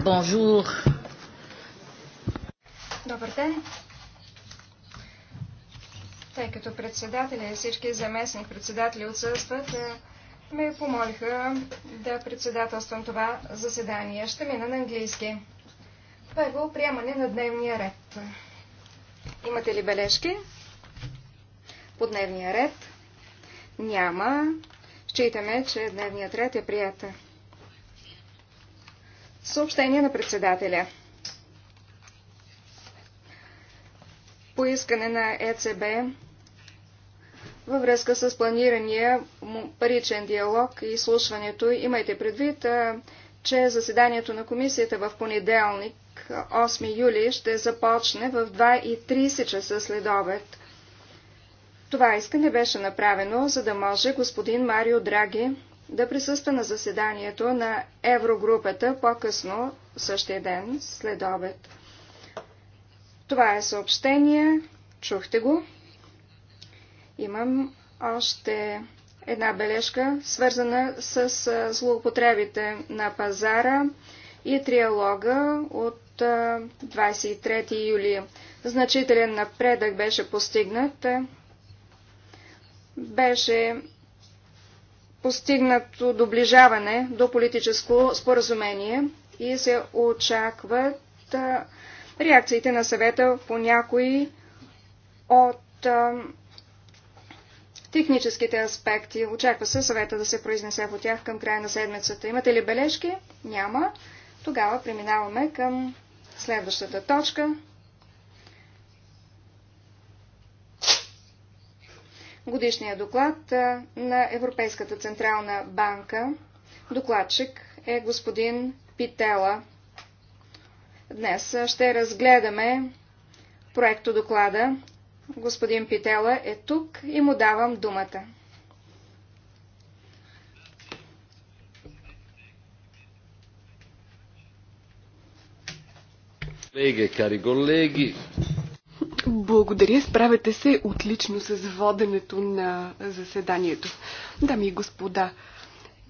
Бонжур. Euh, Добър ден. Тъй като председателя и всички заместник председатели отсъстват, е, ме помолиха да председателствам това заседание. Ще мина на английски. Първо, приемане на дневния ред. Имате ли бележки? По дневния ред? Няма. Считаме, че дневният ред е приятен. Съобщение на председателя. Поискане на ЕЦБ във връзка с планирания паричен диалог и слушването, имайте предвид, че заседанието на комисията в понеделник, 8 юли, ще започне в 2.30 часа след обед. Това искане беше направено, за да може господин Марио Драги да присъства на заседанието на Еврогрупата по-късно същия ден след обед. Това е съобщение. Чухте го. Имам още една бележка, свързана с злоупотребите на пазара и триалога от 23 юли. Значителен напредък беше постигнат. Беше постигнато доближаване до политическо споразумение и се очакват реакциите на съвета по някои от а, техническите аспекти. Очаква се съвета да се произнесе по тях към края на седмицата. Имате ли бележки? Няма. Тогава преминаваме към следващата точка. годишния доклад на Европейската Централна банка. Докладчик е господин Питела. Днес ще разгледаме проекто доклада. Господин Питела е тук и му давам думата. Колеги, кари колеги, благодаря, справяте се отлично с воденето на заседанието. Дами и господа,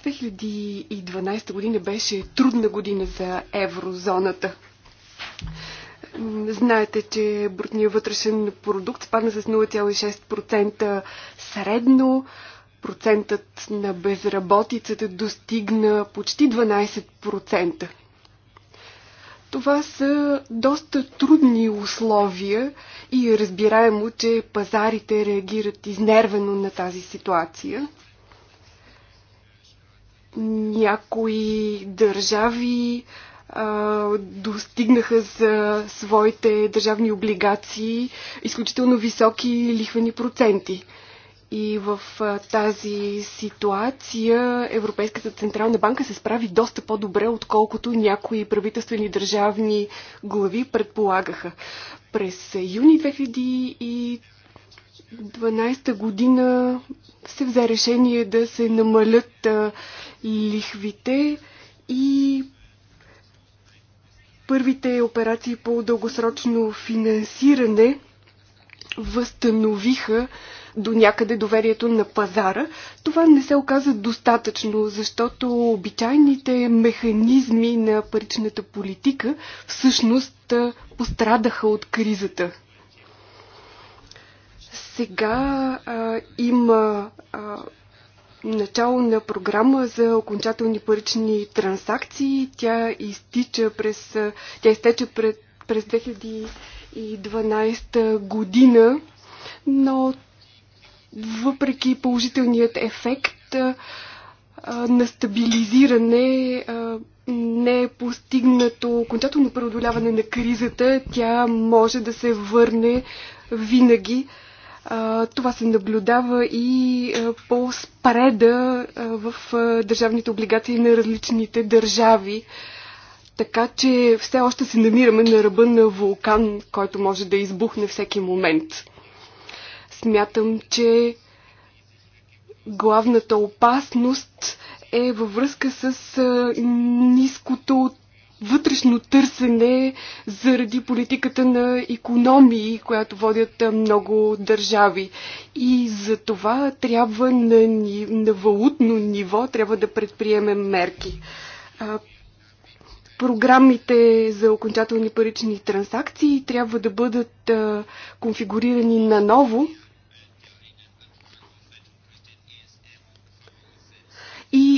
2012 година беше трудна година за еврозоната. Знаете, че брутният вътрешен продукт спадна с 0,6% средно. Процентът на безработицата достигна почти 12%. Това са доста трудни условия и е разбираемо, че пазарите реагират изнервено на тази ситуация. Някои държави а, достигнаха за своите държавни облигации изключително високи лихвени проценти. И в тази ситуация Европейската Централна банка се справи доста по-добре, отколкото някои правителствени държавни глави предполагаха. През юни 2012 година се взе решение да се намалят лихвите и първите операции по дългосрочно финансиране възстановиха до някъде доверието на пазара. Това не се оказа достатъчно, защото обичайните механизми на паричната политика всъщност пострадаха от кризата. Сега а, има а, начало на програма за окончателни парични транзакции. Тя изтича през, тя изтече през, през 2012 година, но въпреки положителният ефект на стабилизиране не е постигнато окончателно преодоляване на кризата, тя може да се върне винаги. Това се наблюдава и по спреда в държавните облигации на различните държави. Така че все още се намираме на ръба на вулкан, който може да избухне всеки момент. Смятам, че главната опасност е във връзка с ниското вътрешно търсене заради политиката на економии, която водят много държави. И за това трябва на, на валутно ниво трябва да предприемем мерки. Програмите за окончателни парични транзакции трябва да бъдат конфигурирани наново,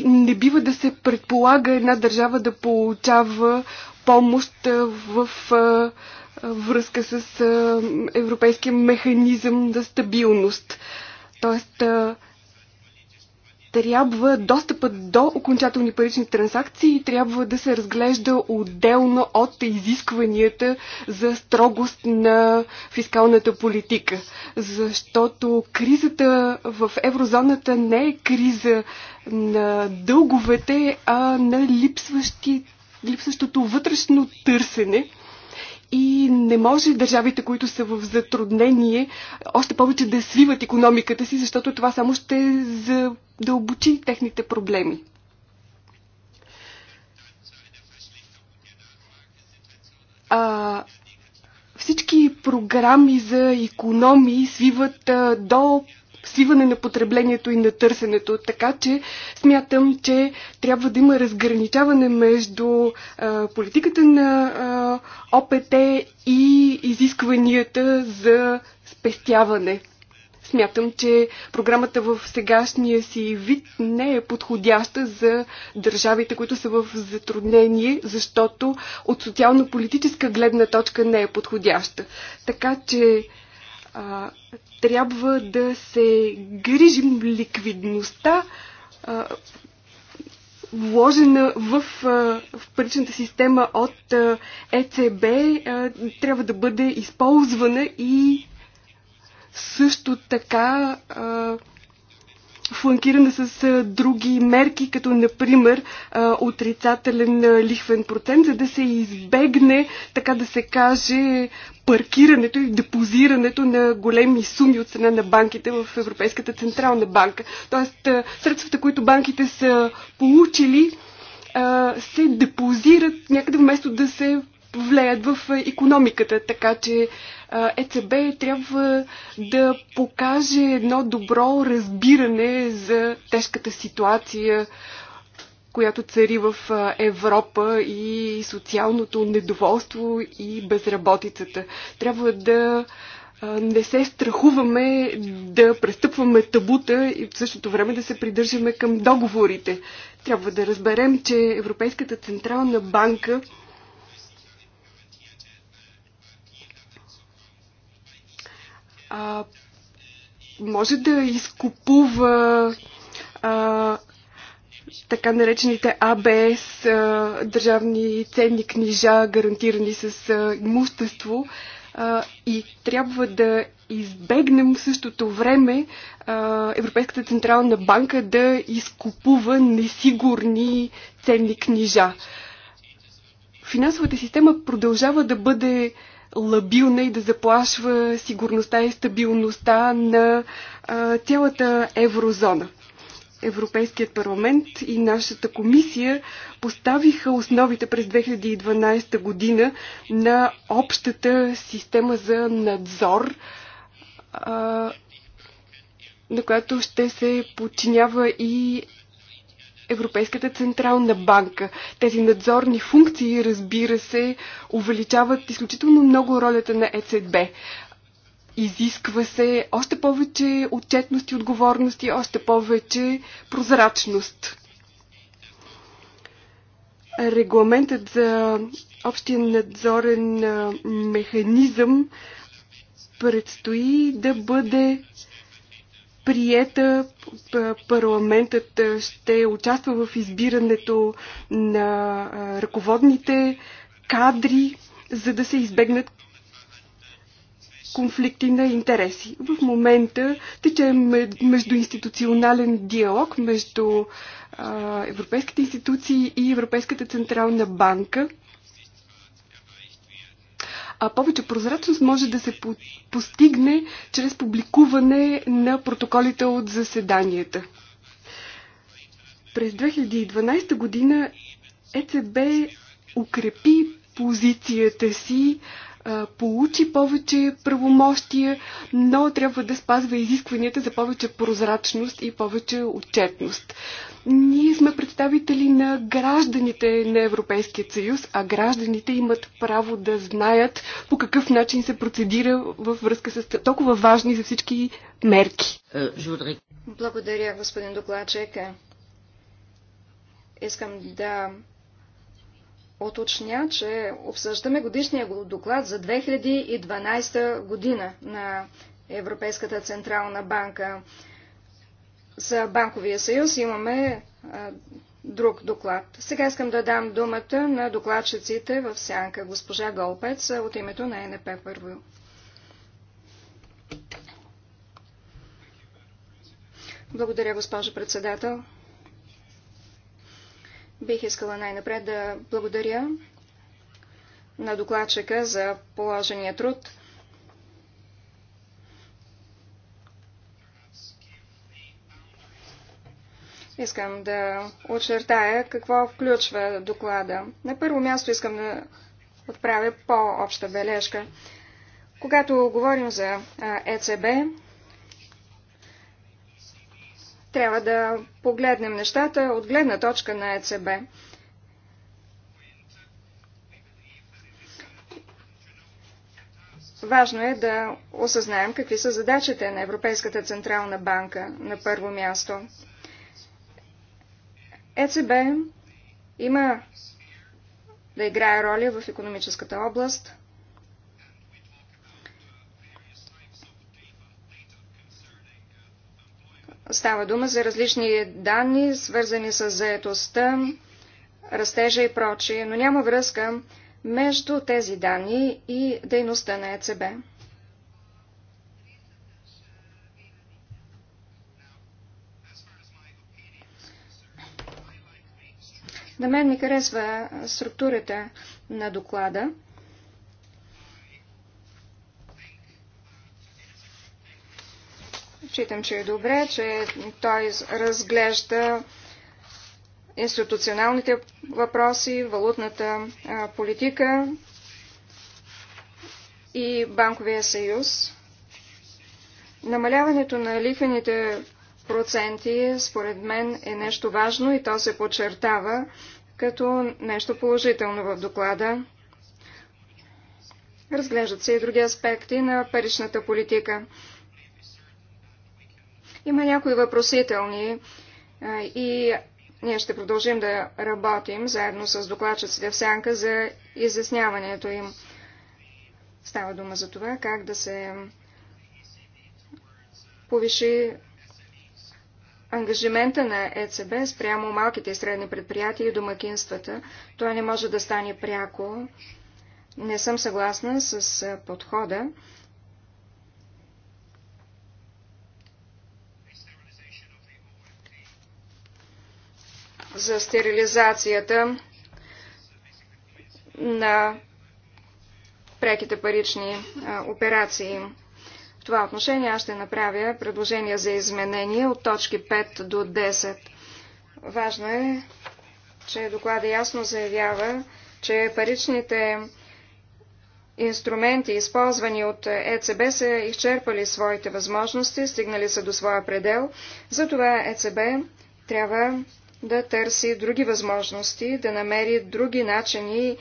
не бива да се предполага една държава да получава помощ в връзка с европейския механизъм за стабилност. Тоест, трябва достъпът до окончателни парични транзакции трябва да се разглежда отделно от изискванията за строгост на фискалната политика. Защото кризата в еврозоната не е криза на дълговете, а на липсващи, липсващото вътрешно търсене и не може държавите, които са в затруднение, още повече да свиват економиката си, защото това само ще задълбочи техните проблеми. А, всички програми за економии свиват а, до свиване на потреблението и на търсенето. Така че смятам, че трябва да има разграничаване между а, политиката на а, ОПТ и изискванията за спестяване. Смятам, че програмата в сегашния си вид не е подходяща за държавите, които са в затруднение, защото от социално-политическа гледна точка не е подходяща. Така че а, трябва да се грижим ликвидността, а, вложена в, а, в паричната система от а, ЕЦБ, а, трябва да бъде използвана и също така а, фланкирана с други мерки, като например отрицателен лихвен процент, за да се избегне, така да се каже, паркирането и депозирането на големи суми от страна на банките в Европейската централна банка. Тоест, средствата, които банките са получили, се депозират някъде вместо да се влеят в економиката, така че ЕЦБ трябва да покаже едно добро разбиране за тежката ситуация, която цари в Европа и социалното недоволство и безработицата. Трябва да не се страхуваме да престъпваме табута и в същото време да се придържаме към договорите. Трябва да разберем, че Европейската централна банка а, може да изкупува а, така наречените АБС, а, държавни ценни книжа, гарантирани с а, имущество. А, и трябва да избегнем в същото време а, Европейската централна банка да изкупува несигурни ценни книжа. Финансовата система продължава да бъде а, лабилна и да заплашва сигурността и стабилността на а, цялата еврозона. Европейският парламент и нашата комисия поставиха основите през 2012 година на общата система за надзор, а, на която ще се подчинява и Европейската централна банка. Тези надзорни функции, разбира се, увеличават изключително много ролята на ЕЦБ. Изисква се още повече отчетност и отговорност и още повече прозрачност. Регламентът за общия надзорен механизъм предстои да бъде приета, парламентът ще участва в избирането на ръководните кадри, за да се избегнат конфликти на интереси. В момента тече междуинституционален диалог между европейските институции и Европейската централна банка а повече прозрачност може да се по- постигне чрез публикуване на протоколите от заседанията. През 2012 година ЕЦБ укрепи позицията си получи повече правомощия, но трябва да спазва изискванията за повече прозрачност и повече отчетност. Ние сме представители на гражданите на Европейския съюз, а гражданите имат право да знаят по какъв начин се процедира във връзка с толкова важни за всички мерки. Благодаря, господин докладчик. Искам да уточня, че обсъждаме годишния доклад за 2012 година на Европейската Централна банка. За Банковия съюз имаме а, друг доклад. Сега искам да дам думата на докладчиците в сянка. Госпожа Голпец от името на НП първо. Благодаря, госпожо председател. Бих искала най-напред да благодаря на докладчика за положения труд. Искам да очертая какво включва доклада. На първо място искам да отправя по-обща бележка. Когато говорим за ЕЦБ, трябва да погледнем нещата от гледна точка на ЕЦБ. Важно е да осъзнаем какви са задачите на Европейската Централна банка на първо място. ЕЦБ има да играе роля в економическата област, Става дума за различни данни, свързани с заетостта, растежа и прочие, но няма връзка между тези данни и дейността на ЕЦБ. На мен ми харесва структурата на доклада. Считам, че е добре, че той разглежда институционалните въпроси, валутната политика и банковия съюз. Намаляването на лихвените проценти, според мен, е нещо важно и то се подчертава като нещо положително в доклада. Разглеждат се и други аспекти на паричната политика. Има някои въпросителни е, и ние ще продължим да работим заедно с докладчиците в сянка за изясняването им. Става дума за това как да се повиши ангажимента на ЕЦБ спрямо малките и средни предприятия и домакинствата. Това не може да стане пряко. Не съм съгласна с подхода, за стерилизацията на преките парични операции. В това отношение аз ще направя предложения за изменения от точки 5 до 10. Важно е, че доклада ясно заявява, че паричните инструменти, използвани от ЕЦБ, са изчерпали своите възможности, стигнали са до своя предел. Затова ЕЦБ трябва да търси други възможности, да намери други начини,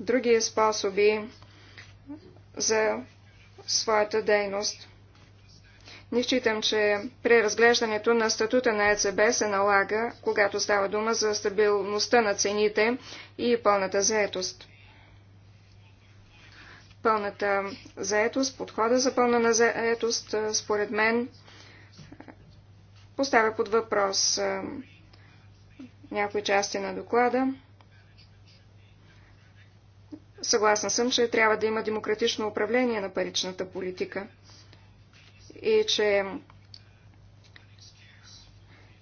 други способи за своята дейност. Не считам, че преразглеждането на статута на ЕЦБ се налага, когато става дума за стабилността на цените и пълната заетост. Пълната заетост, подхода за пълна на заетост, според мен, поставя под въпрос някои части на доклада. Съгласна съм, че трябва да има демократично управление на паричната политика и че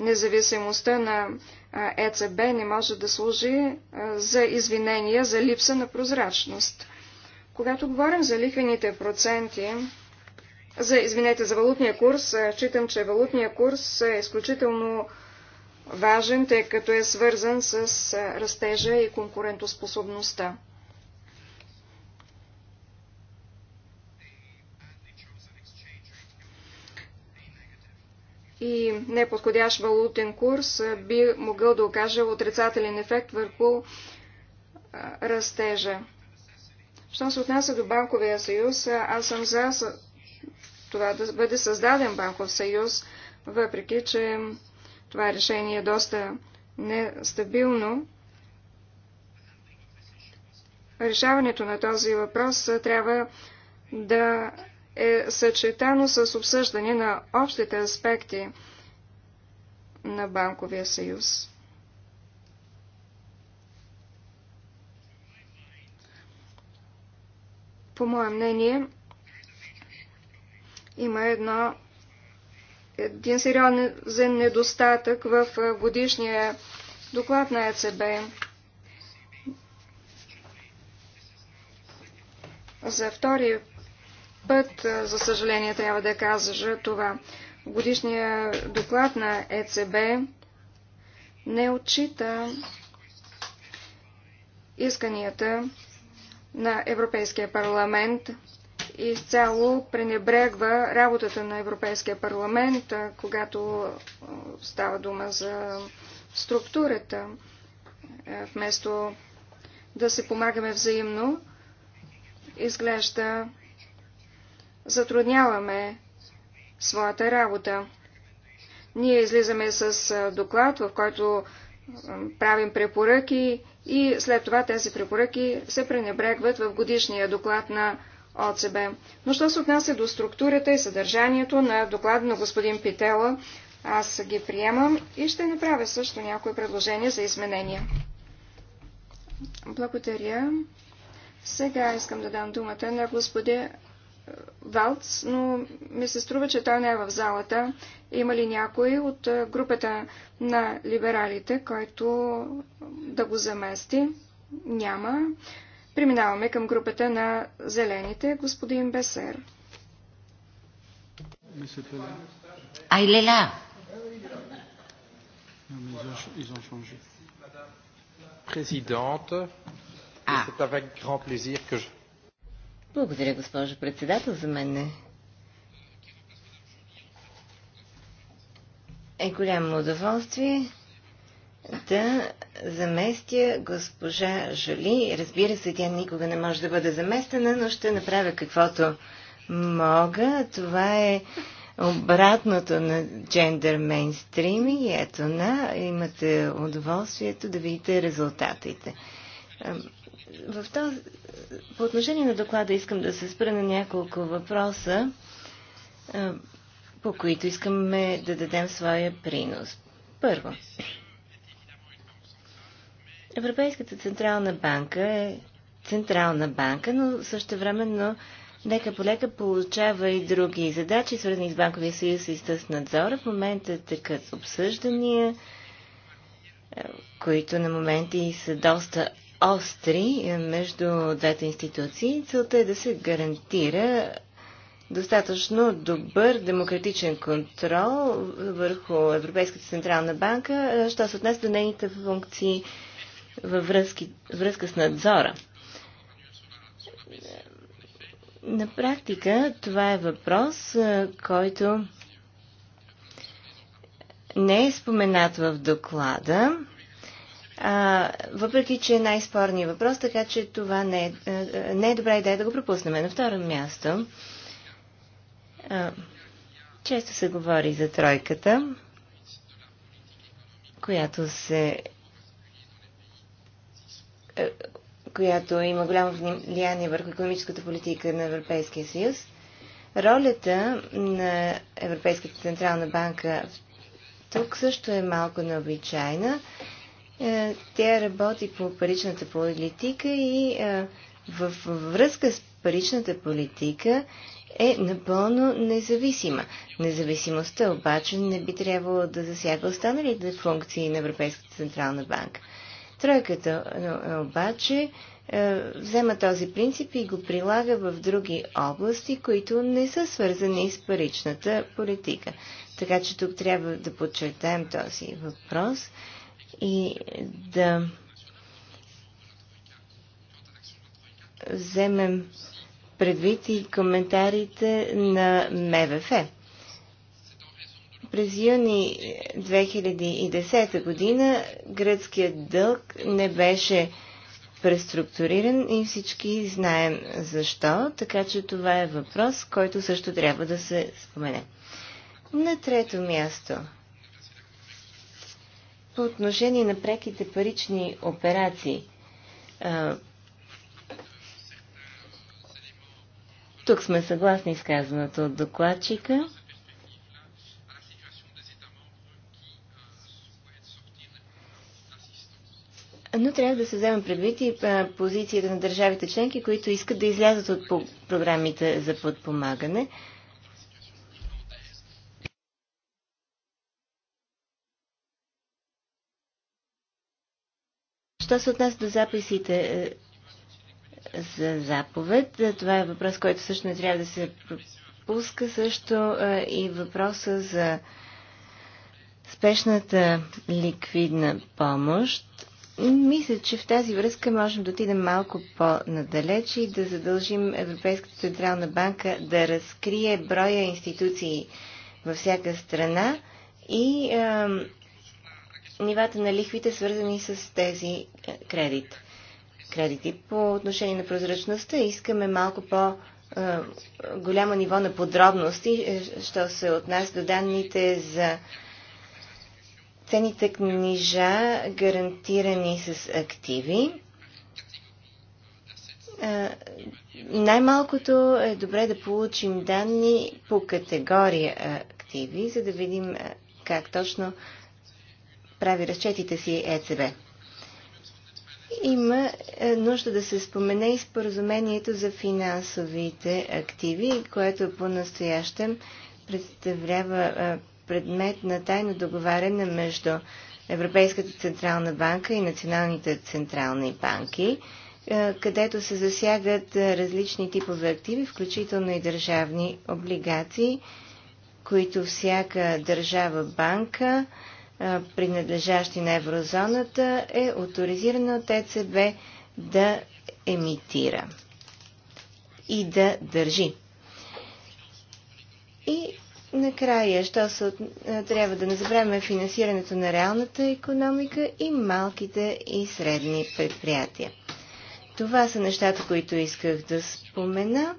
независимостта на ЕЦБ не може да служи за извинения за липса на прозрачност. Когато говорим за лихвените проценти, за, извинете, за валутния курс, читам, че валутния курс е изключително важен, тъй като е свързан с растежа и конкурентоспособността. и неподходящ валутен курс би могъл да окаже отрицателен ефект върху растежа. Що се отнася до банковия съюз, аз съм за това да бъде създаден банков съюз, въпреки че това решение е доста нестабилно. Решаването на този въпрос трябва да е съчетано с обсъждане на общите аспекти на Банковия съюз. По мое мнение, има едно един сериозен недостатък в годишния доклад на ЕЦБ. За втори път, за съжаление, трябва да кажа това. Годишния доклад на ЕЦБ не отчита исканията на Европейския парламент изцяло пренебрегва работата на Европейския парламент, когато става дума за структурата, е, вместо да се помагаме взаимно, изглежда затрудняваме своята работа. Ние излизаме с доклад, в който правим препоръки и след това тези препоръки се пренебрегват в годишния доклад на ОЦБ. Но що се отнася до структурата и съдържанието на доклада на господин Питела, аз ги приемам и ще направя също някои предложения за изменения. Благодаря. Сега искам да дам думата на господин е, Валц, но ми се струва, че той не е в залата. Има ли някой от е, групата на либералите, който да го замести? Няма. Преминаваме към групата на зелените. Господин Бесер. Ай, леля! Благодаря, госпожо председател. За мен е, е голямо удоволствие да заместя госпожа Жоли. Разбира се, тя никога не може да бъде заместена, но ще направя каквото мога. Това е обратното на джендър мейнстрим и ето на, имате удоволствието да видите резултатите. В този, по отношение на доклада искам да се спра на няколко въпроса, по които искаме да дадем своя принос. Първо, Европейската централна банка е централна банка, но също времено лека полека получава и други задачи, свързани с Банковия съюз и с надзора. В момента тъкат обсъждания, е, които на моменти са доста остри е, между двете институции. Целта е да се гарантира достатъчно добър демократичен контрол върху Европейската централна банка, е, що се отнесе до нейните функции във връзки, връзка с надзора. На практика това е въпрос, който не е споменат в доклада, а, въпреки че е най-спорният въпрос, така че това не е, не е добра идея да го пропуснем. На второ място, а, често се говори за тройката, която се е, която има голямо влияние върху економическата политика на Европейския съюз, ролята на Европейската централна банка тук също е малко необичайна. Е, тя работи по паричната политика и е, в връзка с паричната политика е напълно независима. Независимостта обаче не би трябвало да засяга останалите функции на Европейската централна банка. Тройката е, обаче е, взема този принцип и го прилага в други области, които не са свързани с паричната политика. Така че тук трябва да подчертаем този въпрос и да вземем предвид и коментарите на МВФ. През юни 2010 година гръцкият дълг не беше преструктуриран и всички знаем защо, така че това е въпрос, който също трябва да се спомене. На трето място. По отношение на преките парични операции. тук сме съгласни с казаното от докладчика. Но трябва да се вземе предвид и позицията на държавите членки, които искат да излязат от програмите за подпомагане. Що се отнася до записите е, за заповед, е, това е въпрос, който също не трябва да се пропуска. Също е, и въпроса за спешната ликвидна помощ. Мисля, че в тази връзка можем да отидем малко по-надалеч и да задължим Европейската Централна банка да разкрие броя институции във всяка страна и е, нивата на лихвите, свързани с тези е, кредит. кредити. По отношение на прозрачността искаме малко по- е, голямо ниво на подробности, е, що се отнася до данните за ценните книжа, гарантирани с активи. Най-малкото е добре да получим данни по категория активи, за да видим как точно прави разчетите си ЕЦБ. Има нужда да се спомене и споразумението за финансовите активи, което по-настоящем представлява предмет на тайно договаряне между Европейската централна банка и националните централни банки, е, където се засягат е, различни типове активи, включително и държавни облигации, които всяка държава банка, е, принадлежащи на еврозоната, е авторизирана от ЕЦБ да емитира и да държи. И накрая, що се, е, трябва да не забравяме финансирането на реалната економика и малките и средни предприятия. Това са нещата, които исках да спомена.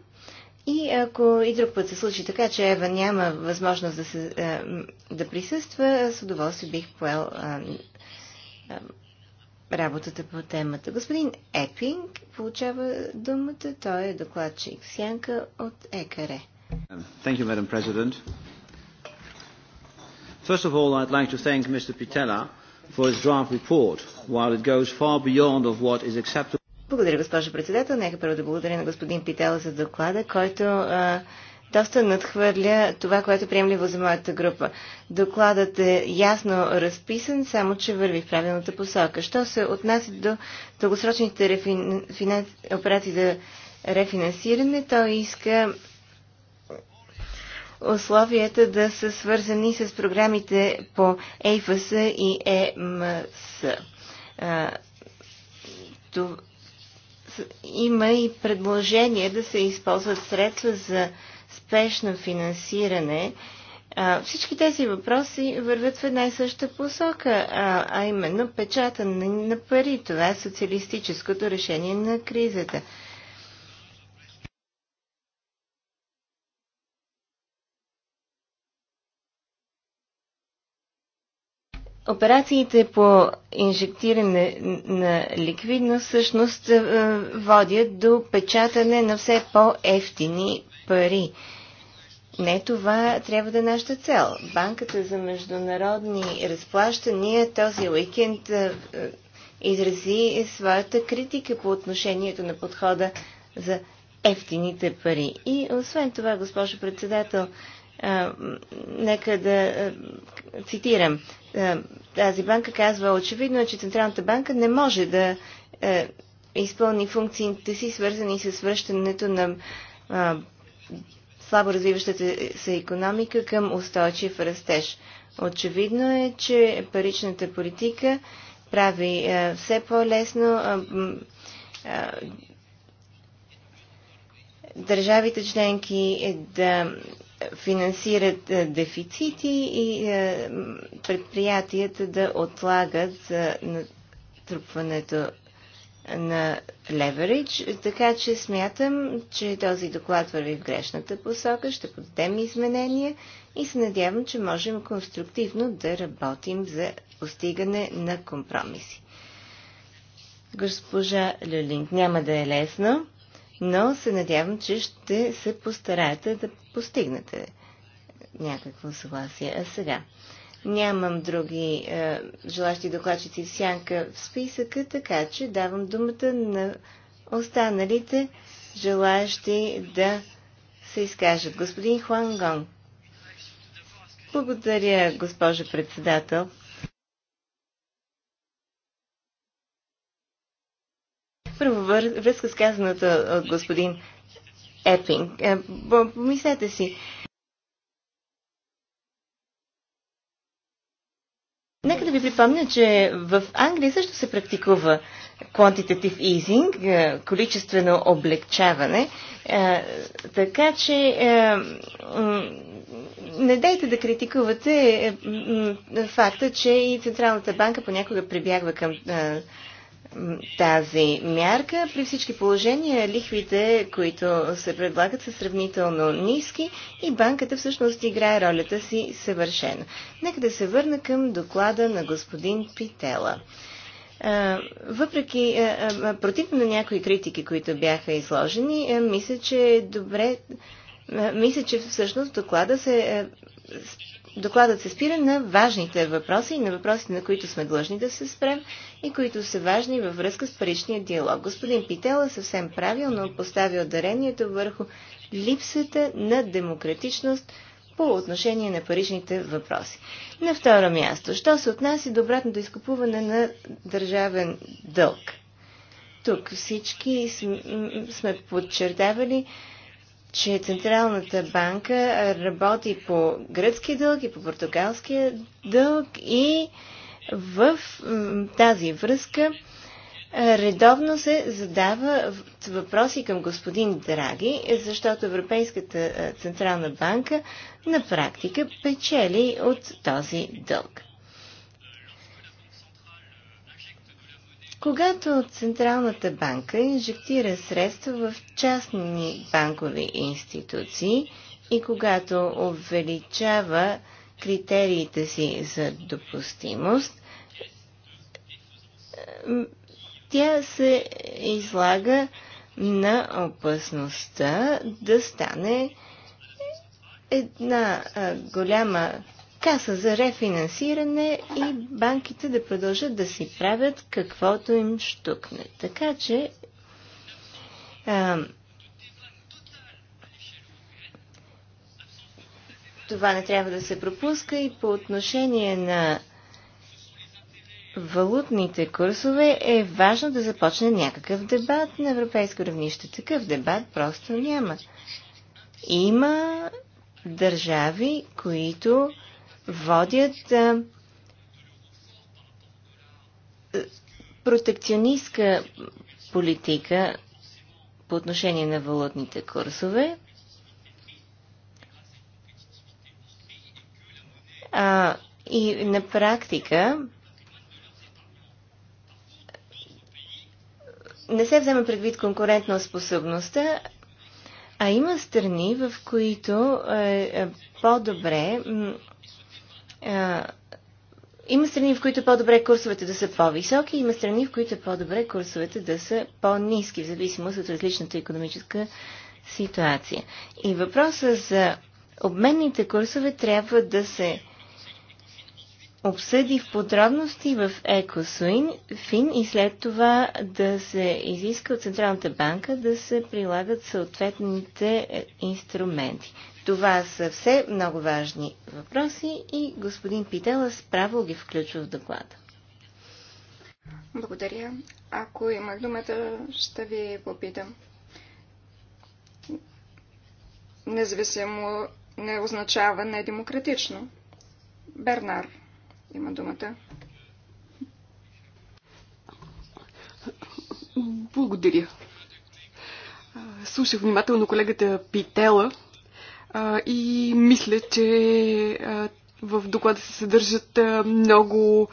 И ако и друг път се случи така, че Ева няма възможност да, се, е, да присъства, с удоволствие бих поел е, работата по темата. Господин Епинг получава думата. Той е докладчик Сянка от ЕКАРЕ. Madam President. First of all, i would like to thank Mr. pittella for his draft report, while it goes far beyond what is acceptable. Благодаря, госпожо председател. Нека първо да благодаря на господин Питела за доклада, който а, доста надхвърля това, което е приемливо за моята група. Докладът е ясно разписан, само че върви в правилната посока. Що се отнася до дългосрочните рефин... финанс... операции за рефинансиране, той иска условията да са свързани с програмите по ЕФС и ЕМС. Има и предложение да се използват средства за спешно финансиране. Всички тези въпроси върват в една и съща посока, а именно печатане на пари. Това е социалистическото решение на кризата. Операциите по инжектиране на ликвидност всъщност е, водят до печатане на все по-ефтини пари. Не това трябва да е нашата цел. Банката за международни разплащания този уикенд е, е, изрази своята критика по отношението на подхода за ефтините пари. И освен това, госпожо председател, а, нека да а, цитирам. А, тази банка казва, очевидно е, че Централната банка не може да а, изпълни функциите си, свързани с връщането на а, слабо развиващата се економика към устойчив растеж. Очевидно е, че паричната политика прави а, все по-лесно държавите членки да финансират е, дефицити и е, предприятията да отлагат за натрупването на леверидж, така че смятам, че този доклад върви в грешната посока, ще подадем изменения и се надявам, че можем конструктивно да работим за постигане на компромиси. Госпожа Люлинг, няма да е лесно но се надявам, че ще се постараете да постигнете някакво съгласие. А сега, нямам други е, желащи докладчици в сянка в списъка, така че давам думата на останалите желаящи да се изкажат. Господин Хуан Гон, Благодаря, госпожо председател. Първо, връзка с казаната от господин Епинг. Е, помислете си. Нека да ви припомня, че в Англия също се практикува quantitative easing, е, количествено облегчаване, е, така че не дайте да критикувате факта, че и Централната банка понякога прибягва към тази мярка. При всички положения лихвите, които се предлагат, са сравнително ниски и банката всъщност играе ролята си съвършено. Нека да се върна към доклада на господин Питела. Въпреки, против на някои критики, които бяха изложени, мисля, че е добре, мисля, че всъщност доклада се докладът се спира на важните въпроси и на въпросите, на които сме длъжни да се спрем и които са важни във връзка с паричния диалог. Господин Питела е съвсем правилно поставя ударението върху липсата на демократичност по отношение на паричните въпроси. На второ място, що се отнася до обратното изкупуване на държавен дълг? Тук всички сме подчертавали, че Централната банка работи по гръцки дълг и по португалския дълг и в тази връзка редовно се задава въпроси към господин Драги, защото Европейската Централна банка на практика печели от този дълг. Когато Централната банка инжектира средства в частни банкови институции и когато увеличава критериите си за допустимост, тя се излага на опасността да стане една голяма каса за рефинансиране и банките да продължат да си правят каквото им штукне. Така че а, това не трябва да се пропуска и по отношение на валутните курсове е важно да започне някакъв дебат на европейско равнище. Такъв дебат просто няма. Има държави, които водят протекционистка политика по отношение на валутните курсове. А, и на практика не се взема предвид конкурентна способността, а има страни, в които е, е по-добре е, има страни, в които по-добре курсовете да са по-високи, има страни, в които по-добре курсовете да са по-низки, в зависимост от различната економическа ситуация. И въпросът за обменните курсове трябва да се обсъди в подробности в ЕКОСУИН ФИН и след това да се изиска от Централната банка да се прилагат съответните инструменти. Това са все много важни въпроси и господин Питела справо ги включва в доклада. Благодаря. Ако има думата, ще ви попитам. Независимо не означава недемократично. Бернар има думата. Благодаря. Слушах внимателно колегата Питела и мисля, че в доклада се съдържат много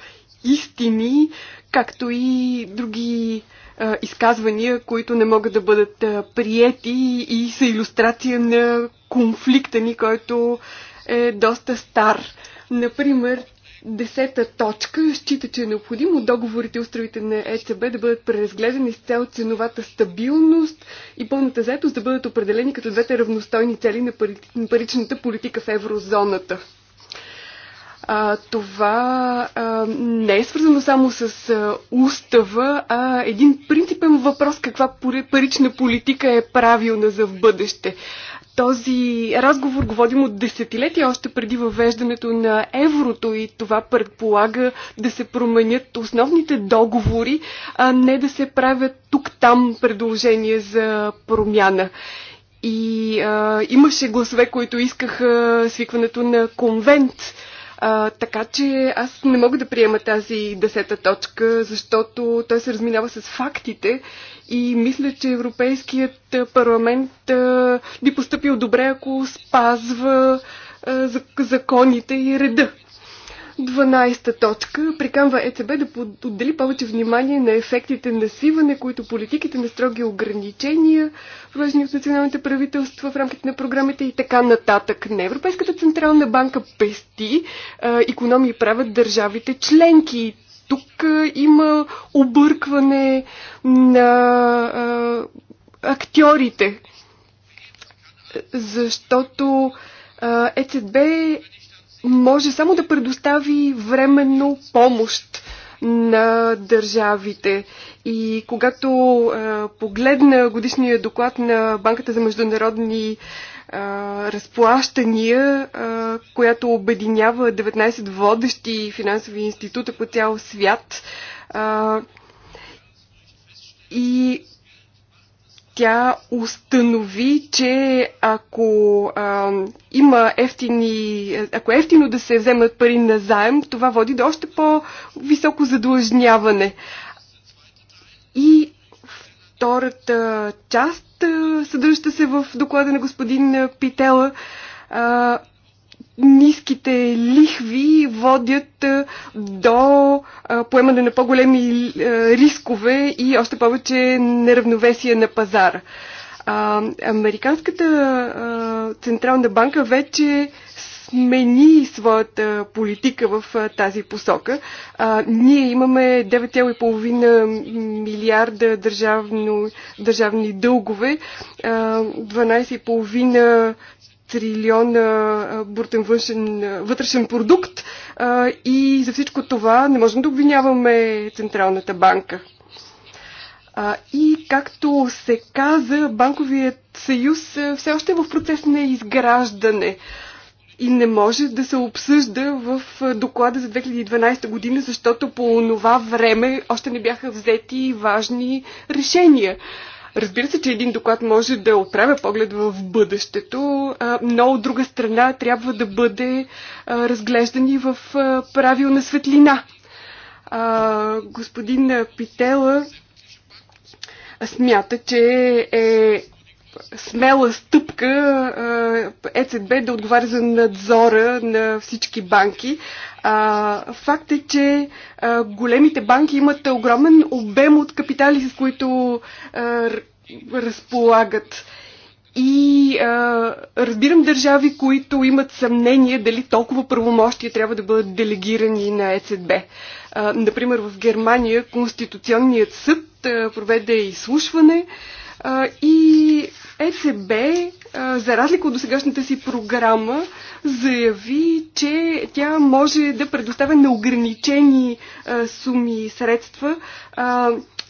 истини, както и други изказвания, които не могат да бъдат приети и са иллюстрация на конфликта ни, който е доста стар. Например, Десета точка счита, че е необходимо договорите и устроите на ЕЦБ да бъдат преразгледани с цел ценовата стабилност и пълната заетост да бъдат определени като двете равностойни цели на паричната политика в еврозоната. А, това а, не е свързано само с а, устава, а един принципен въпрос каква парична политика е правилна за в бъдеще. Този разговор го водим от десетилетия, още преди въвеждането на еврото и това предполага да се променят основните договори, а не да се правят тук-там предложения за промяна. И а, имаше гласове, които искаха свикването на конвент. А, така че аз не мога да приема тази десета точка, защото той се разминава с фактите и мисля, че Европейският парламент би поступил добре, ако спазва законите и реда. 12-та точка прикамва ЕЦБ да отдели повече внимание на ефектите на свиване, които политиките на строги ограничения, вложени от националните правителства в рамките на програмите и така нататък. Не Европейската централна банка пести, економии правят държавите членки тук има объркване на актьорите, защото ЕЦБ може само да предостави временно помощ на държавите. И когато а, погледна годишния доклад на Банката за международни разплащания, а, която обединява 19 водещи финансови института по цял свят. А, и тя установи, че ако а, има ефтини, ако е ефтино да се вземат пари на заем, това води до още по-високо задлъжняване. И втората част съдържаща се в доклада на господин Питела. А, ниските лихви водят до поемане на по-големи рискове и още повече неравновесие на пазара. Американската Централна банка вече смени своята политика в тази посока. А, ние имаме 9,5 милиарда държавно, държавни дългове, 12,5 трилиона брутен външен, вътрешен продукт и за всичко това не можем да обвиняваме Централната банка. И както се каза, банковият съюз все още е в процес на изграждане и не може да се обсъжда в доклада за 2012 година, защото по това време още не бяха взети важни решения. Разбира се, че един доклад може да оправя поглед в бъдещето, но от друга страна трябва да бъде разглеждани в правилна светлина. Господин Питела смята, че е смела стъпка ЕЦБ да отговаря за надзора на всички банки. Факт е, че големите банки имат огромен обем от капитали, с които разполагат. И а, разбирам държави, които имат съмнение дали толкова правомощия трябва да бъдат делегирани на ЕЦБ. А, например, в Германия Конституционният съд а, проведе изслушване. А, и ЕЦБ, за разлика от досегашната си програма, заяви, че тя може да предоставя неограничени суми и средства.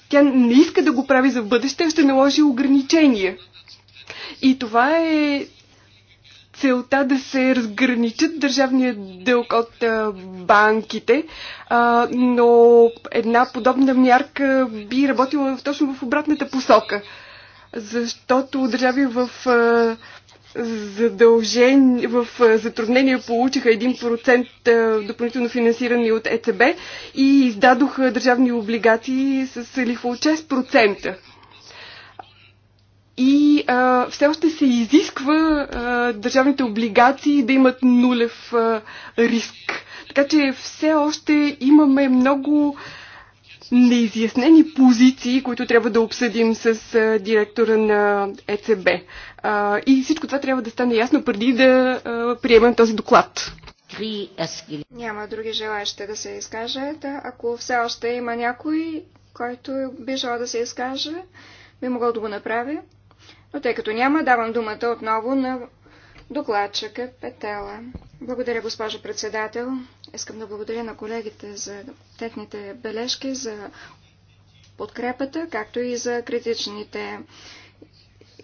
Тя не иска да го прави за бъдеще, а ще наложи ограничения. И това е целта да се разграничат държавния дълг от банките, но една подобна мярка би работила точно в обратната посока – защото държави в задължение, в затруднение получиха 1% допълнително финансиране от ЕЦБ и издадоха държавни облигации с лихва от 6%. И а, все още се изисква а, държавните облигации да имат нулев а, риск. Така че все още имаме много а, неизяснени позиции, които трябва да обсъдим с директора на ЕЦБ. И всичко това трябва да стане ясно преди да приемем този доклад. Няма други желаящи да се изкажат. Ако все още има някой, който би желал да се изкаже, би могъл да го направи. Но тъй като няма, давам думата отново на докладчика Петела. Благодаря, госпожо председател. Искам да благодаря на колегите за техните бележки, за подкрепата, както и за критичните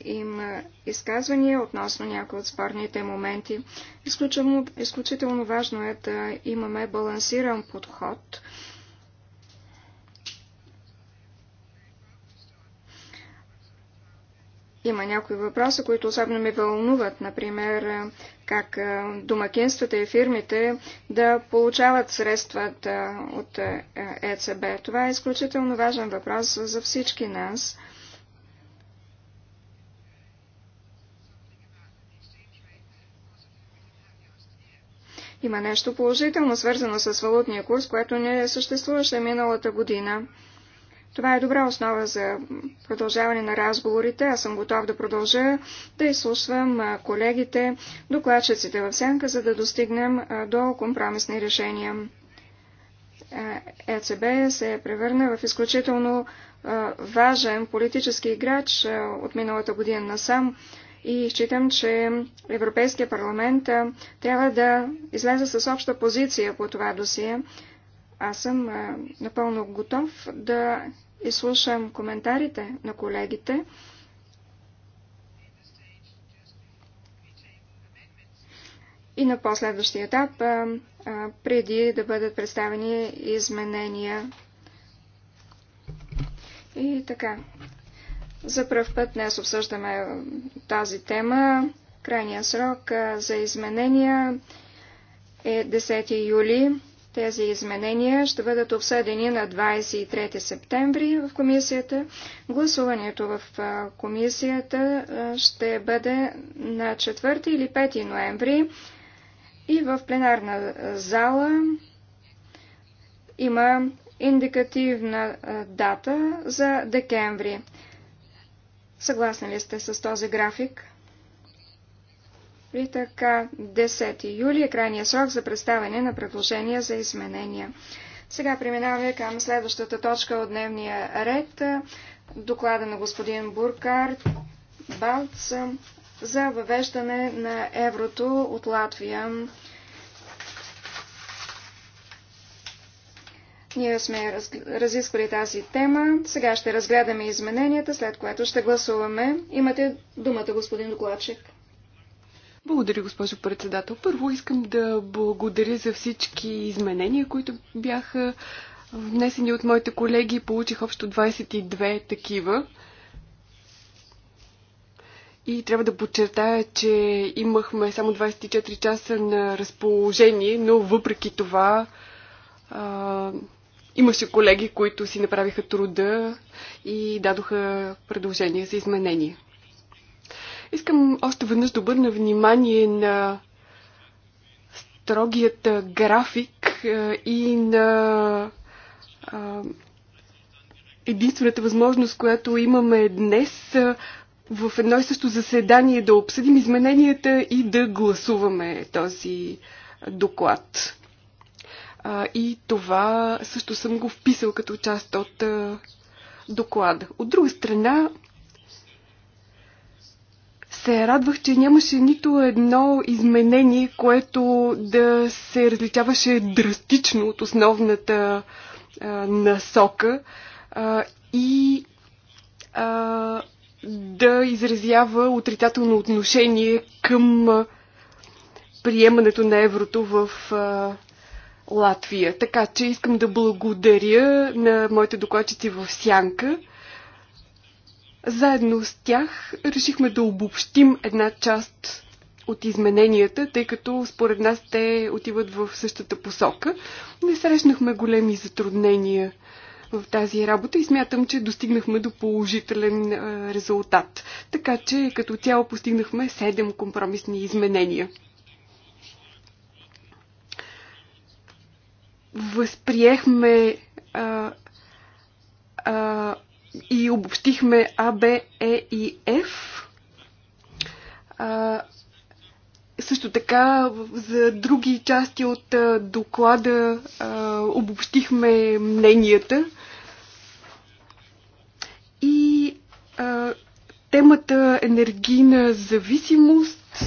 им изказвания относно някои от спорните моменти. Изключително, изключително важно е да имаме балансиран подход Има някои въпроси, които особено ми вълнуват, например е, как е, домакинствата и фирмите да получават средствата е, от ЕЦБ. Това е изключително важен въпрос за всички нас. Има нещо положително свързано с валутния курс, което не съществуваше миналата година. Това е добра основа за продължаване на разговорите. Аз съм готов да продължа да изслушвам колегите, докладчиците в сянка, за да достигнем до компромисни решения. ЕЦБ се е превърна в изключително важен политически играч от миналата година насам и считам, че Европейския парламент трябва да излезе с обща позиция по това досие. Аз съм а, напълно готов да изслушам коментарите на колегите. И на последващия етап, а, а, преди да бъдат представени изменения. И така. За пръв път днес обсъждаме тази тема. Крайният срок за изменения е 10 юли тези изменения ще бъдат обсъдени на 23 септември в комисията. Гласуването в комисията ще бъде на 4 или 5 ноември и в пленарна зала има индикативна дата за декември. Съгласни ли сте с този график? И така, 10 юли е крайния срок за представяне на предложения за изменения. Сега преминаваме към следващата точка от дневния ред. Доклада на господин Буркарт Балц за въвеждане на еврото от Латвия. Ние сме разисквали тази тема. Сега ще разгледаме измененията, след което ще гласуваме. Имате думата, господин докладчик. Благодаря, госпожо председател. Първо искам да благодаря за всички изменения, които бяха внесени от моите колеги. Получих общо 22 такива. И трябва да подчертая, че имахме само 24 часа на разположение, но въпреки това а, имаше колеги, които си направиха труда и дадоха предложения за изменение. Искам още веднъж да обърна внимание на строгият график и на единствената възможност, която имаме днес, в едно и също заседание да обсъдим измененията и да гласуваме този доклад. и това също съм го вписал като част от доклада. От друга страна, се радвах, че нямаше нито едно изменение, което да се различаваше драстично от основната а, насока а, и а, да изразява отрицателно отношение към приемането на еврото в а, Латвия. Така че искам да благодаря на моите докладчици в Сянка заедно с тях решихме да обобщим една част от измененията, тъй като според нас те отиват в същата посока. Не срещнахме големи затруднения в тази работа и смятам, че достигнахме до положителен резултат. Така че като цяло постигнахме 7 компромисни изменения. Възприехме а, а, и обобщихме А, Б, Е и Ф. А, също така за други части от а, доклада а, обобщихме мненията. И а, темата енергийна зависимост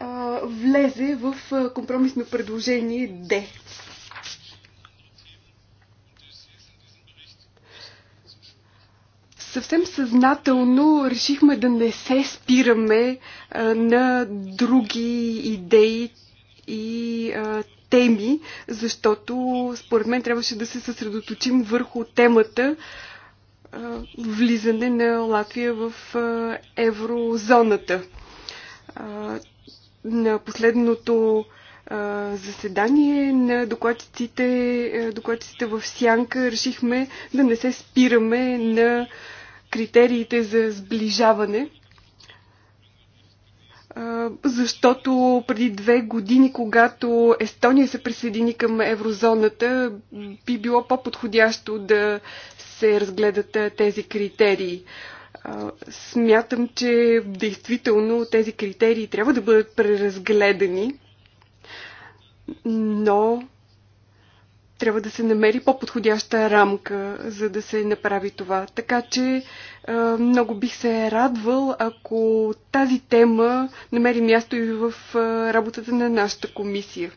а, влезе в компромисно предложение Д. съвсем съзнателно решихме да не се спираме а, на други идеи и а, теми, защото според мен трябваше да се съсредоточим върху темата а, влизане на Латвия в а, еврозоната. А, на последното заседание на докладците, докладците в Сянка решихме да не се спираме на критериите за сближаване, защото преди две години, когато Естония се присъедини към еврозоната, би било по-подходящо да се разгледат тези критерии. Смятам, че действително тези критерии трябва да бъдат преразгледани, но трябва да се намери по-подходяща рамка, за да се направи това. Така че много бих се радвал, ако тази тема намери място и в работата на нашата комисия.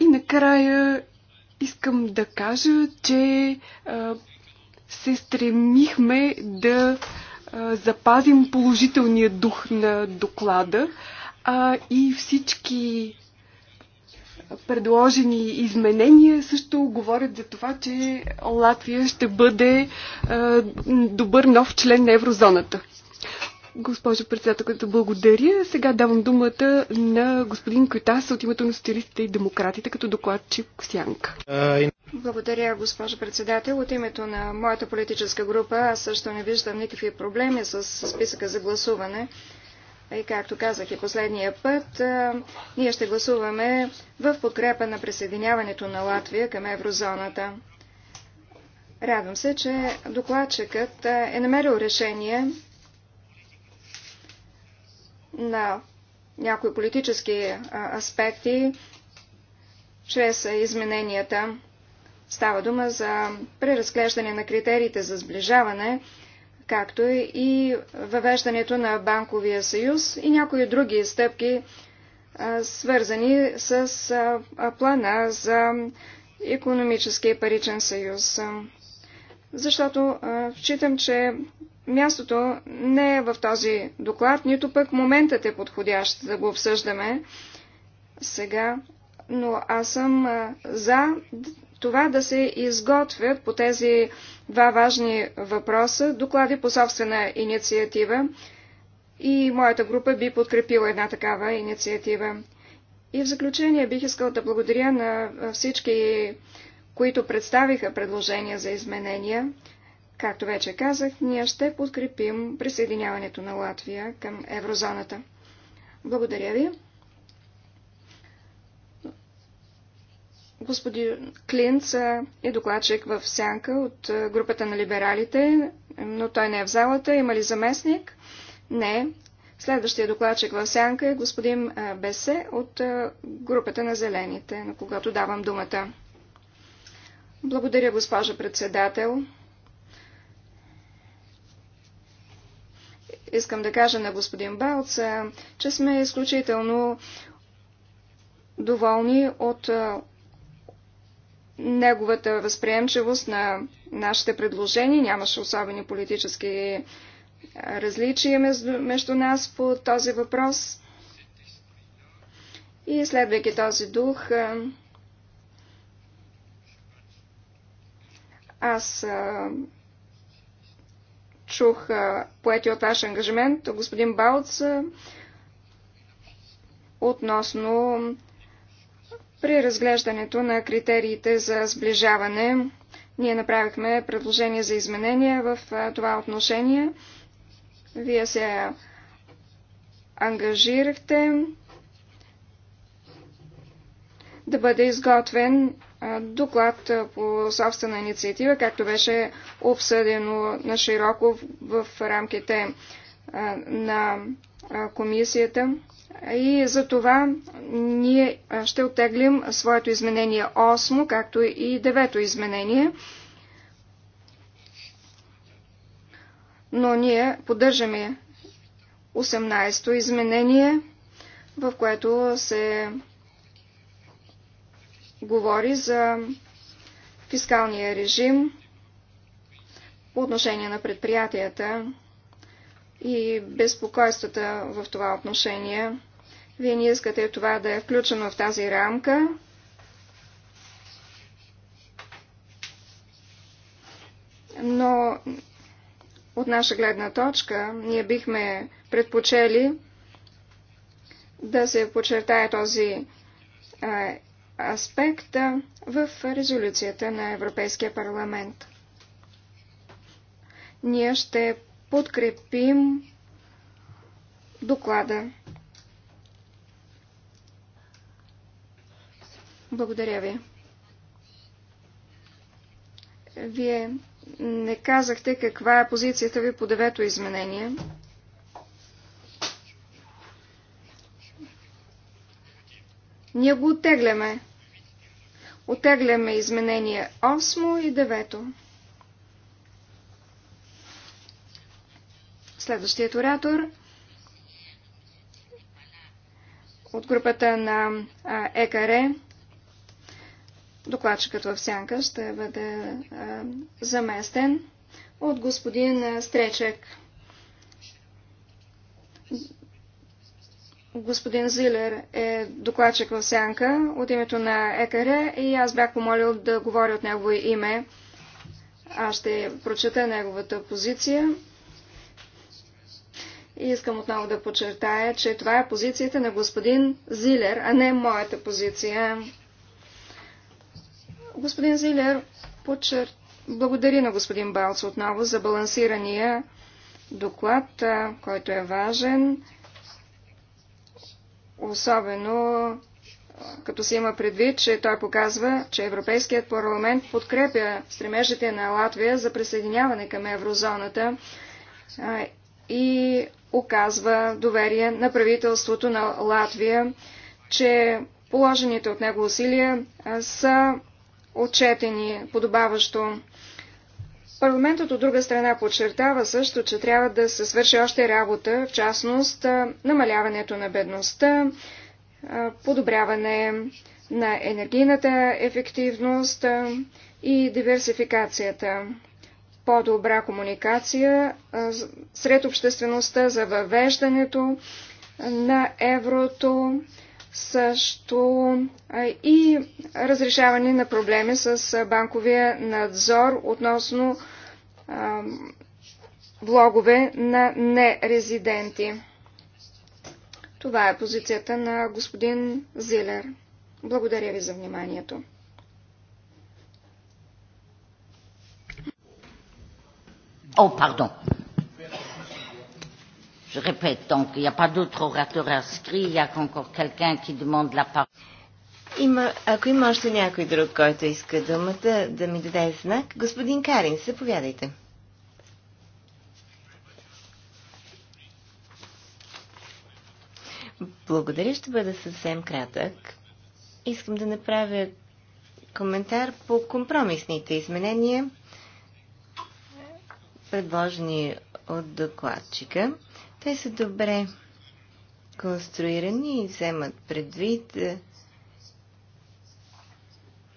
И накрая искам да кажа, че се стремихме да запазим положителния дух на доклада а, и всички предложени изменения също говорят за това, че Латвия ще бъде е, добър нов член на еврозоната. Госпожо председателката, благодаря. Сега давам думата на господин Койтас от името на социалистите и демократите като докладчик в Сянка. Благодаря, госпожо председател. От името на моята политическа група аз също не виждам никакви проблеми с списъка за гласуване. И е, както казах и последния път, е, ние ще гласуваме в подкрепа на присъединяването на Латвия към еврозоната. Радвам се, че докладчикът е, е намерил решение на някои политически аспекти чрез измененията. Става дума за преразглеждане на критериите за сближаване както и въвеждането на банковия съюз и някои други стъпки, свързани с плана за економически и паричен съюз. Защото считам, че мястото не е в този доклад, нито пък моментът е подходящ да го обсъждаме сега, но аз съм за това да се изготвят по тези два важни въпроса доклади по собствена инициатива и моята група би подкрепила една такава инициатива. И в заключение бих искал да благодаря на всички, които представиха предложения за изменения. Както вече казах, ние ще подкрепим присъединяването на Латвия към еврозоната. Благодаря ви. Господин Клинц е докладчик в сянка от групата на либералите, но той не е в залата. Има ли заместник? Не. Следващия докладчик в сянка е господин Бесе от групата на зелените, на когато давам думата. Благодаря, госпожа председател. Искам да кажа на господин Балц, че сме изключително доволни от неговата възприемчивост на нашите предложения. Нямаше особени политически е, различия между нас по този въпрос. И следвайки този дух, е, аз е, чух поети от ваш ангажимент, господин Балц, относно при разглеждането на критериите за сближаване, ние направихме предложение за изменения в това отношение. Вие се ангажирахте да бъде изготвен доклад по собствена инициатива, както беше обсъдено на широко в рамките на комисията. И за това ние ще оттеглим своето изменение 8, както и 9 изменение. Но ние поддържаме 18-то изменение, в което се говори за фискалния режим по отношение на предприятията и безпокойствата в това отношение. Вие не искате това да е включено в тази рамка. Но от наша гледна точка ние бихме предпочели да се подчертае този е, аспект в резолюцията на Европейския парламент. Ние ще подкрепим доклада. Благодаря ви. Вие не казахте каква е позицията ви по девето изменение. Ние го оттегляме. Отегляме изменение 8 и 9. Следващият оратор от групата на ЕКАРЕ, докладчикът в сянка, ще бъде заместен от господин Стречек. Господин Зилер е докладчик в сянка от името на ЕКАРЕ и аз бях помолил да говоря от негово име. Аз ще прочета неговата позиция. И искам отново да подчертая, че това е позицията на господин Зилер, а не моята позиция. Господин Зилер подчер... благодари на господин Балц отново за балансирания доклад, който е важен, особено като се има предвид, че той показва, че Европейският парламент подкрепя стремежите на Латвия за присъединяване към еврозоната и оказва доверие на правителството на Латвия, че положените от него усилия са отчетени подобаващо. Парламентът от друга страна подчертава също, че трябва да се свърши още работа, в частност намаляването на бедността, подобряване на енергийната ефективност и диверсификацията по-добра комуникация сред обществеността за въвеждането на еврото, също и разрешаване на проблеми с банковия надзор относно влогове на нерезиденти. Това е позицията на господин Зилер. Благодаря ви за вниманието. Oh, pardon. Je répète, donc, il n'y a pas d'autres orateurs inscrits, il n'y a qu'encore quelqu'un qui demande la parole. Има, ако има още някой друг, който иска думата, да ми даде знак. Господин Карин, заповядайте. Благодаря, ще бъда съвсем кратък. Искам да направя коментар по компромисните изменения, предложени от докладчика, те са добре конструирани и вземат предвид е,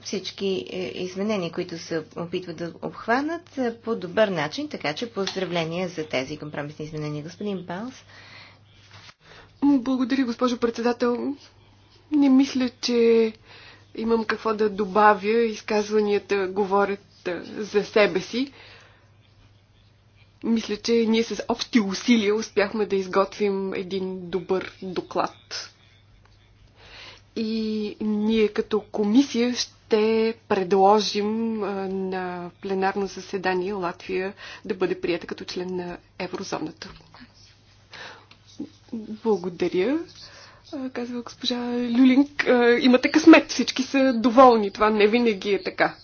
всички е, изменения, които се опитват да обхванат е, по добър начин, така че поздравления за тези компромисни изменения. Господин Паус. Благодаря, госпожо председател. Не мисля, че имам какво да добавя. Изказванията говорят за себе си. Мисля, че ние с общи усилия успяхме да изготвим един добър доклад. И ние като комисия ще предложим на пленарно заседание Латвия да бъде прията като член на еврозоната. Благодаря. Казва госпожа Люлинг, имате късмет, всички са доволни. Това не винаги е така.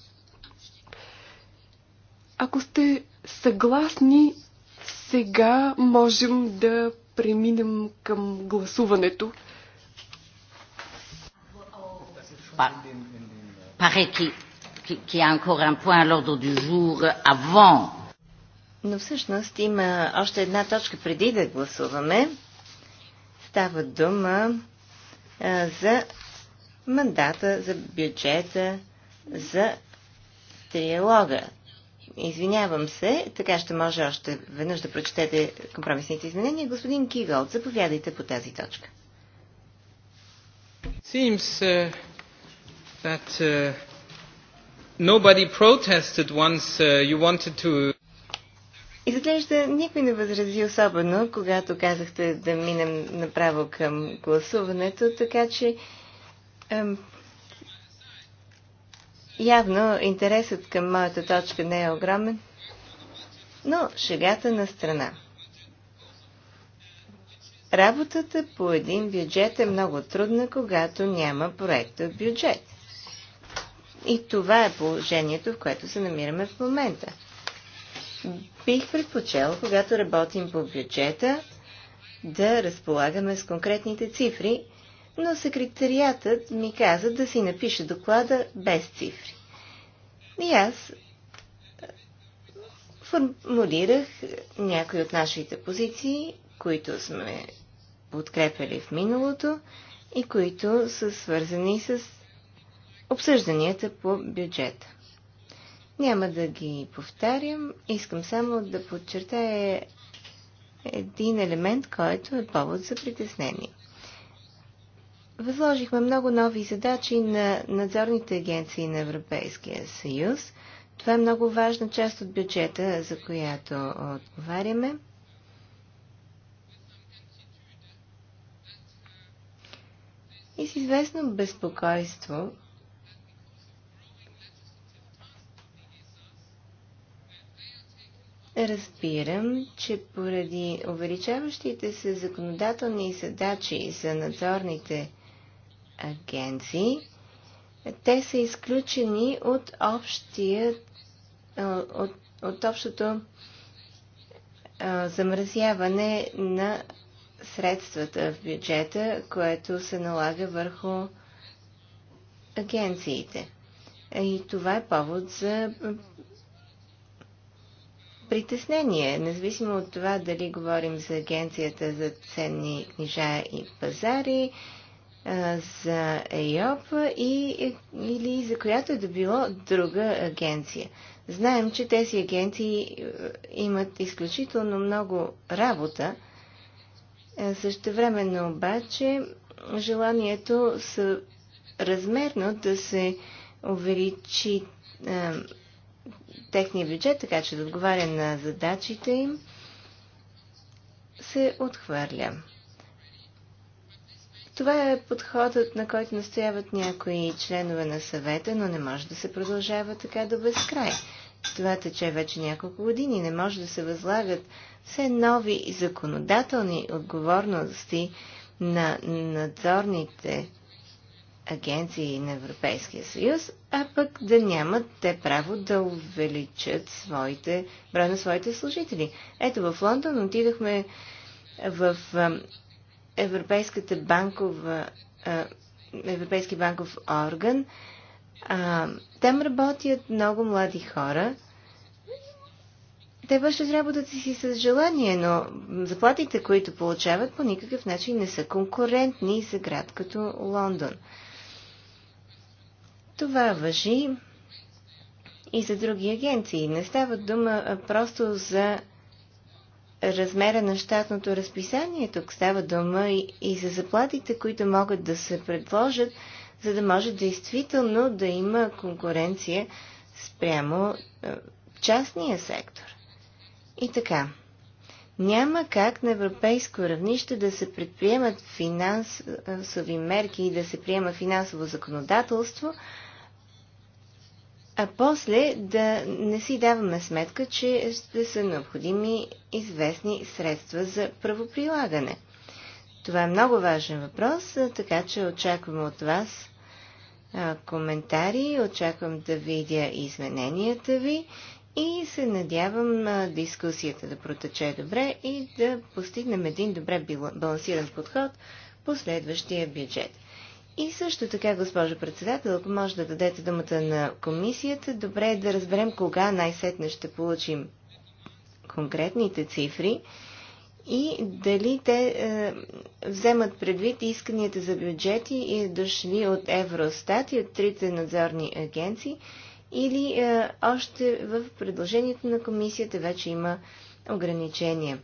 Ако сте съгласни, сега можем да преминем към гласуването. Е Но всъщност има още една точка преди да гласуваме. Става дума за мандата, за бюджета, за триалога. Извинявам се, така ще може още веднъж да прочетете компромисните изменения. Господин Киголд, заповядайте по тази точка. Seems uh, that uh, nobody protested once uh, you wanted to Изглежда никой не възрази особено, когато казахте да минем направо към гласуването, така че Явно интересът към моята точка не е огромен, но шегата на страна. Работата по един бюджет е много трудна, когато няма проекта в бюджет. И това е положението, в което се намираме в момента. Бих предпочел, когато работим по бюджета, да разполагаме с конкретните цифри, но секретариатът ми каза да си напиша доклада без цифри. И аз е, формулирах някои от нашите позиции, които сме подкрепили в миналото и които са свързани с обсъжданията по бюджета. Няма да ги повтарям, искам само да подчертая един елемент, който е повод за притеснение. Възложихме много нови задачи на надзорните агенции на Европейския съюз. Това е много важна част от бюджета, за която отговаряме. И с известно безпокойство Разбирам, че поради увеличаващите се законодателни задачи за надзорните агенции. Те са изключени от общия, от, от общото замразяване на средствата в бюджета, което се налага върху агенциите. И това е повод за притеснение, независимо от това дали говорим за агенцията за ценни книжа и пазари за ЕОП и, е, или за която е да било друга агенция. Знаем, че тези агенции е, имат изключително много работа. Е, същевременно обаче желанието са размерно да се увеличи е, техния бюджет, така че да отговаря на задачите им, се отхвърля. Това е подходът, на който настояват някои членове на съвета, но не може да се продължава така до безкрай. Това тече вече няколко години. Не може да се възлагат все нови законодателни отговорности на надзорните агенции на Европейския съюз, а пък да нямат те право да увеличат своите, броя на своите служители. Ето в Лондон отидахме в Европейската банкова, Европейски банков орган. Там работят много млади хора. Те вършат работата си с желание, но заплатите, които получават, по никакъв начин не са конкурентни за град като Лондон. Това въжи и за други агенции. Не става дума просто за размера на щатното разписание. Тук става дума и, и за заплатите, които могат да се предложат, за да може действително да има конкуренция спрямо е, частния сектор. И така. Няма как на европейско равнище да се предприемат финансови е, мерки и да се приема финансово законодателство, а после да не си даваме сметка, че ще са необходими известни средства за правоприлагане. Това е много важен въпрос, така че очаквам от вас коментари, очаквам да видя измененията ви и се надявам дискусията да протече добре и да постигнем един добре балансиран подход по следващия бюджет. И също така, госпожо председател, ако може да дадете думата на комисията, добре е да разберем кога най-сетне ще получим конкретните цифри и дали те е, вземат предвид исканията за бюджети и дошли от Евростат и от трите надзорни агенции или е, още в предложението на комисията вече има ограничения.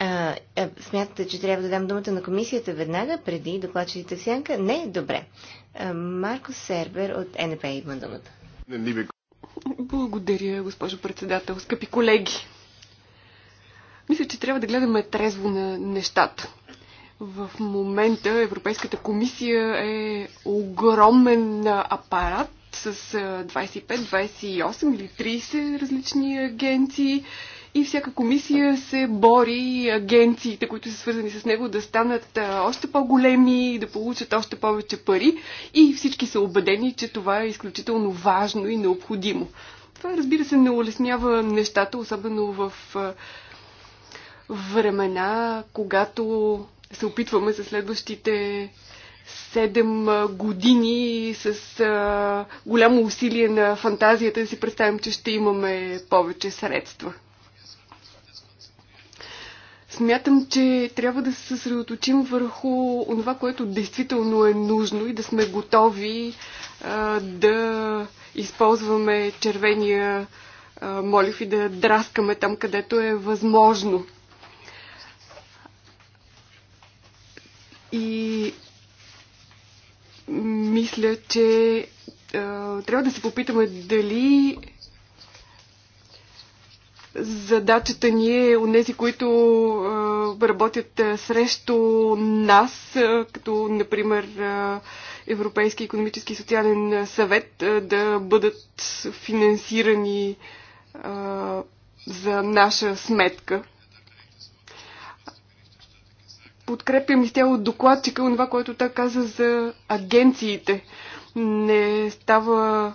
А, а, смятате, че трябва да дам думата на комисията веднага, преди докладчите сянка? Не, добре. А, Марко Сербер от НП има думата. Благодаря, госпожо председател, скъпи колеги. Мисля, че трябва да гледаме трезво на нещата. В момента Европейската комисия е огромен апарат с 25, 28 или 30 различни агенции и всяка комисия се бори агенциите, които са свързани с него, да станат още по-големи, и да получат още повече пари и всички са убедени, че това е изключително важно и необходимо. Това, разбира се, не улеснява нещата, особено в времена, когато се опитваме за следващите 7 години с а, голямо усилие на фантазията да си представим, че ще имаме повече средства. Смятам, че трябва да се съсредоточим върху това, което действително е нужно и да сме готови а, да използваме червения а, молив и да драскаме там, където е възможно. И мисля, че а, трябва да се попитаме дали задачата ни е у нези, които работят срещу нас, като, например, е, Европейски економически и социален съвет, да бъдат финансирани за наша сметка. Подкрепям изцяло докладчика, това, което той каза за агенциите. Не става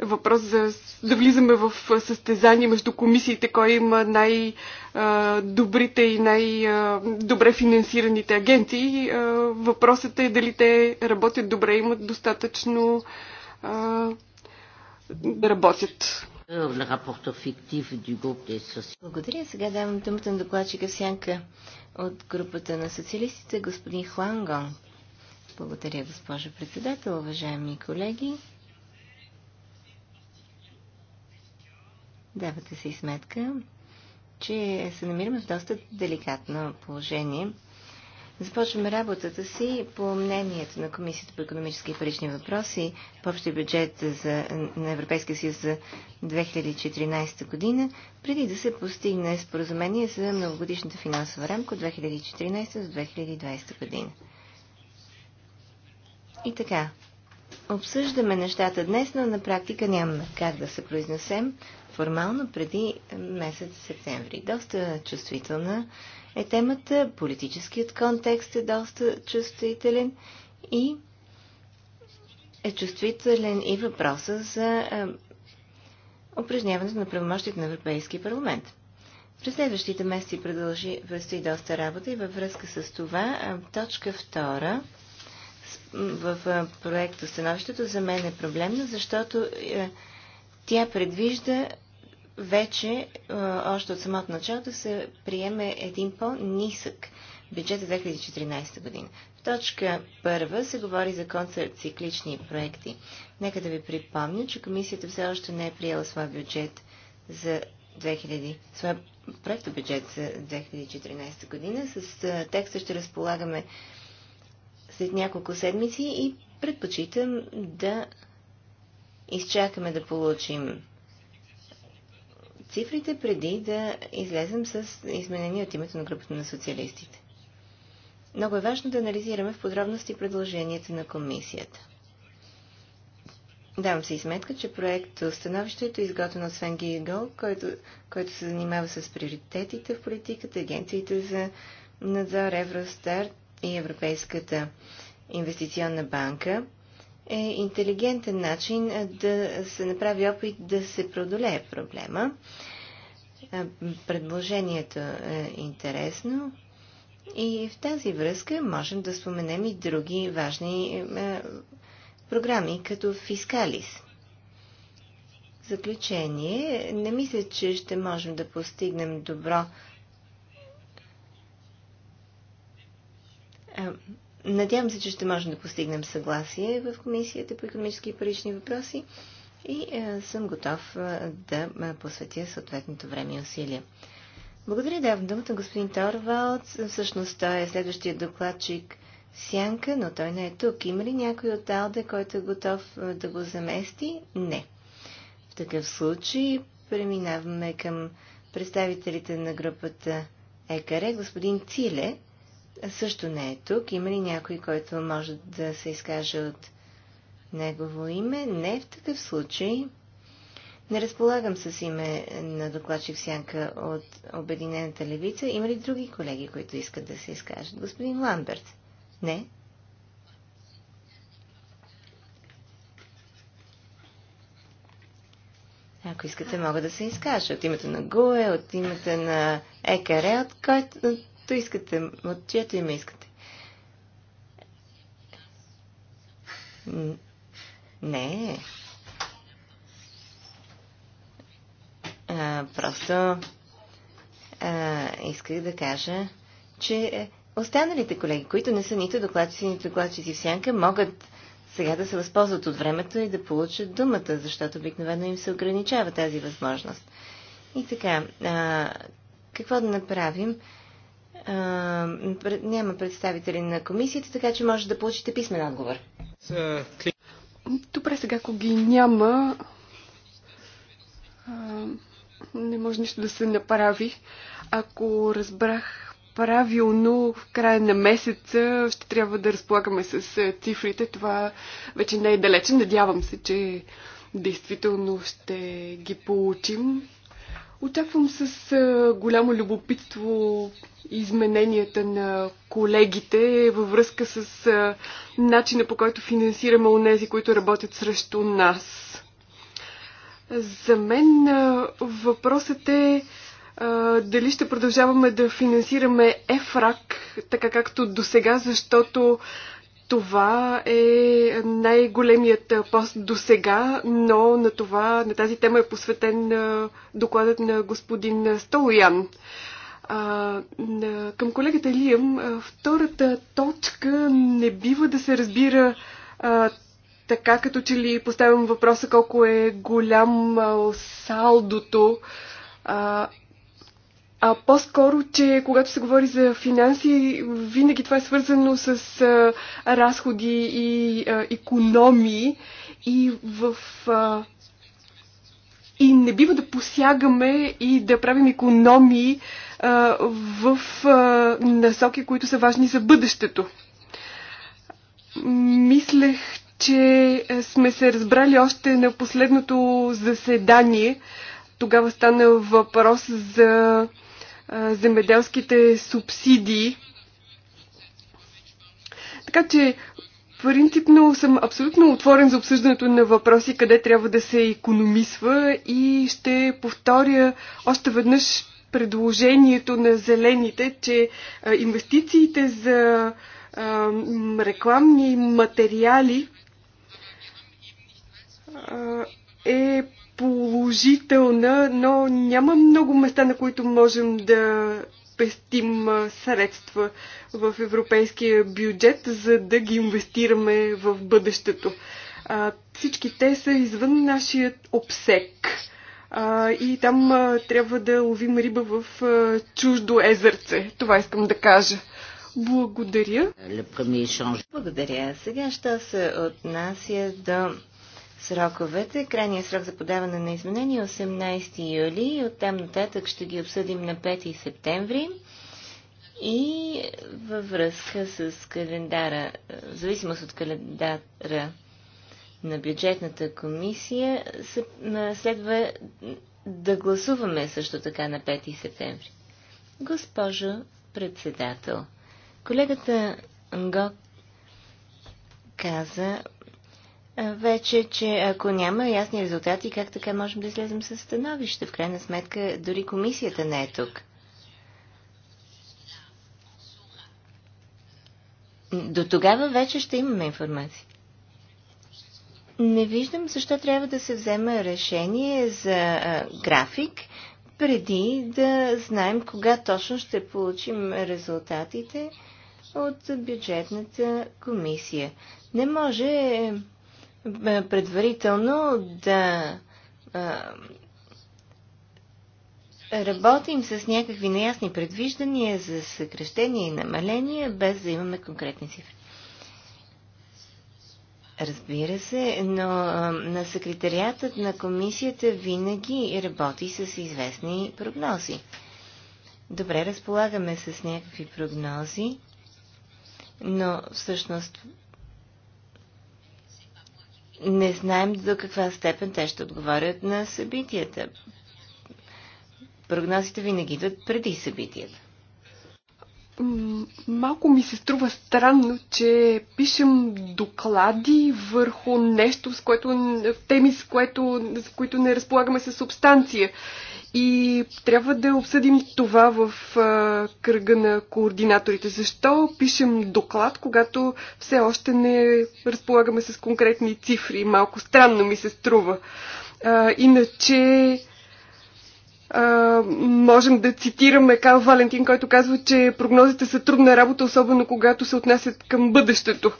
въпрос за да влизаме в състезание между комисиите, кой има най-добрите и най-добре финансираните агенции. Въпросът е дали те работят добре, имат достатъчно да работят. Благодаря. Сега давам думата на докладчика Сянка от групата на социалистите, господин Хуангон. Благодаря, госпожа председател, уважаеми колеги. Давате си сметка, че се намираме в доста деликатно положение. Започваме работата си по мнението на Комисията по економически и парични въпроси по общия бюджет за, на Европейския съюз за 2014 година, преди да се постигне споразумение за многогодишната финансова рамка от 2014 до 2020 година. И така, обсъждаме нещата днес, но на практика нямаме как да се произнесем формално преди месец септември. Доста чувствителна е темата, политическият контекст е доста чувствителен и е чувствителен и въпроса за упражняването на правомощите на Европейския парламент. През следващите месеци продължи, и доста работа и във връзка с това точка втора – в проекта становището за мен е проблемна, защото е, тя предвижда вече е, още от самото начало да се приеме един по-нисък бюджет за 2014 година. В точка първа се говори за циклични проекти. Нека да ви припомня, че комисията все още не е приела своя бюджет за 2000, своя проектобюджет за 2014 година. С е, текста ще разполагаме след няколко седмици и предпочитам да изчакаме да получим цифрите преди да излезем с изменения от името на групата на социалистите. Много е важно да анализираме в подробности предложенията на комисията. Давам се изметка, сметка, че проект Становището е изготвено от Свен Гигъл, който, който се занимава с приоритетите в политиката, агенциите за надзор Евростарт и Европейската инвестиционна банка е интелигентен начин да се направи опит да се продолее проблема. Предложението е интересно и в тази връзка можем да споменем и други важни програми, като Фискалис. заключение, не мисля, че ще можем да постигнем добро Е, надявам се, че ще можем да постигнем съгласие в Комисията по економически и парични въпроси и е, съм готов е, да посветя съответното време и усилия. Благодаря, давам думата господин Торвалд. Всъщност той е следващия докладчик Сянка, но той не е тук. Има ли някой от Алде, който е готов да го замести? Не. В такъв случай преминаваме към представителите на групата ЕКАРЕ. Господин Циле също не е тук. Има ли някой, който може да се изкаже от негово име? Не в такъв случай. Не разполагам с име на докладчик Сянка от Обединената левица. Има ли други колеги, които искат да се изкажат? Господин Ламберт? Не? Ако искате, мога да се изкажа. От името на ГУЕ, от името на ЕКР, от, който, както искате, от чието име искате. Не. А, просто а, исках да кажа, че останалите колеги, които не са нито докладчици, нито докладчици в сянка, могат сега да се възползват от времето и да получат думата, защото обикновено им се ограничава тази възможност. И така, а, какво да направим? няма представители на комисията, така че може да получите писмен отговор. Добре, сега ако ги няма, не може нищо да се направи. Ако разбрах правилно, в края на месеца ще трябва да разполагаме с цифрите. Това вече не е далече. Надявам се, че действително ще ги получим. Очаквам с голямо любопитство измененията на колегите във връзка с начина по който финансираме онези, които работят срещу нас. За мен въпросът е дали ще продължаваме да финансираме ЕФРАК, така както до сега, защото това е най-големият пост до сега, но на, това, на тази тема е посветен докладът на господин Столоян. към колегата Лиям, втората точка не бива да се разбира а, така, като че ли поставям въпроса колко е голям а, салдото. А, а по-скоро, че когато се говори за финанси, винаги това е свързано с а, разходи и а, економии и в. А, и не бива да посягаме и да правим економии а, в а, насоки, които са важни за бъдещето. Мислех, че сме се разбрали още на последното заседание. Тогава стана въпрос за земеделските субсидии. Така че принципно съм абсолютно отворен за обсъждането на въпроси къде трябва да се економисва и ще повторя още веднъж предложението на зелените, че инвестициите за рекламни материали е положителна, но няма много места, на които можем да пестим средства в европейския бюджет, за да ги инвестираме в бъдещето. А, всички те са извън нашия обсек. А, и там а, трябва да ловим риба в а, чуждо езерце. Това искам да кажа. Благодаря. Благодаря. Сега ще се отнася до сроковете. Крайният срок за подаване на изменения е 18 юли и оттам нататък ще ги обсъдим на 5 септември. И във връзка с календара, е, в зависимост от календара на бюджетната комисия, се, е, следва да гласуваме също така на 5 септември. Госпожо председател, колегата Нго каза вече, че ако няма ясни резултати, как така можем да излезем с становище? В крайна сметка, дори комисията не е тук. До тогава вече ще имаме информация. Не виждам защо трябва да се вземе решение за а, график, преди да знаем кога точно ще получим резултатите от бюджетната комисия. Не може е, предварително да а, работим с някакви неясни предвиждания за съкрещение и намаление, без да имаме конкретни цифри. Разбира се, но а, на секретариатът на комисията винаги работи с известни прогнози. Добре разполагаме с някакви прогнози, но всъщност не знаем до каква степен те ще отговарят на събитията. Прогнозите винаги идват преди събитията. Малко ми се струва странно, че пишем доклади върху нещо, с което, теми, с което, с които не разполагаме с субстанция. И трябва да обсъдим това в а, кръга на координаторите. Защо пишем доклад, когато все още не разполагаме с конкретни цифри? Малко странно ми се струва. А, иначе а, можем да цитираме Кал Валентин, който казва, че прогнозите са трудна работа, особено когато се отнасят към бъдещето.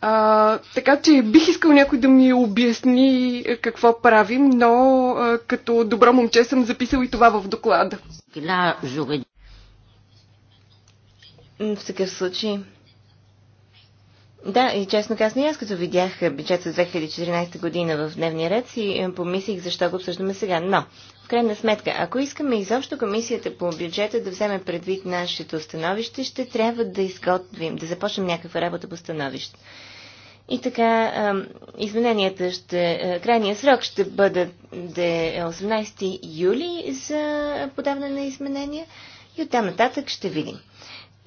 А, така че бих искал някой да ми обясни е, какво правим, но а, е, като добро момче съм записал и това в доклада. В такъв случай. Да, и честно казано, аз като видях бюджет за 2014 година в дневния ред си е, помислих защо го обсъждаме сега. Но в крайна сметка, ако искаме изобщо комисията по бюджета да вземе предвид нашето становище, ще трябва да изготвим, да започнем някаква работа по становище. И така, измененията ще, е, крайния срок ще бъде 18 е юли за подаване на изменения и оттам нататък ще видим.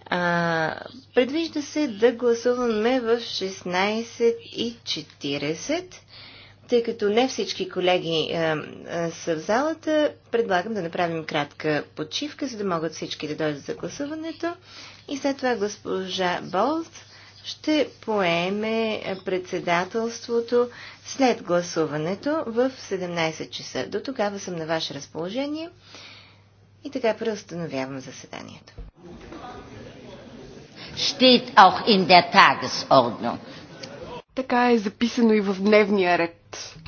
А, предвижда се да гласуваме в 16.40 тъй като не всички колеги а, е, а, е, са в залата, предлагам да направим кратка почивка, за да могат всички да дойдат за гласуването. И след това госпожа Болт ще поеме председателството след гласуването в 17 часа. До тогава съм на ваше разположение и така преустановявам заседанието. Така е записано и в дневния ред път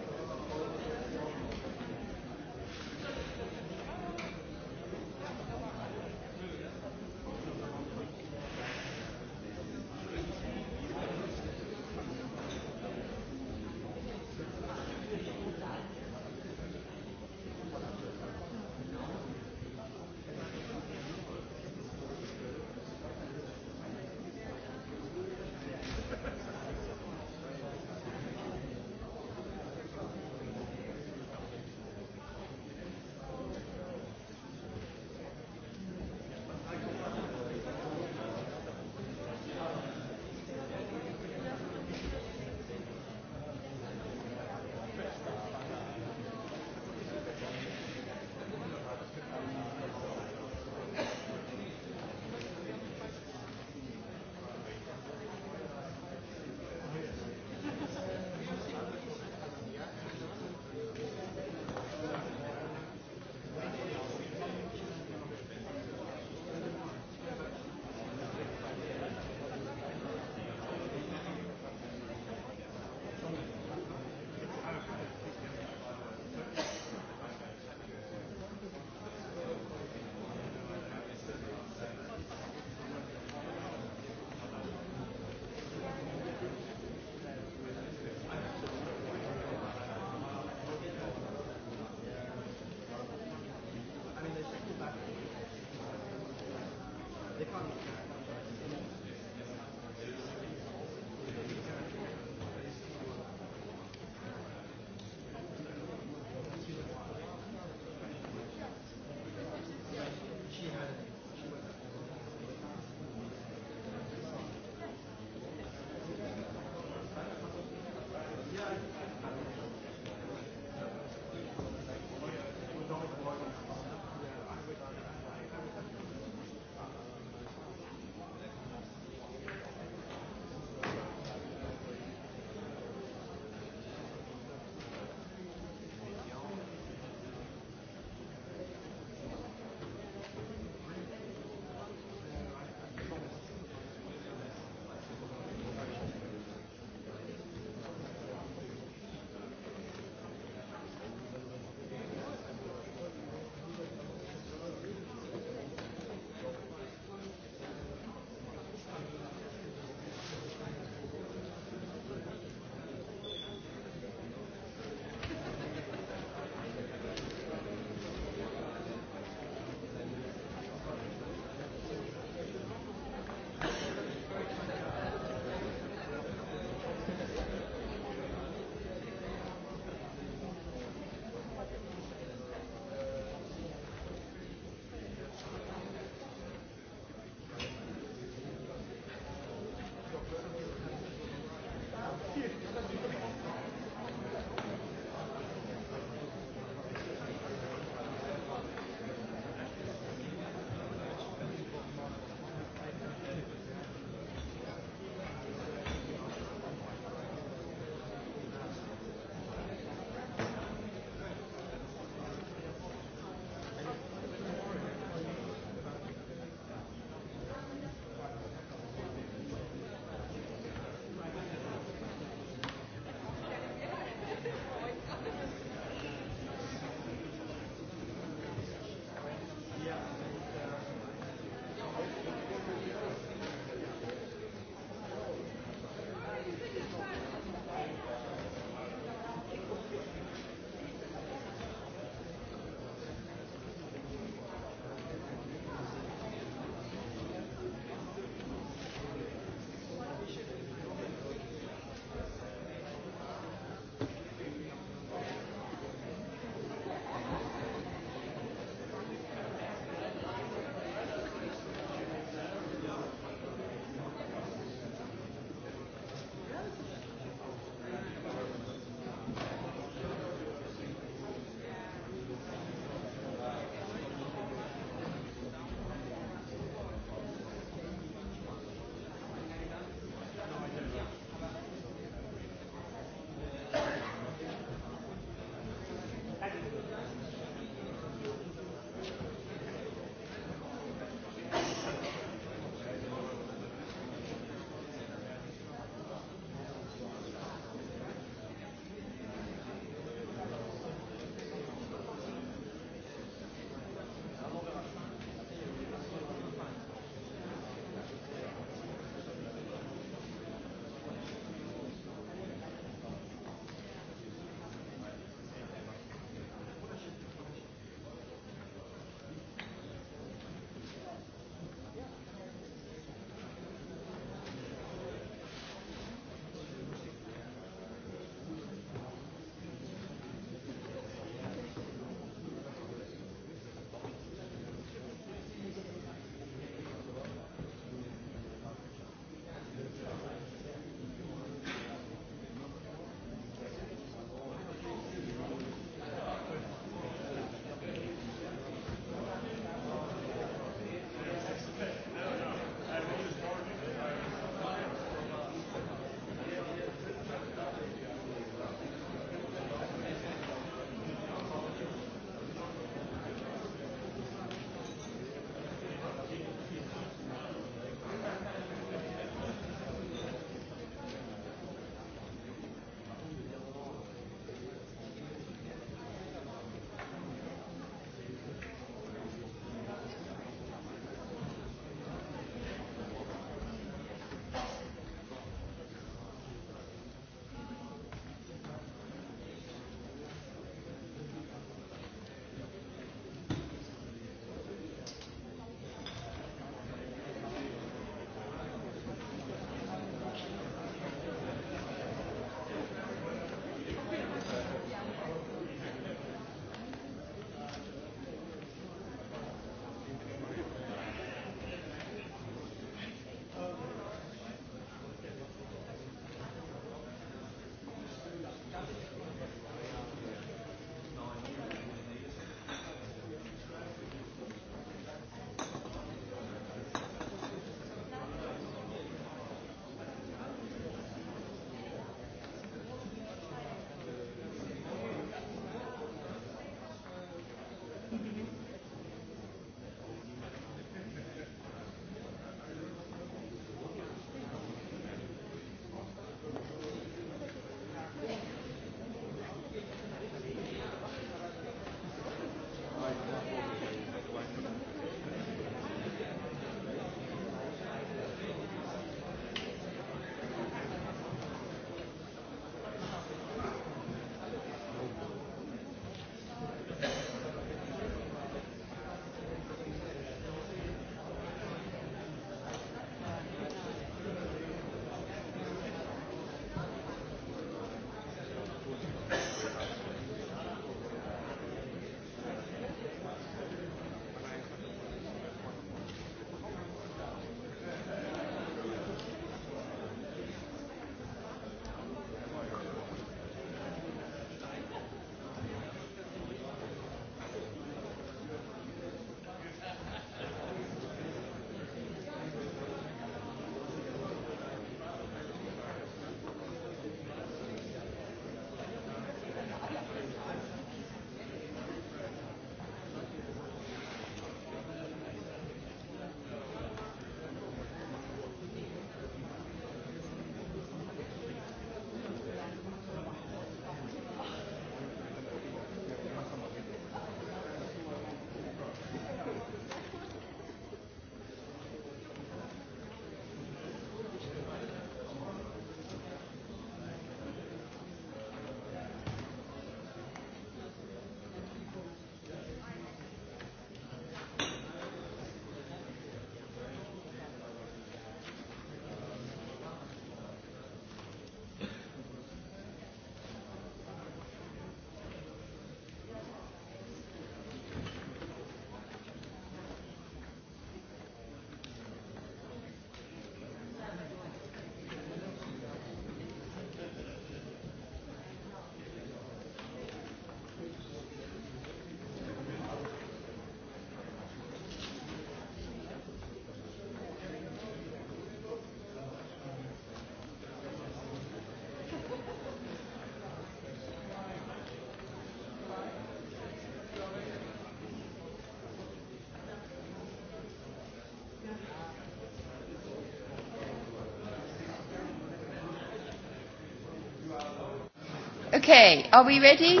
Okay, are we ready?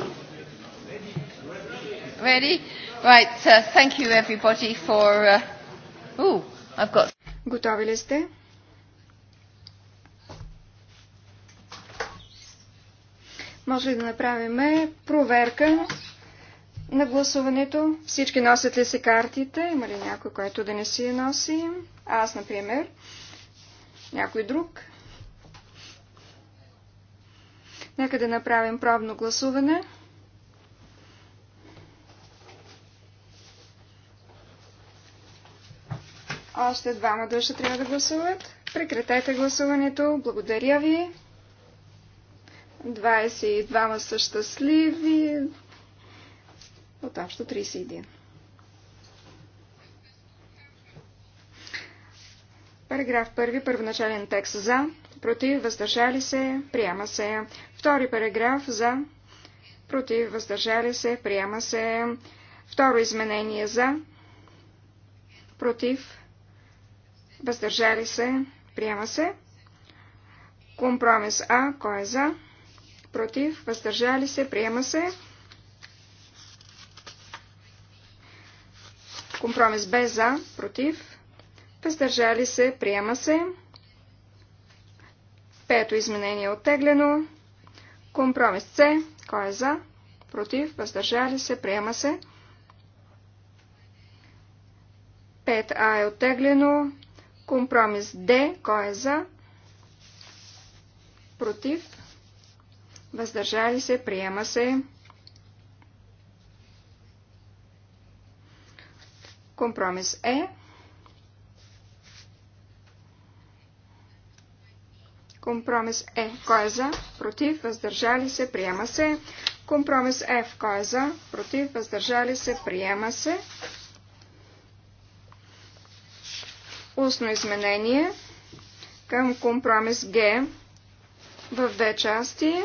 Ready? Right, uh, thank you everybody for... Uh, ooh, I've got... Готови ли сте? Може ли да направим проверка на гласуването? Всички носят ли си картите? Има ли някой, който да не си я носи? Аз, например. Някой друг? Нека да направим пробно гласуване. Още двама души трябва да гласуват. Прекратете гласуването. Благодаря ви. 22 са щастливи. От общо 31. Параграф 1. Първоначален текст за. Против. Въздържали се. Приема се. Втори параграф за, против, въздържали се, приема се. Второ изменение за, против, въздържали се, приема се. Компромис А, кой е за, против, въздържали се, приема се. Компромис Б за, против, въздържали се, приема се. Пето изменение е оттеглено. Компромис С. Кой е за? Против. Въздържали се. Приема се. 5А е оттеглено. Компромис Д. Кой е за? Против. Въздържали се. Приема се. Компромис Е. E. Компромис Е. Кой е за? Против. Въздържали се. Приема се. Компромис Ф. Кой е за? Против. Въздържали се. Приема се. Устно изменение към компромис Г в две части.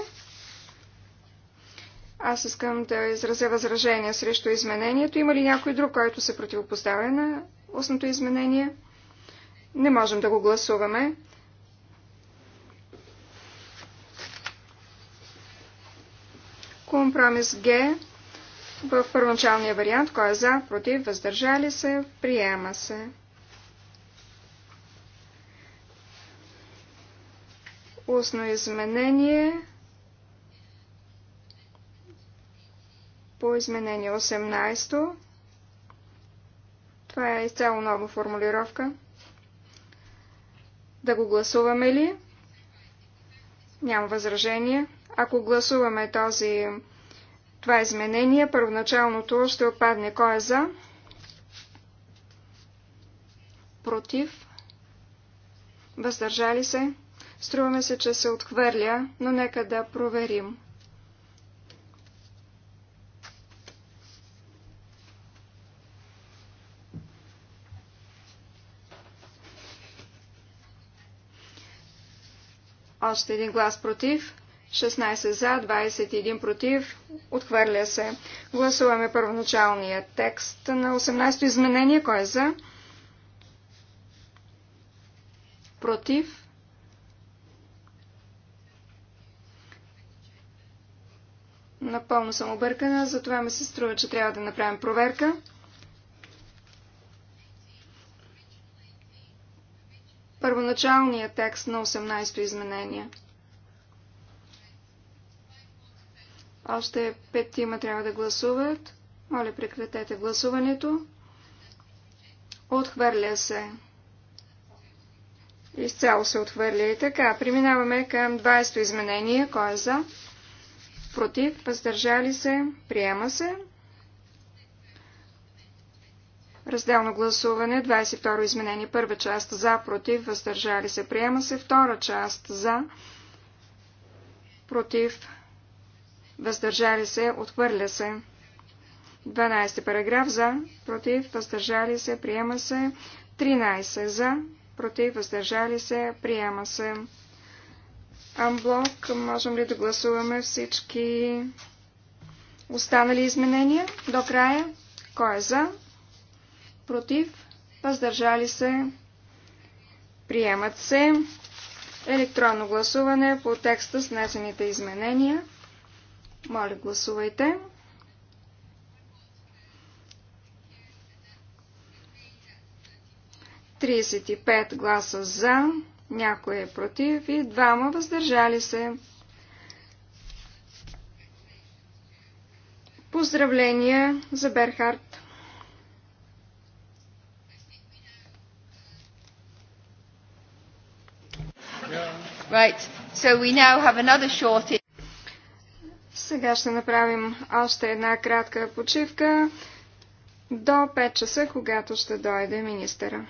Аз искам да изразя възражение срещу изменението. Има ли някой друг, който се противопоставя на устното изменение? Не можем да го гласуваме. Компромис Г в първоначалния вариант, кой е за, против, въздържали се, приема се. Устно изменение по изменение 18. Това е изцяло нова формулировка. Да го гласуваме ли? Няма възражение. Ако гласуваме този, това изменение, първоначалното ще отпадне. Кой е за? Против? Въздържали се? Струваме се, че се отхвърля, но нека да проверим. Още един глас против. 16 за, 21 против. Отхвърля се. Гласуваме първоначалния текст на 18-то изменение. Кой е за? Против. Напълно съм объркана, затова ми се струва, че трябва да направим проверка. Първоначалният текст на 18-то изменение. Още тима трябва да гласуват. Моля, прекратете гласуването. Отхвърля се. Изцяло се отхвърля и така. Преминаваме към 20-то изменение. Кой е за? Против? Въздържали се? Приема се. Разделно гласуване. 22-ро изменение. Първа част за, против, въздържали се. Приема се. Втора част за, против, въздържали се, отхвърля се. 12 параграф за, против, въздържали се, приема се. 13 за, против, въздържали се, приема се. Амблок, можем ли да гласуваме всички останали изменения до края? Кой е за? Против, въздържали се, приемат се. Електронно гласуване по текста с внесените изменения. Моля, гласувайте. Тридесет и пет гласа за, някой е против и двама въздържали се. Поздравления за Берхард. Right, so we now have another short сега ще направим още една кратка почивка до 5 часа, когато ще дойде министъра.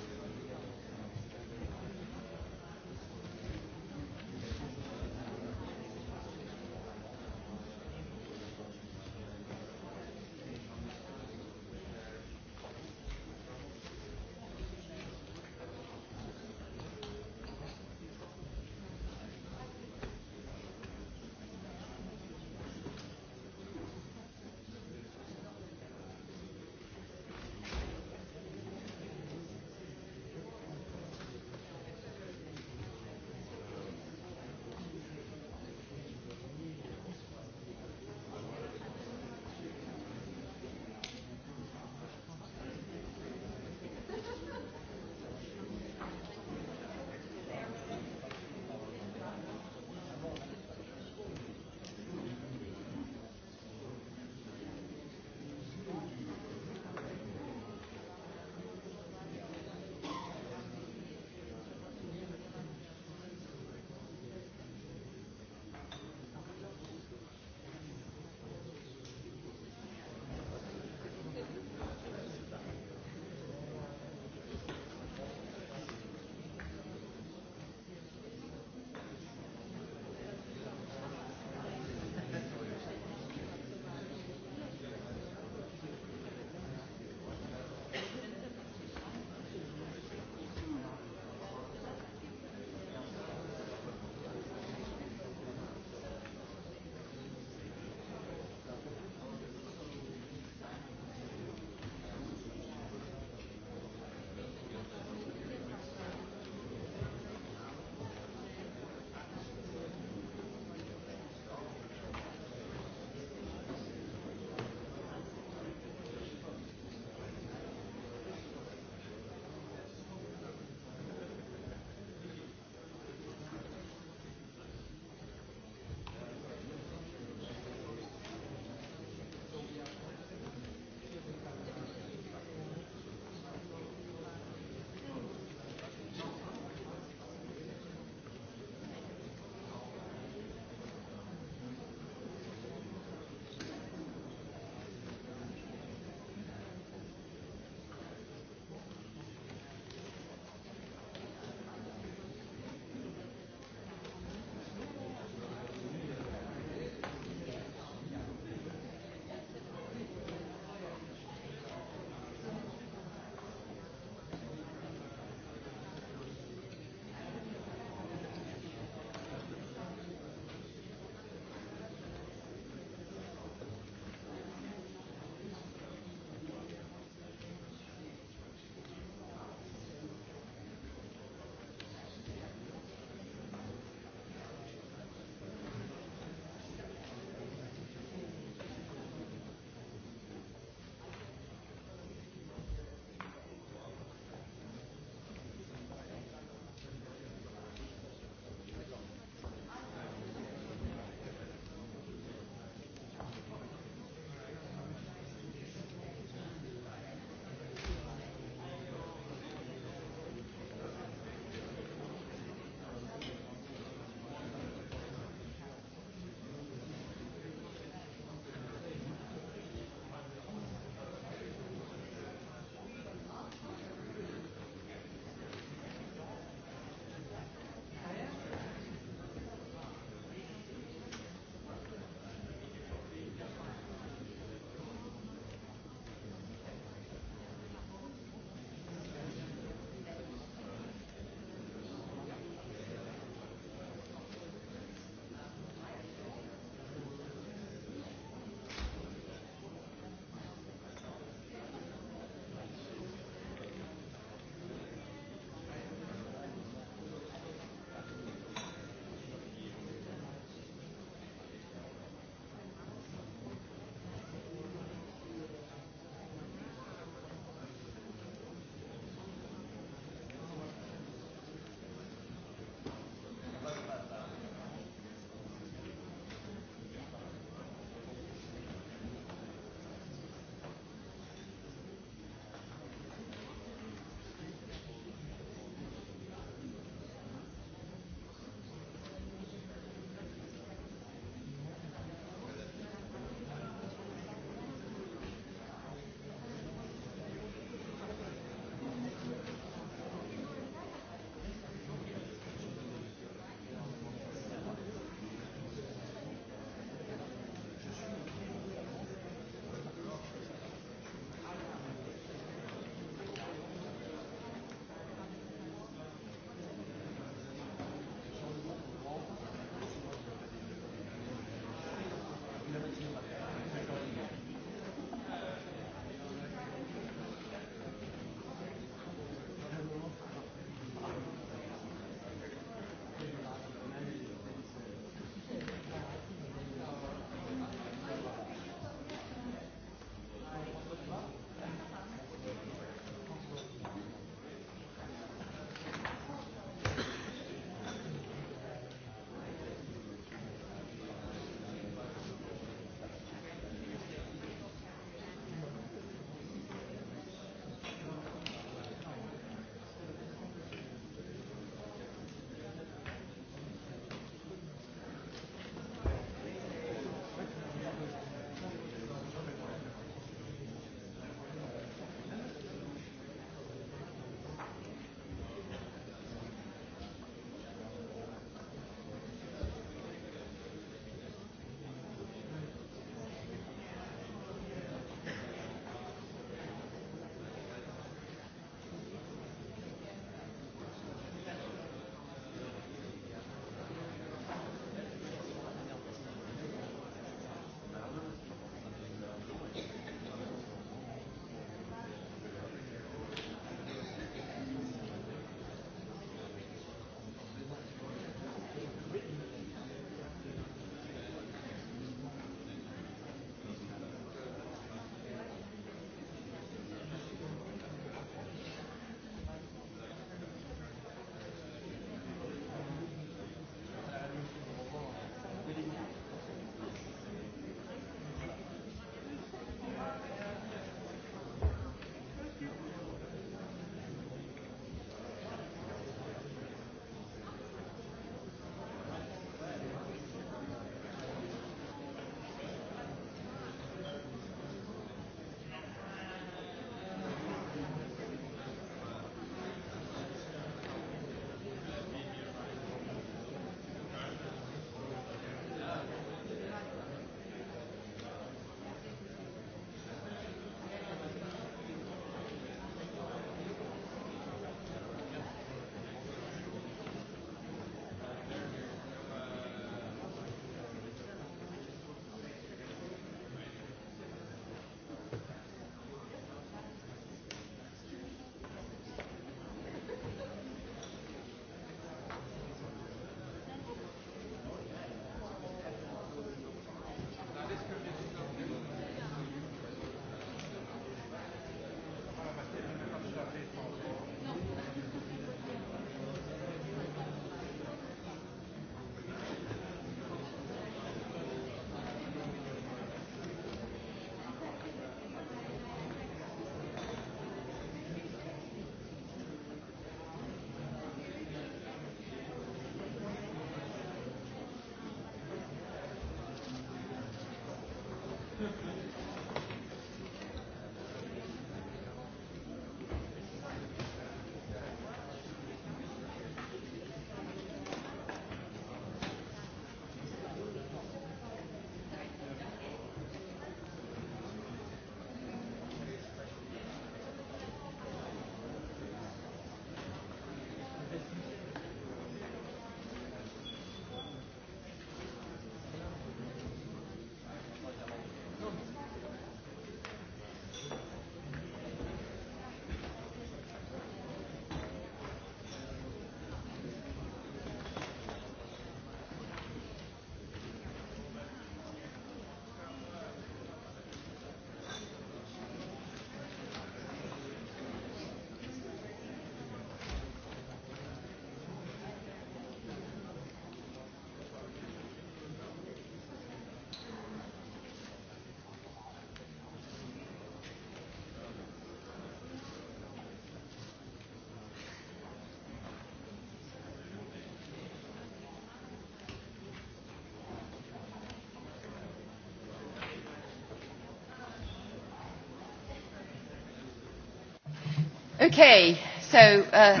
Okay, so uh,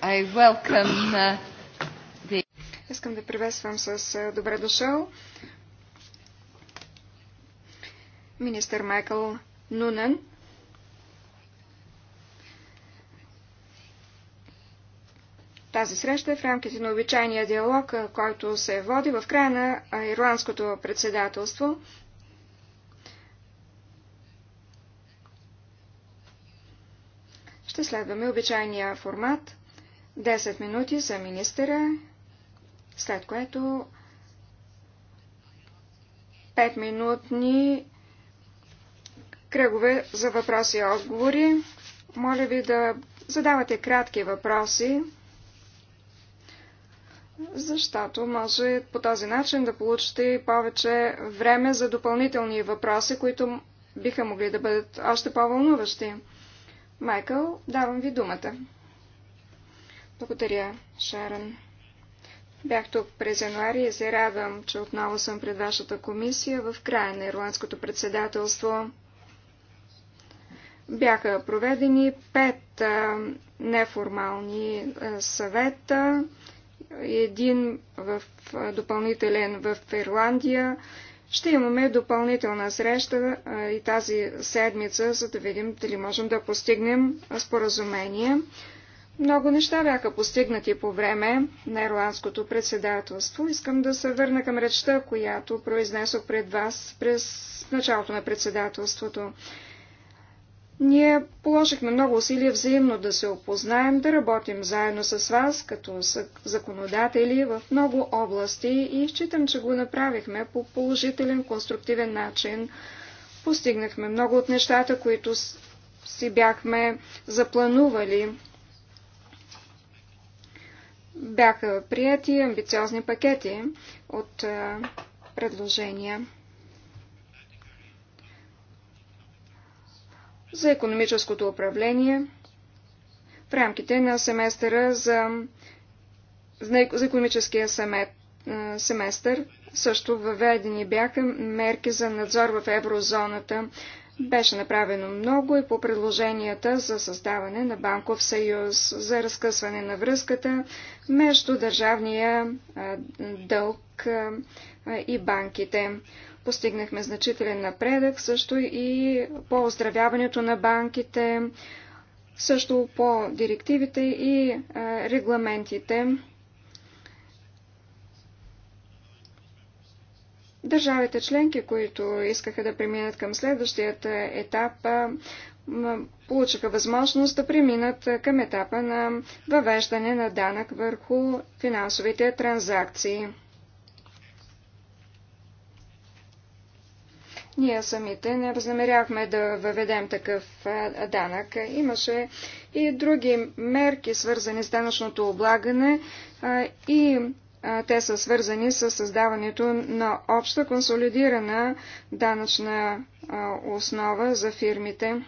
I welcome uh, the... Искам да приветствам с е, добре дошъл министър Майкъл Нунен. Тази среща е в рамките на обичайния диалог, който се води в края на ирландското председателство. следваме обичайния формат. 10 минути за министъра, след което 5-минутни кръгове за въпроси и отговори. Моля ви да задавате кратки въпроси, защото може по този начин да получите повече време за допълнителни въпроси, които биха могли да бъдат още по-вълнуващи. Майкъл, давам ви думата. Благодаря, Шарън. Бях тук през януари и се радвам, че отново съм пред вашата комисия в края на ирландското председателство. Бяха проведени пет а, неформални а, съвета, един в а, допълнителен в Ирландия, ще имаме допълнителна среща и тази седмица, за да видим дали можем да постигнем споразумение. Много неща бяха постигнати по време на ирландското председателство. Искам да се върна към речта, която произнесох пред вас през началото на председателството. Ние положихме много усилия взаимно да се опознаем, да работим заедно с вас, като законодатели в много области и считам, че го направихме по положителен, конструктивен начин. Постигнахме много от нещата, които си бяхме запланували. Бяха прияти амбициозни пакети от предложения. за економическото управление в рамките на семестъра за, за економическия семет, семестър. Също въведени бяха мерки за надзор в еврозоната. Беше направено много и по предложенията за създаване на банков съюз, за разкъсване на връзката между държавния дълг и банките. Постигнахме значителен напредък също и по оздравяването на банките, също по директивите и е, регламентите. Държавите членки, които искаха да преминат към следващият е, етап, е, получиха възможност да преминат към етапа на въвеждане на данък върху финансовите транзакции. Ние самите не възнамеряхме да въведем такъв данък. Имаше и други мерки, свързани с данъчното облагане и те са свързани с създаването на обща консолидирана данъчна основа за фирмите.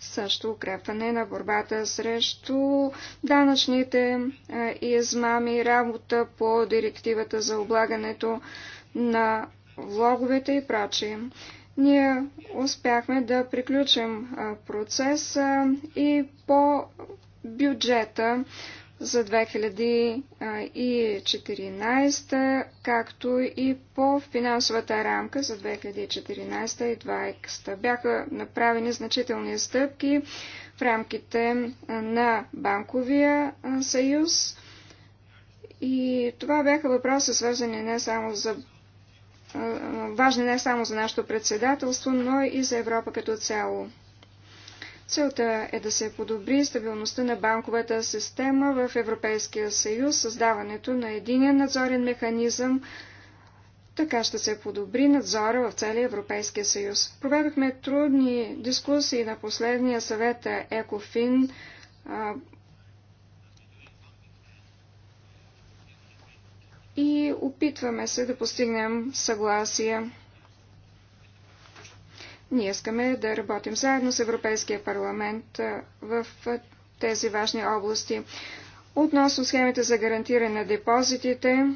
Също укрепване на борбата срещу данъчните измами, работа по директивата за облагането на влоговете и прочие. Ние успяхме да приключим процеса и по бюджета за 2014, както и по финансовата рамка за 2014 и 2020. Бяха направени значителни стъпки в рамките на Банковия съюз. И това бяха въпроси, свързани не само за важни не само за нашето председателство, но и за Европа като цяло. Целта е да се подобри стабилността на банковата система в Европейския съюз, създаването на единен надзорен механизъм, така ще се подобри надзора в целия Европейския съюз. Проведохме трудни дискусии на последния съвет ЕКОФИН и опитваме се да постигнем съгласие. Ние искаме да работим заедно с Европейския парламент в тези важни области. Относно схемите за гарантиране на депозитите,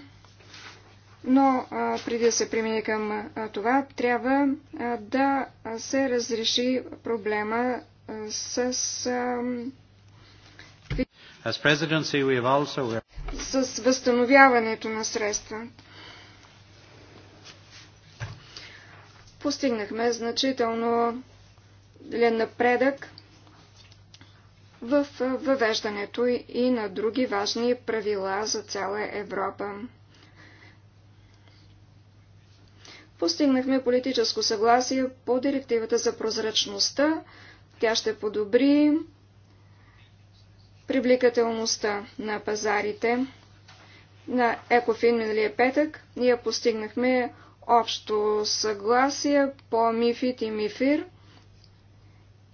но а, преди да се премине към а, това, трябва а, да се разреши проблема а, с. А... As presidency, we have also с възстановяването на средства. Постигнахме значително напредък в въвеждането и на други важни правила за цяла Европа. Постигнахме политическо съгласие по директивата за прозрачността. Тя ще подобри привлекателността на пазарите. На Екофин миналия петък ние постигнахме общо съгласие по МИФИТ и МИФИР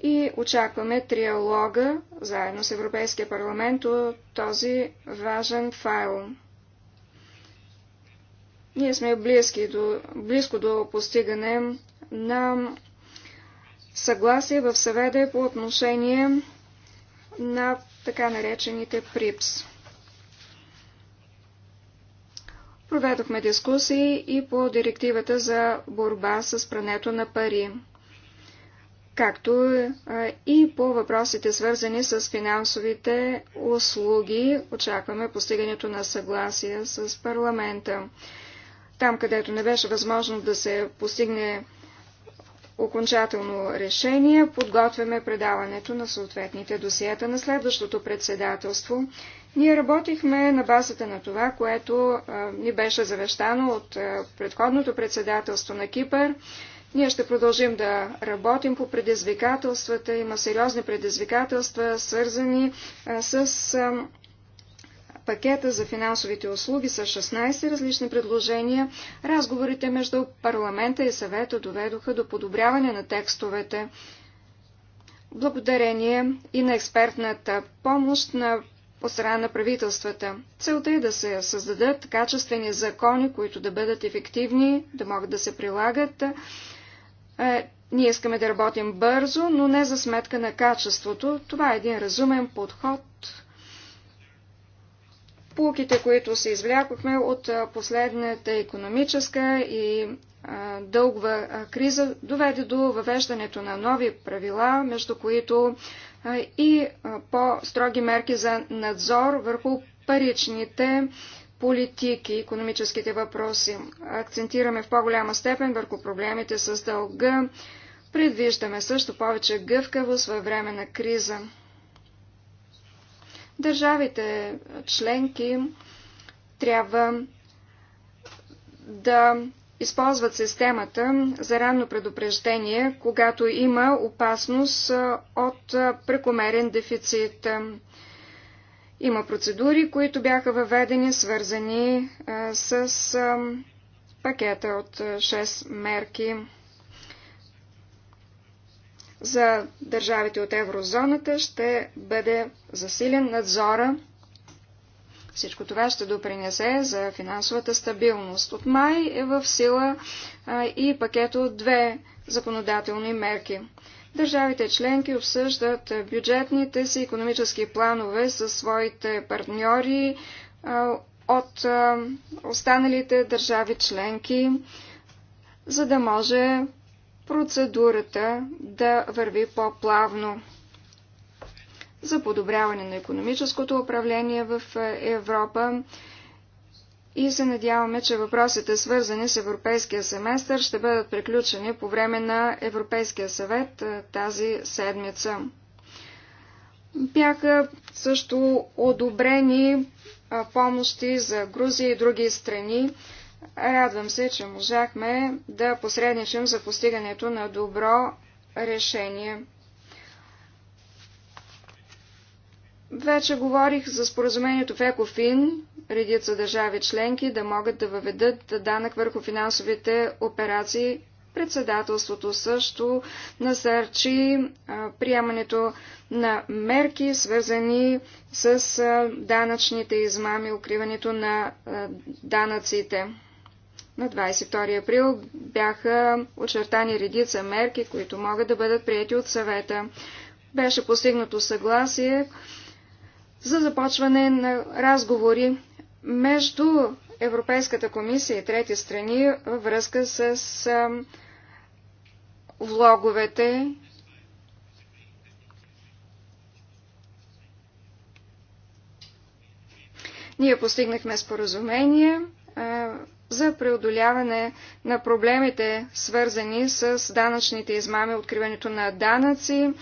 и очакваме триалога заедно с Европейския парламент от този важен файл. Ние сме близки до, близко до постигане на съгласие в съведе по отношение на така наречените ПРИПС. Проведохме дискусии и по директивата за борба с прането на пари, както и по въпросите свързани с финансовите услуги. Очакваме постигането на съгласие с парламента. Там, където не беше възможно да се постигне окончателно решение, подготвяме предаването на съответните досиета на следващото председателство. Ние работихме на базата на това, което ни беше завещано от предходното председателство на Кипър. Ние ще продължим да работим по предизвикателствата. Има сериозни предизвикателства, свързани с пакета за финансовите услуги с 16 различни предложения, разговорите между парламента и съвета доведоха до подобряване на текстовете, благодарение и на експертната помощ на страна на правителствата. Целта е да се създадат качествени закони, които да бъдат ефективни, да могат да се прилагат. Е, ние искаме да работим бързо, но не за сметка на качеството. Това е един разумен подход Пулките, които се извлякохме от последната економическа и дългва криза, доведе до въвеждането на нови правила, между които и по-строги мерки за надзор върху паричните политики, економическите въпроси. Акцентираме в по-голяма степен върху проблемите с дълга. Предвиждаме също повече гъвкавост във време на криза. Държавите членки трябва да използват системата за ранно предупреждение, когато има опасност от прекомерен дефицит. Има процедури, които бяха въведени, свързани с пакета от 6 мерки за държавите от еврозоната ще бъде засилен надзора. Всичко това ще допринесе за финансовата стабилност. От май е в сила а, и пакет от две законодателни мерки. Държавите членки обсъждат бюджетните си економически планове със своите партньори а, от а, останалите държави членки, за да може процедурата да върви по-плавно за подобряване на економическото управление в е, Европа и се надяваме, че въпросите свързани с Европейския семестър ще бъдат приключени по време на Европейския съвет е, тази седмица. Бяха също одобрени помощи за Грузия и други страни Радвам се, че можахме да посредничим за постигането на добро решение. Вече говорих за споразумението в ЕКОФИН, редица държави членки да могат да въведат данък върху финансовите операции. Председателството също насърчи приемането на мерки, свързани с данъчните измами, укриването на данъците. На 22 април бяха очертани редица мерки, които могат да бъдат прияти от съвета. Беше постигнато съгласие за започване на разговори между Европейската комисия и трети страни във връзка с влоговете Ние постигнахме споразумение за преодоляване на проблемите, свързани с данъчните измами, откриването на данъци,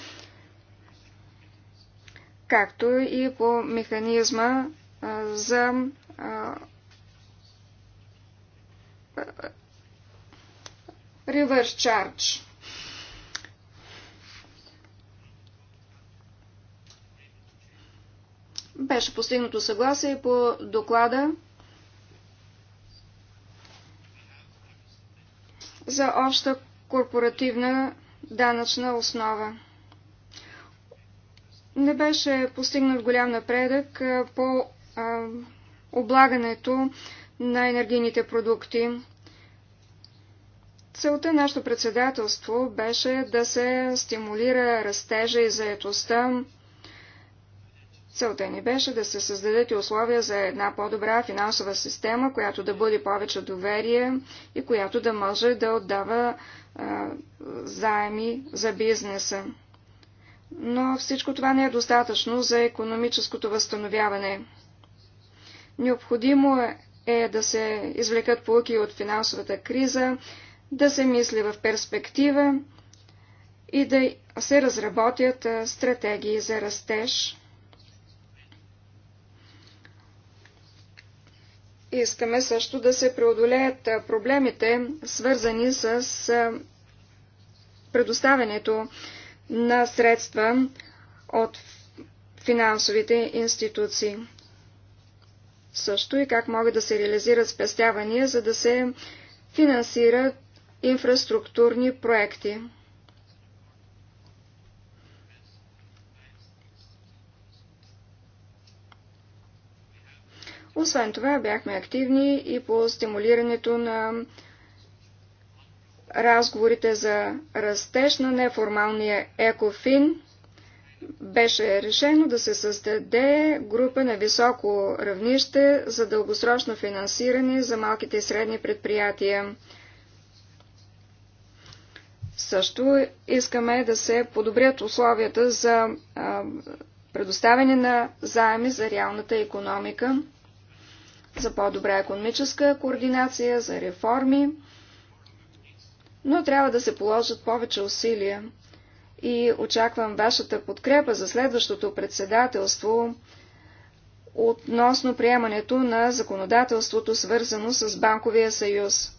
както и по механизма за reverse charge. Беше постигнато съгласие по доклада за обща корпоративна данъчна основа. Не беше постигнат голям напредък по облагането на енергийните продукти. Целта на нашето председателство беше да се стимулира растежа и заетостта, Целта ни беше да се създадат и условия за една по-добра финансова система, която да бъде повече доверие и която да може да отдава а, заеми за бизнеса. Но всичко това не е достатъчно за економическото възстановяване. Необходимо е да се извлекат полуки от финансовата криза, да се мисли в перспектива и да се разработят стратегии за растеж Искаме също да се преодолеят проблемите, свързани с предоставянето на средства от финансовите институции. Също и как могат да се реализират спестявания, за да се финансират инфраструктурни проекти. Освен това, бяхме активни и по стимулирането на разговорите за растеж на неформалния екофин. Беше решено да се създаде група на високо равнище за дългосрочно финансиране за малките и средни предприятия. Също искаме да се подобрят условията за предоставяне на заеми за реалната економика за по-добра економическа координация, за реформи, но трябва да се положат повече усилия и очаквам вашата подкрепа за следващото председателство относно приемането на законодателството, свързано с Банковия съюз.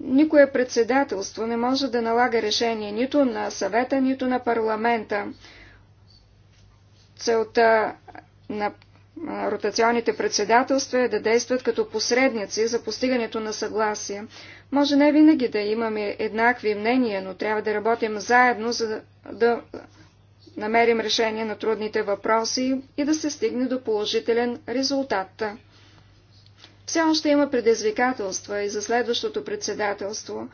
Никое председателство не може да налага решение нито на съвета, нито на парламента. Целта на ротационните председателства е да действат като посредници за постигането на съгласие. Може не винаги да имаме еднакви мнения, но трябва да работим заедно, за да намерим решение на трудните въпроси и да се стигне до положителен резултат. Все още има предизвикателства и за следващото председателство,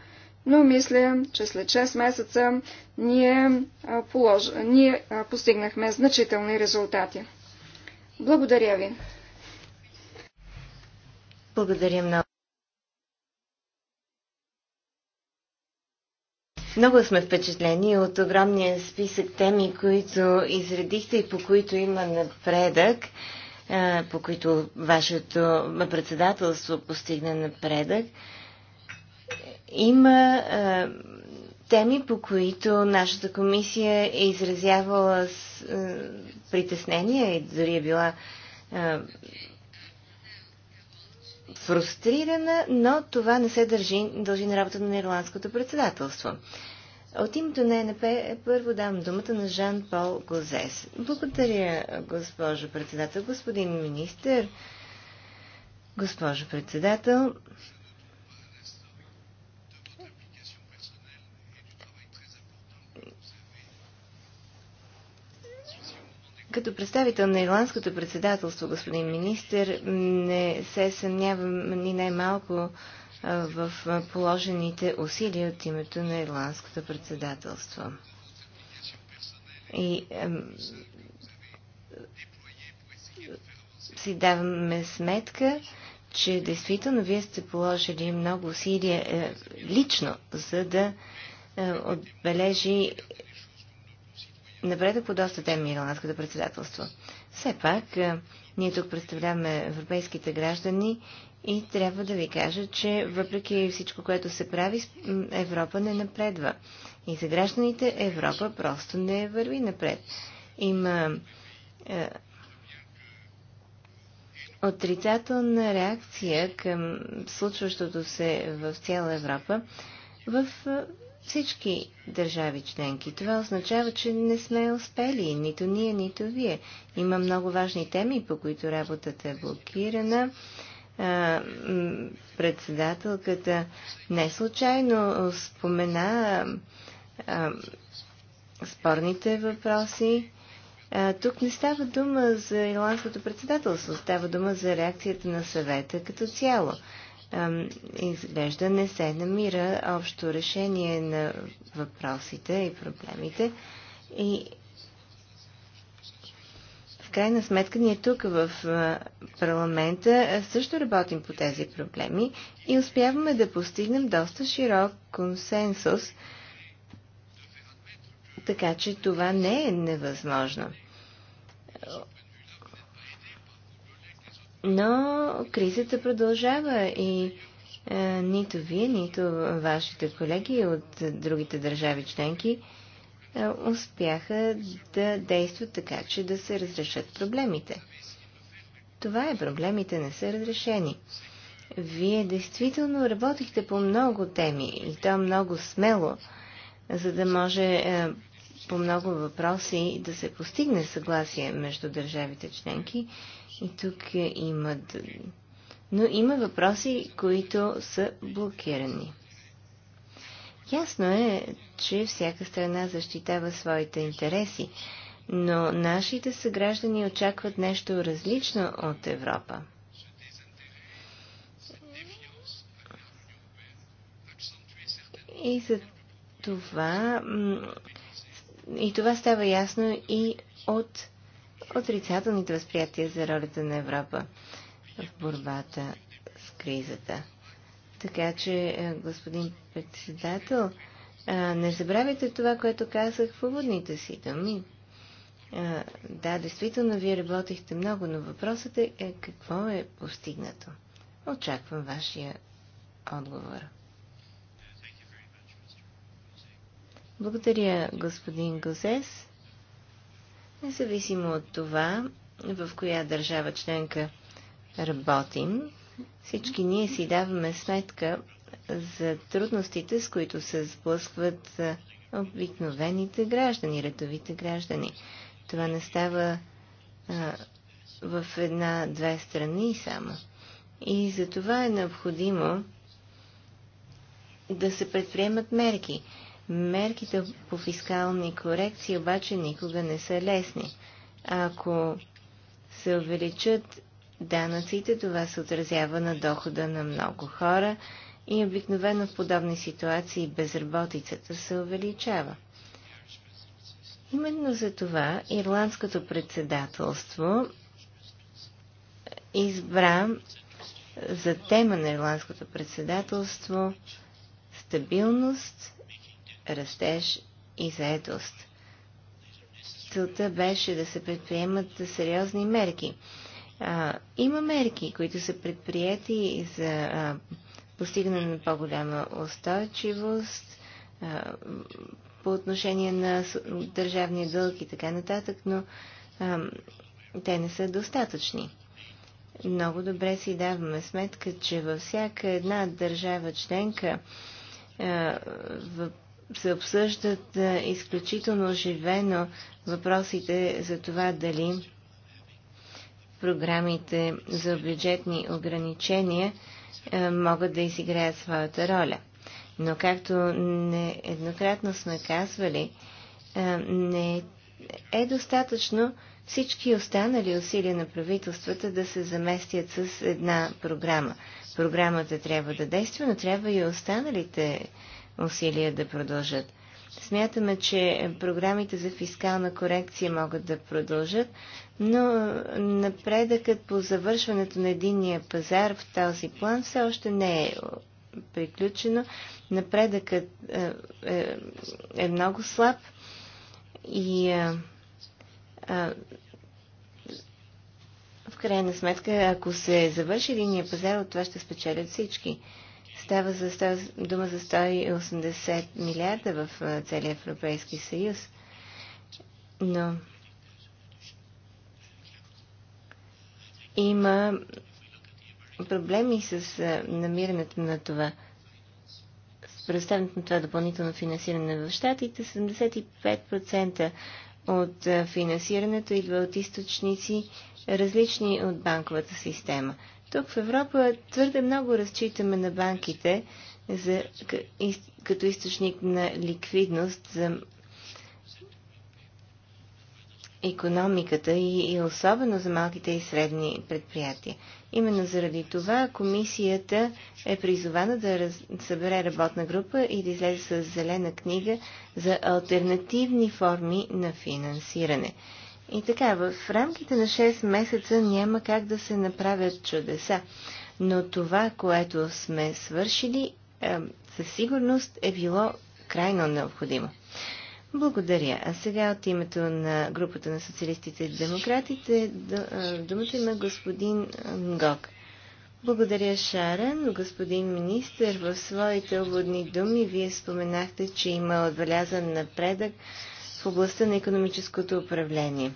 но мисля, че след 6 месеца ние, полож... ние постигнахме значителни резултати. Благодаря ви. Благодаря много. Много сме впечатлени от огромния списък теми, които изредихте и по които има напредък, по които вашето председателство постигна напредък. Има теми, по които нашата комисия е изразявала с, е, притеснение и дори е била е, фрустрирана, но това не се държи, дължи на работа на ирландското председателство. От името на ЕНП първо дам думата на Жан-Пол Гозес. Благодаря, госпожо председател, господин министр, госпожо председател. Като представител на ирландското председателство, господин министр, не се съмнявам ни най-малко в положените усилия от името на ирландското председателство. И си даваме сметка, че действително вие сте положили много усилия е, лично, за да е, отбележи напредък по доста теми ирландската председателство. Все пак, ние тук представляваме европейските граждани и трябва да ви кажа, че въпреки всичко, което се прави, Европа не напредва. И за гражданите Европа просто не върви напред. Има отрицателна реакция към случващото се в цяла Европа в всички държави членки. Това означава, че не сме успели, нито ние, нито вие. Има много важни теми, по които работата е блокирана. Председателката не случайно спомена спорните въпроси. Тук не става дума за ирландското председателство, става дума за реакцията на съвета като цяло изглежда не се намира общо решение на въпросите и проблемите. И в крайна сметка ние тук в парламента също работим по тези проблеми и успяваме да постигнем доста широк консенсус, така че това не е невъзможно. Но кризата продължава и е, нито вие, нито вашите колеги от другите държави членки е, успяха да действат така, че да се разрешат проблемите. Това е, проблемите не са разрешени. Вие действително работихте по много теми и то много смело, за да може е, по много въпроси да се постигне съгласие между държавите членки тук е, има... Но има въпроси, които са блокирани. Ясно е, че всяка страна защитава своите интереси, но нашите съграждани очакват нещо различно от Европа. И за това и това става ясно и от отрицателните възприятия за ролята на Европа в борбата с кризата. Така че, е, господин председател, е, не забравяйте това, което казах в уводните си думи. Е, да, действително, вие работихте много, но въпросът е какво е постигнато. Очаквам вашия отговор. Благодаря, господин Гозес. Независимо от това, в коя държава членка работим, всички ние си даваме сметка за трудностите, с които се сблъскват обикновените граждани, редовите граждани. Това не става а, в една-две страни само. И за това е необходимо да се предприемат мерки. Мерките по фискални корекции обаче никога не са лесни. Ако се увеличат данъците, това се отразява на дохода на много хора и обикновено в подобни ситуации безработицата се увеличава. Именно за това ирландското председателство избра за тема на ирландското председателство стабилност растеж и заедост. Целта беше да се предприемат сериозни мерки. А, има мерки, които са предприяти за а, постигане на по-голяма устойчивост а, по отношение на държавния дълг и така нататък, но а, те не са достатъчни. Много добре си даваме сметка, че във всяка една държава членка а, се обсъждат е, изключително оживено въпросите за това дали програмите за бюджетни ограничения е, могат да изиграят своята роля. Но както нееднократно сме казвали, е, не е достатъчно всички останали усилия на правителствата да се заместят с една програма. Програмата трябва да действа, но трябва и останалите усилия да продължат. Смятаме, че програмите за фискална корекция могат да продължат, но напредъкът по завършването на единния пазар в този план все още не е приключено. Напредъкът е, е, е много слаб и е, е в крайна сметка, ако се завърши единния пазар, от това ще спечелят всички. Става за 100, дума за 180 милиарда в целия Европейски съюз. Но има проблеми с намирането на това. С предоставянето на това допълнително финансиране в щатите, 75% от финансирането идва от източници, различни от банковата система. Тук в Европа твърде много разчитаме на банките за, като източник на ликвидност за економиката и, и особено за малките и средни предприятия. Именно заради това комисията е призована да раз... събере работна група и да излезе с зелена книга за альтернативни форми на финансиране. И така, в рамките на 6 месеца няма как да се направят чудеса, но това, което сме свършили, е, със сигурност е било крайно необходимо. Благодаря. А сега от името на групата на социалистите и демократите е, думата има господин Гог. Благодаря, Шарен. Господин министр, в своите уводни думи вие споменахте, че има отбелязан напредък в областта на економическото управление.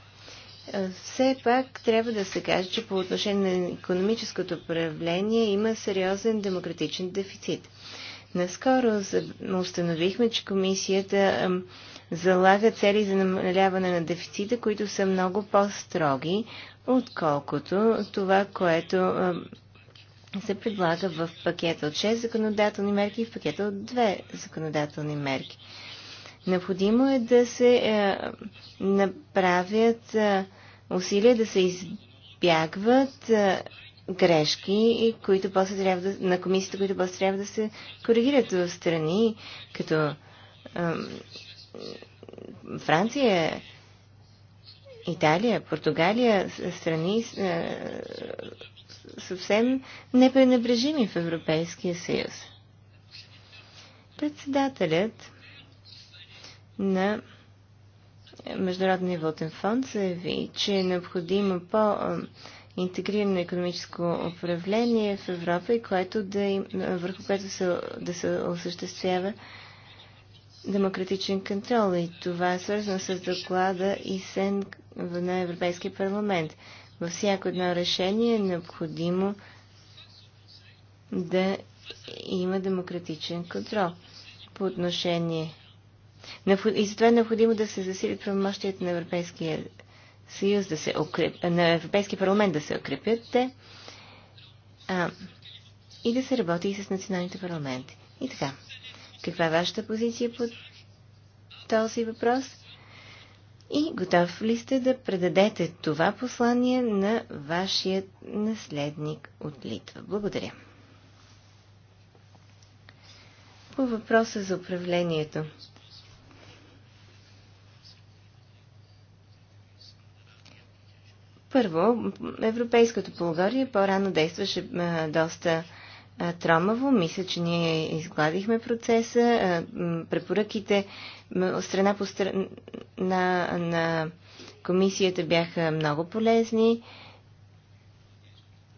Е, все пак трябва да се каже, че по отношение на економическото управление има сериозен демократичен дефицит. Наскоро установихме, че комисията залага цели за намаляване на дефицита, които са много по-строги, отколкото това, което се предлага в пакета от 6 законодателни мерки и в пакета от 2 законодателни мерки. Необходимо е да се е, направят е, усилия да се избягват е, грешки, които после трябва да, на комисията, които после трябва да се коригират в страни, като е, Франция, Италия, Португалия, страни е, съвсем непренебрежими в Европейския съюз. Председателят на Международния вълтен фонд заяви, че е необходимо по-интегрирано економическо управление в Европа и което да им, върху което се, да се осъществява демократичен контрол. И това е свързано с доклада и сен на Европейския парламент. Във всяко едно решение е необходимо да има демократичен контрол по отношение и затова е необходимо да се засилят правомощията на Европейския съюз, да се укреп... на Европейския парламент да се укрепят те а, и да се работи и с националните парламенти. И така, каква е вашата позиция по този въпрос? И готов ли сте да предадете това послание на вашия наследник от Литва? Благодаря. По въпроса за управлението. Първо, европейското полугорие по-рано действаше а, доста а, тромаво. Мисля, че ние изгладихме процеса. А, препоръките страна по страна на, на комисията бяха много полезни.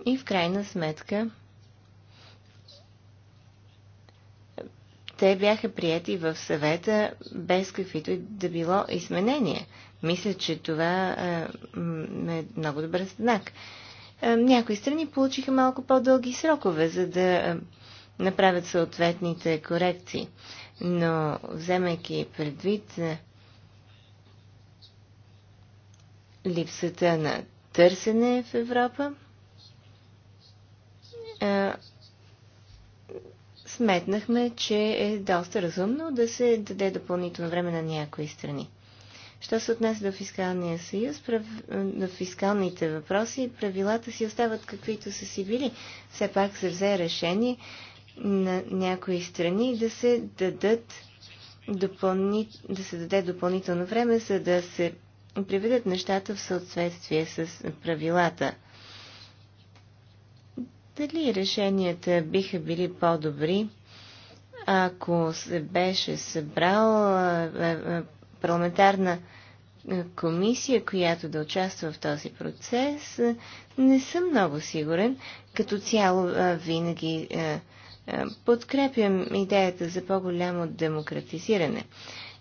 И в крайна сметка те бяха прияти в съвета без каквито и да било изменения. Мисля, че това е много добър знак. Някои страни получиха малко по-дълги срокове, за да направят съответните корекции. Но вземайки предвид липсата на търсене в Европа, сметнахме, че е доста разумно да се даде допълнително време на някои страни. Що се отнесе до фискалния съюз, прав... до фискалните въпроси, правилата си остават каквито са си били. Все пак се взе решение на някои страни да се дадат допълни... да се даде допълнително време, за да се приведат нещата в съответствие с правилата дали решенията биха били по-добри, ако се беше събрал парламентарна комисия, която да участва в този процес, не съм много сигурен. Като цяло винаги подкрепям идеята за по-голямо демократизиране.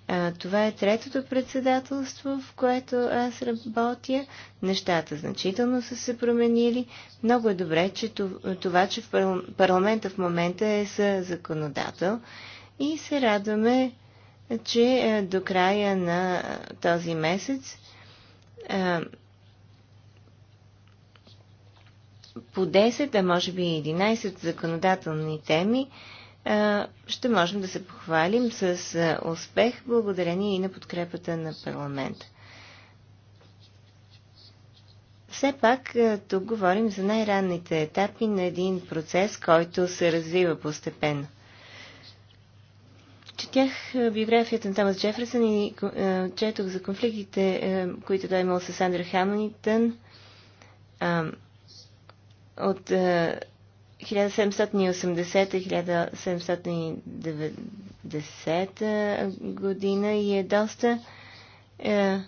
А, това е третото председателство, в което аз работя. Нещата значително са се променили. Много е добре, че това, че в парламента в момента е за законодател и се радваме, че до края на този месец а, по 10, а може би 11 законодателни теми ще можем да се похвалим с успех благодарение и на подкрепата на парламента. Все пак тук говорим за най-ранните етапи на един процес, който се развива постепенно. Четях биографията на Томас Джефърсън и четох за конфликтите, които той е имал с Андра Хамонитън от 1780-1790 година и е доста е,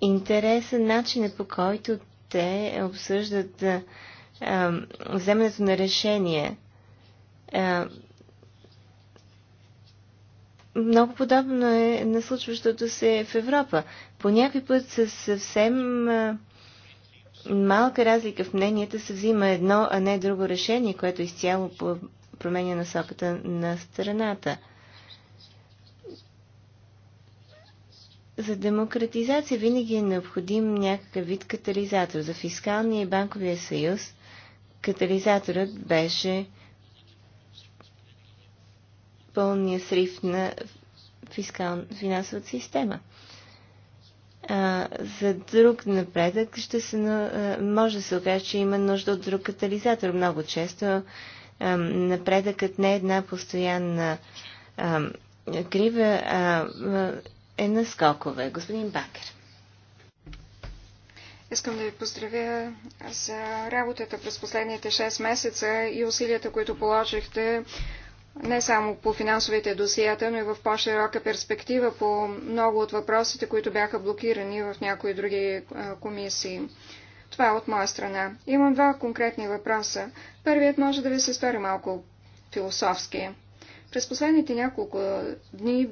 интересен начинът е, по който те обсъждат е, е, вземането на решение. Е, много подобно е на случващото се в Европа. По някой път със съвсем е, малка разлика в мненията се взима едно, а не друго решение, което е изцяло променя насоката на страната. За демократизация винаги е необходим някакъв вид катализатор. За фискалния и банковия съюз катализаторът беше пълния срив на фискал... финансовата система а, за друг напредък ще се, а, може да се окаже, че има нужда от друг катализатор. Много често а, напредъкът не е една постоянна а, крива, а, е на скокове. Господин Бакер. Искам да ви поздравя за работата през последните 6 месеца и усилията, които положихте не само по финансовите досията, но и в по-широка перспектива по много от въпросите, които бяха блокирани в някои други е, комисии. Това е от моя страна. Имам два конкретни въпроса. Първият може да ви се стори малко философски. През последните няколко дни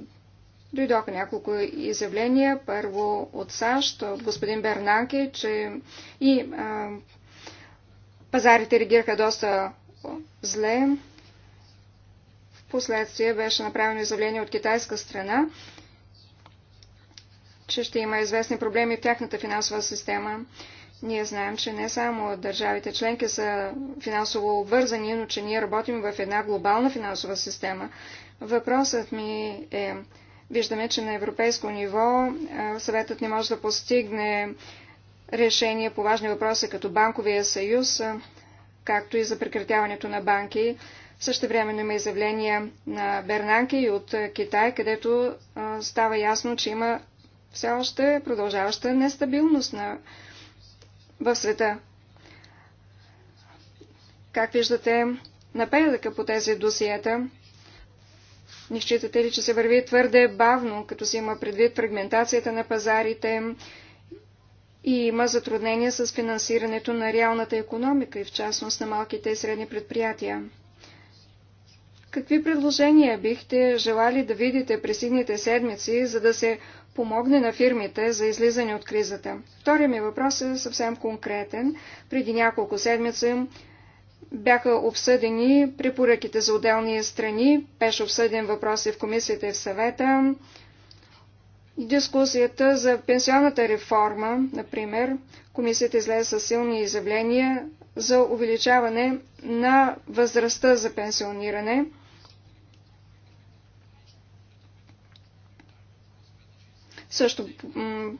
дойдоха няколко изявления. Първо от САЩ, от господин Бернанки, че и а, пазарите реагираха доста зле. Последствие беше направено изявление от китайска страна, че ще има известни проблеми в тяхната финансова система. Ние знаем, че не само държавите членки са финансово обвързани, но че ние работим в една глобална финансова система. Въпросът ми е, виждаме, че на европейско ниво съветът не може да постигне решение по важни въпроси като банковия съюз, както и за прекратяването на банки. Също време има изявления на Бернанке и от е, Китай, където е, става ясно, че има все още продължаваща нестабилност на... в света. Как виждате напредъка по тези досиета? Не считате ли, че се върви твърде бавно, като се има предвид фрагментацията на пазарите и има затруднения с финансирането на реалната економика и в частност на малките и средни предприятия? Какви предложения бихте желали да видите през сидните седмици, за да се помогне на фирмите за излизане от кризата? Втория ми въпрос е съвсем конкретен. Преди няколко седмици бяха обсъдени препоръките за отделни страни, беше обсъден въпрос и в комисията и в съвета, дискусията за пенсионната реформа, например, комисията излезе със силни изявления за увеличаване на възрастта за пенсиониране – Също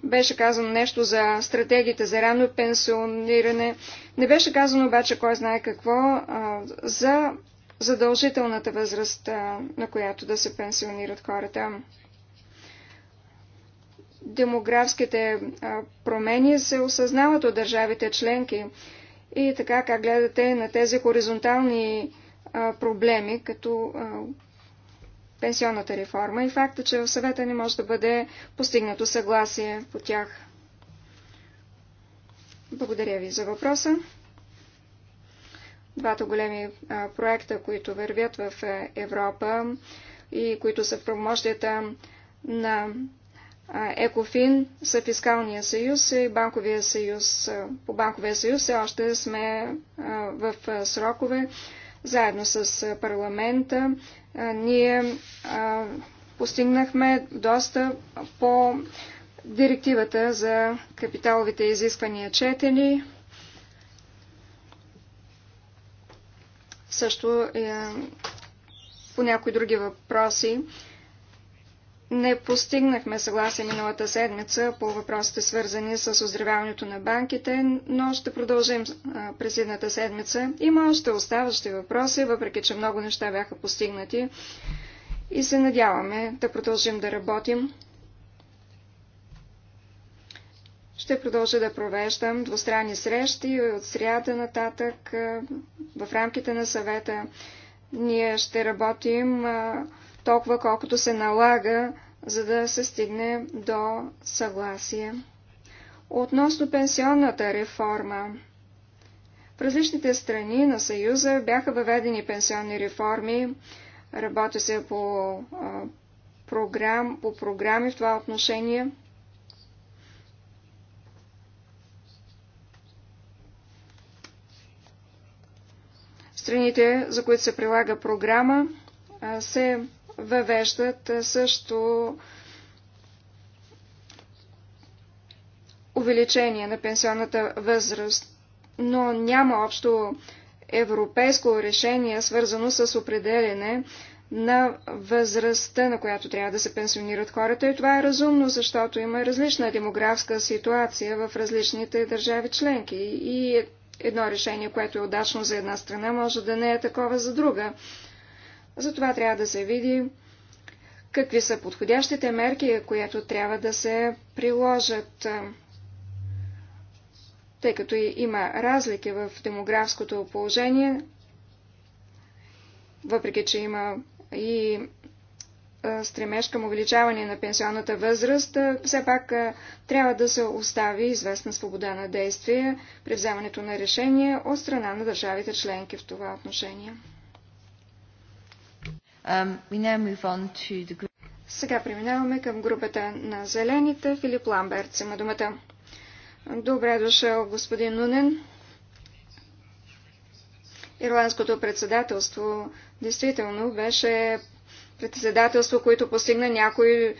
беше казано нещо за стратегията за ранно пенсиониране. Не беше казано обаче кой знае какво за задължителната възраст, на която да се пенсионират хората. Демографските промени се осъзнават от държавите членки. И така, как гледате на тези хоризонтални проблеми, като пенсионната реформа и факта, че в съвета не може да бъде постигнато съгласие по тях. Благодаря ви за въпроса. Двата големи проекта, които вървят в Европа и които са в правомощията на Екофин са фискалния съюз и банковия съюз. По банковия съюз все още сме в срокове. Заедно с парламента ние постигнахме доста по директивата за капиталовите изисквания четени. Също е, по някои други въпроси не постигнахме съгласие миналата седмица по въпросите свързани с оздравяването на банките, но ще продължим през едната седмица. Има още оставащи въпроси, въпреки че много неща бяха постигнати и се надяваме да продължим да работим. Ще продължа да провеждам двустранни срещи от сряда нататък в рамките на съвета. Ние ще работим толкова колкото се налага, за да се стигне до съгласие. Относно пенсионната реформа. В различните страни на Съюза бяха въведени пенсионни реформи, работи се по, а, програм, по програми в това отношение. Страните, за които се прилага програма, се въвеждат също увеличение на пенсионната възраст, но няма общо европейско решение, свързано с определене на възрастта, на която трябва да се пенсионират хората. И това е разумно, защото има различна демографска ситуация в различните държави членки. И едно решение, което е удачно за една страна, може да не е такова за друга. Затова трябва да се види какви са подходящите мерки, които трябва да се приложат, тъй като има разлики в демографското положение, въпреки че има и стремеж към увеличаване на пенсионната възраст, все пак трябва да се остави известна свобода на действие при вземането на решения от страна на държавите членки в това отношение. Сега преминаваме към групата на зелените. Филип Ламберт има думата. Добре дошъл, господин Нунен. Ирландското председателство действително беше председателство, което постигна някои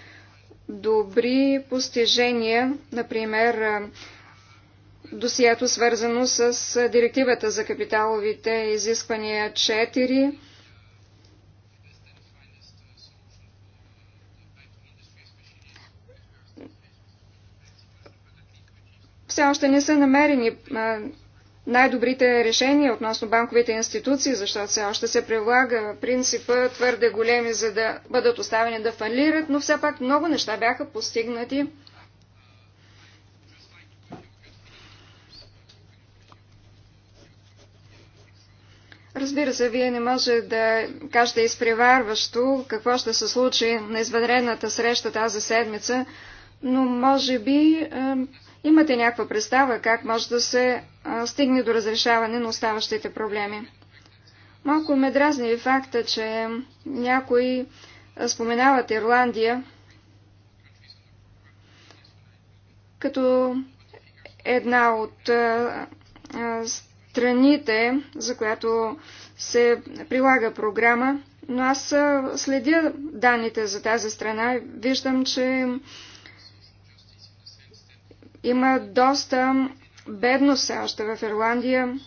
добри постижения, например досието свързано с директивата за капиталовите изисквания 4, Все още не са намерени най-добрите решения относно банковите институции, защото все още се прилага принципа твърде големи, за да бъдат оставени да фалират, но все пак много неща бяха постигнати. Разбира се, вие не може да кажете изпреварващо какво ще се случи на извънредната среща тази седмица, но може би имате някаква представа как може да се стигне до разрешаване на оставащите проблеми. Малко ме дразни и факта, че някои споменават Ирландия като една от страните, за която се прилага програма, но аз следя данните за тази страна и виждам, че има доста бедност все още в Ирландия.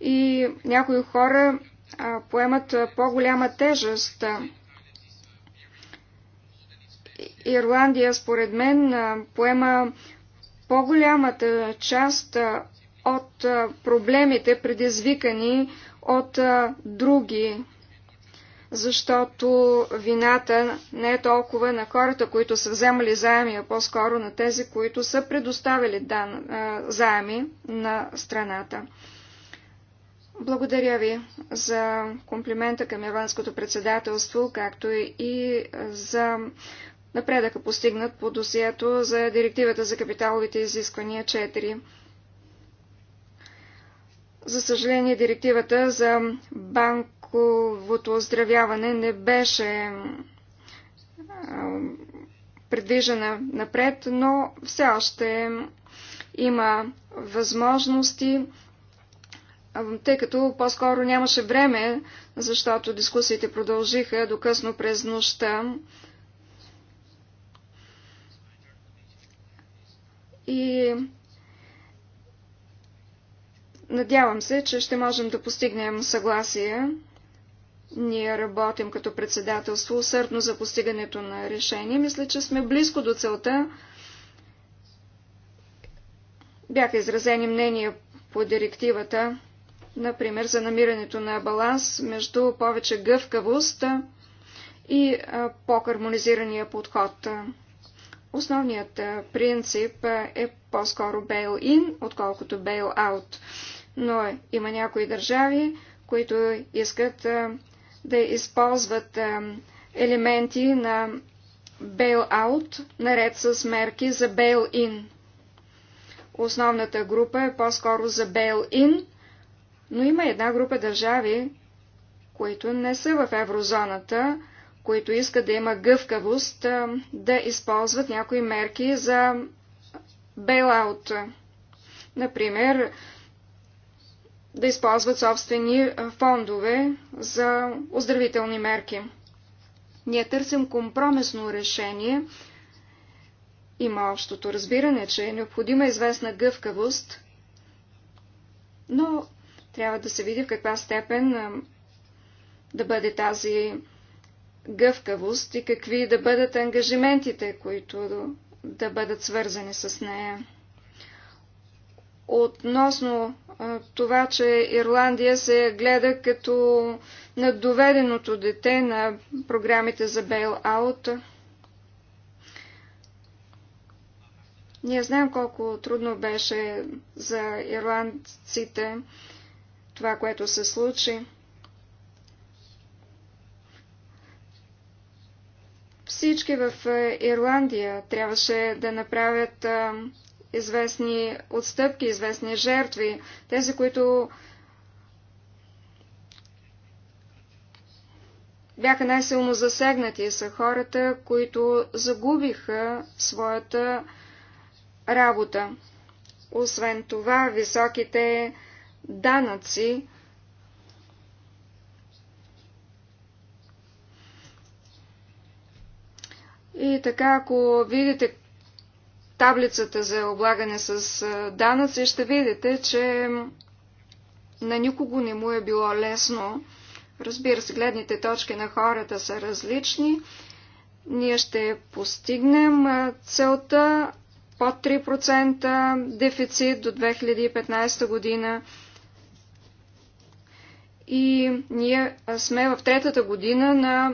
И някои хора а, поемат по-голяма тежест. Ирландия, според мен, поема по-голямата част от проблемите, предизвикани от други защото вината не е толкова на хората, които са вземали заеми, а по-скоро на тези, които са предоставили дан, заеми на страната. Благодаря ви за комплимента към Яванското председателство, както и за напредъка постигнат по досието за директивата за капиталовите изисквания 4. За съжаление, директивата за банк неговото оздравяване не беше предвижена напред, но все още има възможности, тъй като по-скоро нямаше време, защото дискусиите продължиха до късно през нощта. И надявам се, че ще можем да постигнем съгласие. Ние работим като председателство усърдно за постигането на решение. Мисля, че сме близко до целта. Бяха изразени мнения по директивата, например за намирането на баланс между повече гъвкавост и по-хармонизирания подход. Основният принцип е по-скоро bail-in, отколкото bail-out. Но има някои държави, които искат да използват елементи на бейл-аут, наред с мерки за бейл-ин. Основната група е по-скоро за бейл-ин, но има една група държави, които не са в еврозоната, които искат да има гъвкавост да използват някои мерки за bail-out. Например, да използват собствени е, фондове за оздравителни мерки. Ние търсим компромисно решение. Има общото разбиране, че е необходима известна гъвкавост, но трябва да се види в каква степен е, да бъде тази гъвкавост и какви да бъдат ангажиментите, които да бъдат свързани с нея относно това, че Ирландия се гледа като надоведеното дете на програмите за бейл-аут. Ние знаем колко трудно беше за ирландците това, което се случи. Всички в Ирландия трябваше да направят известни отстъпки, известни жертви, тези, които бяха най-силно засегнати, са хората, които загубиха своята работа. Освен това, високите данъци И така, ако видите таблицата за облагане с данъци, ще видите, че на никого не му е било лесно. Разбира се, гледните точки на хората са различни. Ние ще постигнем целта под 3% дефицит до 2015 година и ние сме в третата година на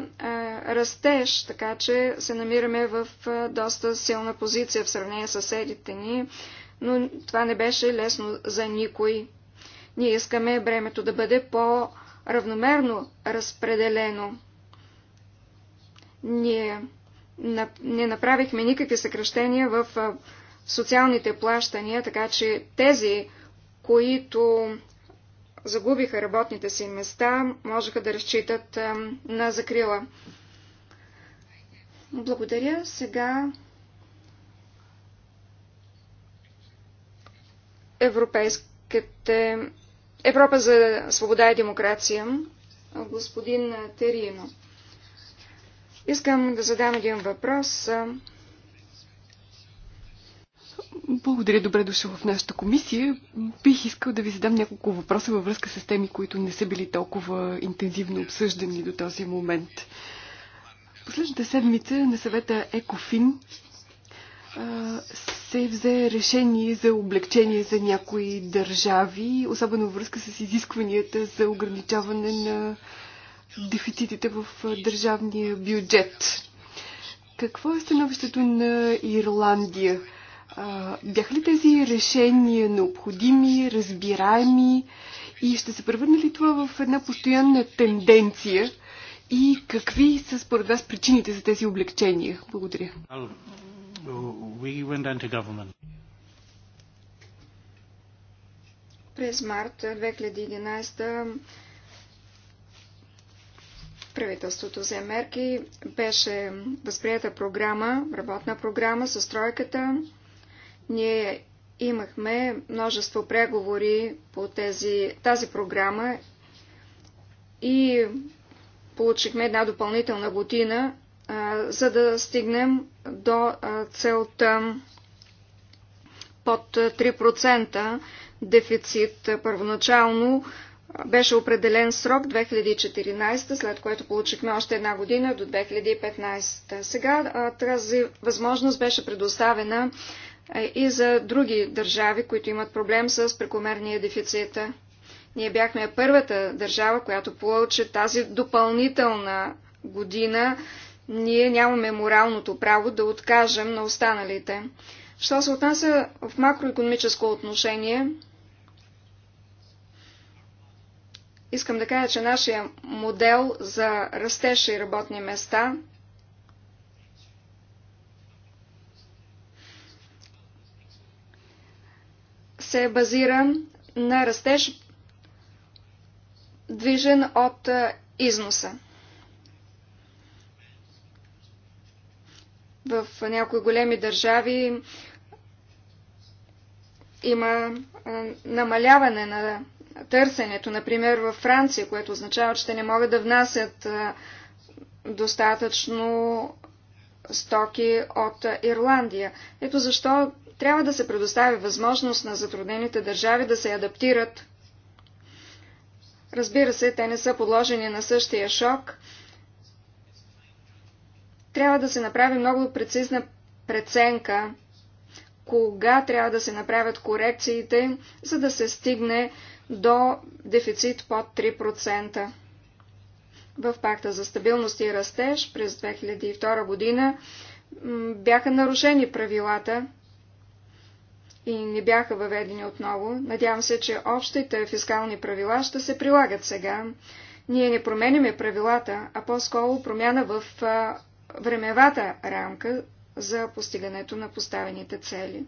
растеж, така че се намираме в доста силна позиция в сравнение с съседите ни, но това не беше лесно за никой. Ние искаме бремето да бъде по-равномерно разпределено. Ние не направихме никакви съкръщения в социалните плащания, така че тези, които загубиха работните си места, можеха да разчитат на закрила. Благодаря. Сега Европейските... Европа за свобода и демокрация, господин Терино. Искам да задам един въпрос. Благодаря, добре дошъл в нашата комисия. Бих искал да ви задам няколко въпроса във връзка с теми, които не са били толкова интензивно обсъждани до този момент. Последната седмица на съвета ЕКОФИН се взе решение за облегчение за някои държави, особено връзка с изискванията за ограничаване на дефицитите в държавния бюджет. Какво е становището на Ирландия? бяха ли тези решения необходими, разбираеми и ще се превърне ли това в една постоянна тенденция? И какви са според вас причините за тези облегчения? Благодаря. През март 2011 правителството за мерки. Беше възприята програма, работна програма с тройката ние имахме множество преговори по тези, тази програма и получихме една допълнителна година, а, за да стигнем до а, целта под 3% дефицит. Първоначално беше определен срок 2014, след което получихме още една година до 2015. Сега а, тази възможност беше предоставена и за други държави, които имат проблем с прекомерния дефицит. Ние бяхме първата държава, която получи тази допълнителна година. Ние нямаме моралното право да откажем на останалите. Що се отнася в макроекономическо отношение, искам да кажа, че нашия модел за растеж и работни места – се базира на растеж, движен от износа. В някои големи държави има намаляване на търсенето, например във Франция, което означава, че те не могат да внасят достатъчно стоки от Ирландия. Ето защо трябва да се предостави възможност на затруднените държави да се адаптират. Разбира се, те не са подложени на същия шок. Трябва да се направи много прецизна преценка, кога трябва да се направят корекциите, за да се стигне до дефицит под 3%. В пакта за стабилност и растеж през 2002 година бяха нарушени правилата и не бяха въведени отново. Надявам се, че общите фискални правила ще се прилагат сега. Ние не променяме правилата, а по-скоро промяна в времевата рамка за постигането на поставените цели.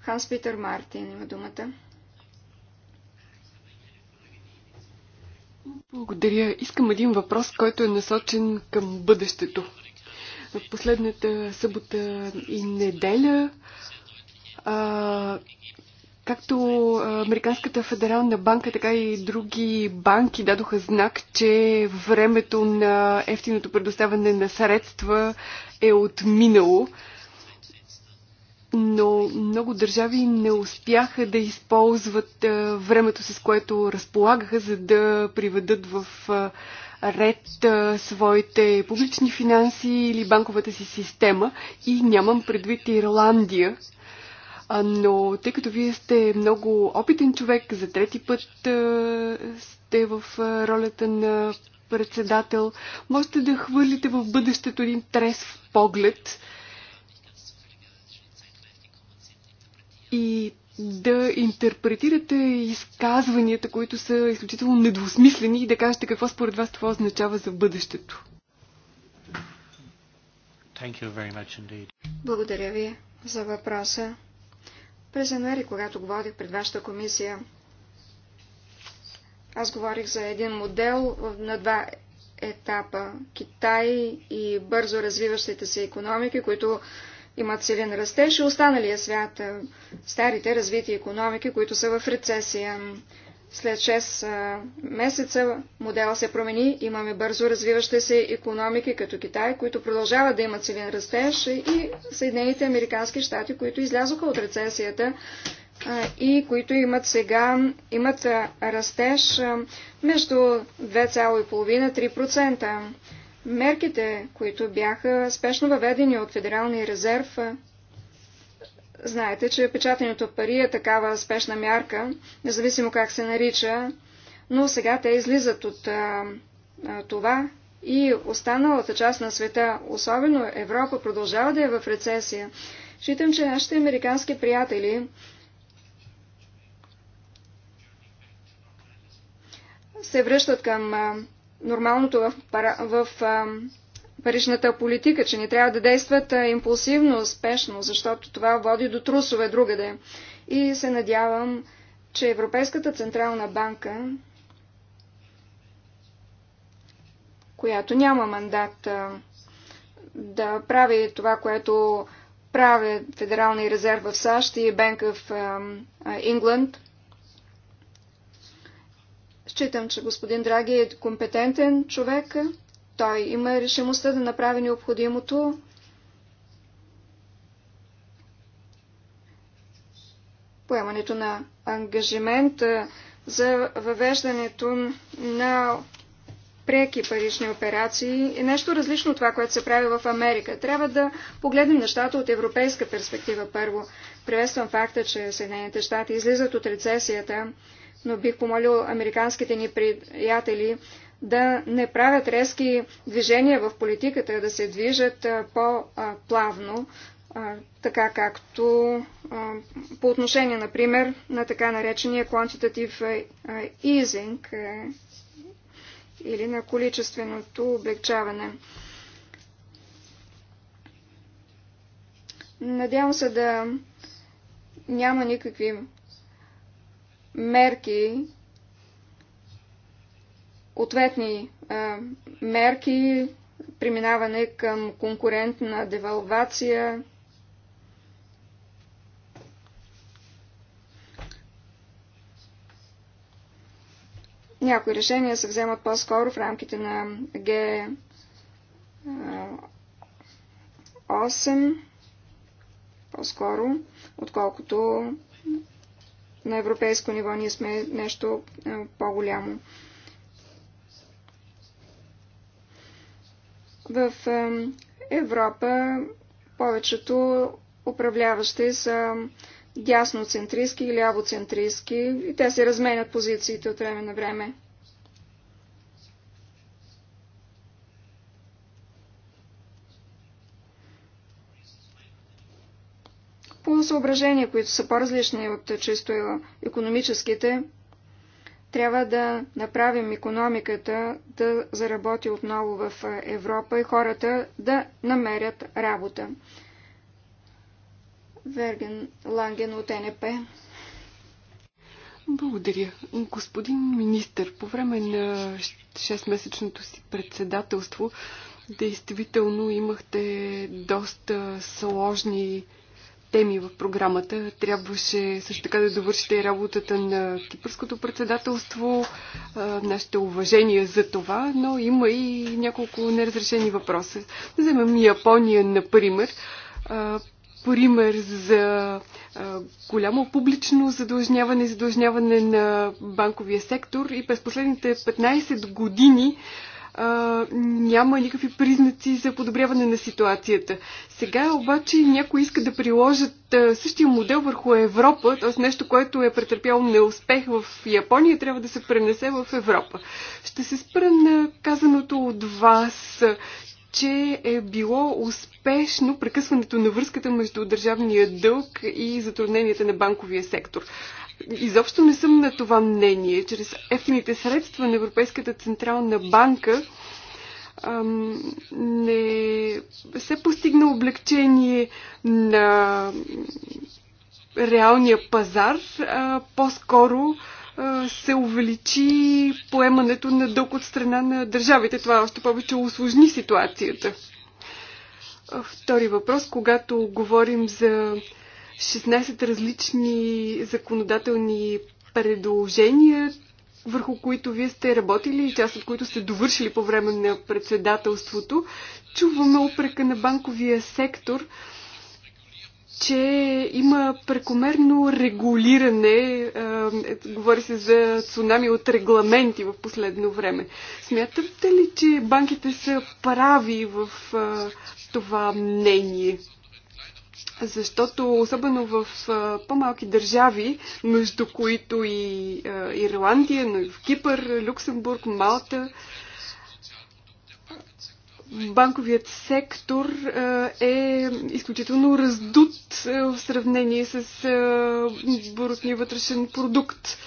Ханс Питер Мартин има думата. Благодаря. Искам един въпрос, който е насочен към бъдещето последната събота и неделя. А, както Американската федерална банка, така и други банки дадоха знак, че времето на ефтиното предоставяне на средства е отминало. Но много държави не успяха да използват времето, с което разполагаха, за да приведат в ред а, своите публични финанси или банковата си система и нямам предвид Ирландия. А, но тъй като вие сте много опитен човек, за трети път а, сте в а, ролята на председател, можете да хвърлите в бъдещето един трес поглед и да интерпретирате изказванията, които са изключително недвусмислени и да кажете какво според вас това означава за бъдещето. Благодаря ви за въпроса. През януари, когато говорих пред вашата комисия, аз говорих за един модел на два етапа. Китай и бързо развиващите се економики, които имат силен растеж и останалия свят, е, старите развити економики, които са в рецесия. След 6 е, месеца модел се промени, имаме бързо развиващи се економики като Китай, които продължават да имат силен растеж е, и Съединените Американски щати, които излязоха от рецесията и които имат сега имат растеж между 2,5-3% мерките, които бяха спешно въведени от Федералния резерв. Знаете, че печатането пари е такава спешна мярка, независимо как се нарича, но сега те излизат от а, а, това и останалата част на света, особено Европа, продължава да е в рецесия. Считам, че нашите американски приятели се връщат към нормалното в, пара, в а, паричната политика, че не трябва да действат импулсивно, спешно, защото това води до трусове другаде. И се надявам, че Европейската Централна банка, която няма мандат да прави това, което прави Федералния резерв в САЩ и Банк в Ингланд, Считам, че господин Драги е компетентен човек. Той има решимостта да направи необходимото. Поемането на ангажимент за въвеждането на преки парични операции е нещо различно от това, което се прави в Америка. Трябва да погледнем нещата от европейска перспектива първо. Приветствам факта, че Съединените щати излизат от рецесията но бих помолил американските ни приятели да не правят резки движения в политиката, да се движат по-плавно, така както по отношение, например, на така наречения quantitative easing или на количественото облегчаване. Надявам се да няма никакви мерки, ответни а, мерки, преминаване към конкурентна девалвация, Някои решения се вземат по-скоро в рамките на Г8, по-скоро, отколкото на европейско ниво ние сме нещо е, по-голямо. В е, Европа повечето управляващи са дясноцентристски и лявоцентристски и те се разменят позициите от време на време. съображения, които са по-различни от чисто економическите. Трябва да направим економиката да заработи отново в Европа и хората да намерят работа. Верген Ланген от НП. Благодаря. Господин министр, по време на 6-месечното си председателство действително имахте доста сложни теми в програмата. Трябваше също така да довършите работата на Кипърското председателство, нашите уважения за това, но има и няколко неразрешени въпроса. Да вземем Япония, например. Пример за голямо публично задължняване, задължняване на банковия сектор и през последните 15 години а, няма никакви признаци за подобряване на ситуацията. Сега обаче някой иска да приложат а, същия модел върху Европа, т.е. нещо, което е претърпяло неуспех в Япония, трябва да се пренесе в Европа. Ще се спра на казаното от вас, че е било успешно прекъсването на връзката между държавния дълг и затрудненията на банковия сектор изобщо не съм на това мнение. Чрез ефтините средства на Европейската централна банка не се постигна облегчение на реалния пазар, а по-скоро се увеличи поемането на дълг от страна на държавите. Това още повече усложни ситуацията. Втори въпрос, когато говорим за 16 различни законодателни предложения, върху които вие сте работили и част от които сте довършили по време на председателството. Чуваме опрека на банковия сектор, че има прекомерно регулиране. Е, говори се за цунами от регламенти в последно време. Смятате ли, че банките са прави в е, това мнение? Защото, особено в по-малки държави, между които и Ирландия, но и в Кипър, Люксембург, Малта, банковият сектор е изключително раздут в сравнение с брутния вътрешен продукт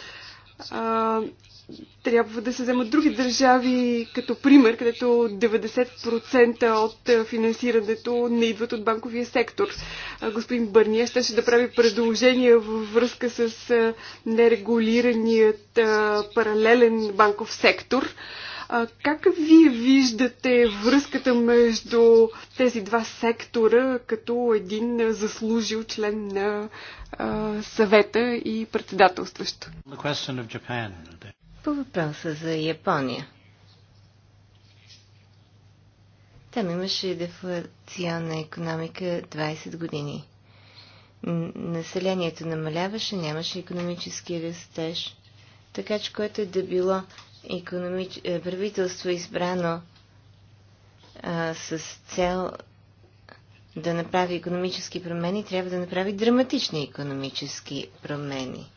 трябва да се вземат други държави като пример, където 90% от е, финансирането не идват от банковия сектор. Господин Бърния щеше да прави предложения във връзка с е, нерегулираният е, паралелен банков сектор. Как вие виждате връзката между тези два сектора като един заслужил член на съвета и председателстващ? По въпроса за Япония. Там имаше дефлационна економика 20 години. Населението намаляваше, нямаше економически растеж. Така че което е да било економич... Е, правителство избрано а, с цел да направи економически промени, трябва да направи драматични економически промени.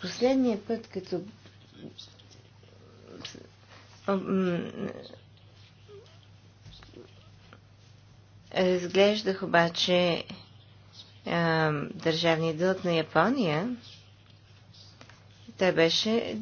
Последния път, като Разглеждах обаче държавния дълг на Япония. Той беше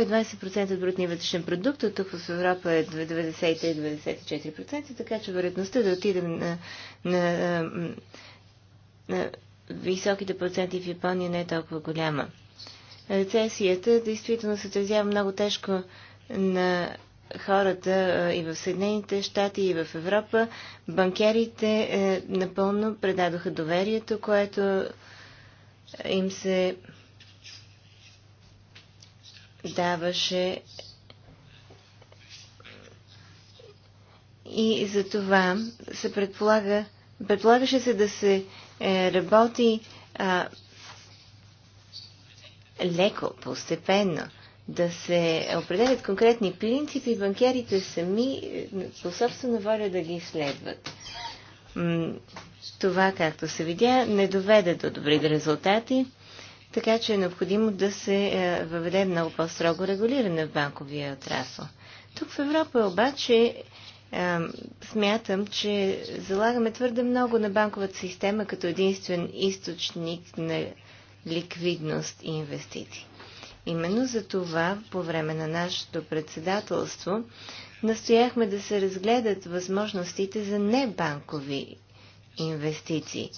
120% от брутния вътрешен продукт, от тук в Европа е 93-94%, така че вероятността да отидем на, на, на, на високите проценти в Япония не е толкова голяма. Рецесията действително се отразява много тежко на хората и в Съединените щати, и в Европа. Банкерите е, напълно предадоха доверието, което им се даваше и за това се предполага, предполагаше се да се е, работи а, леко, постепенно, да се определят конкретни принципи и банкерите сами е, по собствена воля да ги следват. Това, както се видя, не доведе до добри резултати така че е необходимо да се е, въведе много по-строго регулиране в банковия отрасъл. Тук в Европа обаче е, смятам, че залагаме твърде много на банковата система като единствен източник на ликвидност и инвестиции. Именно за това по време на нашето председателство настояхме да се разгледат възможностите за небанкови инвестиции.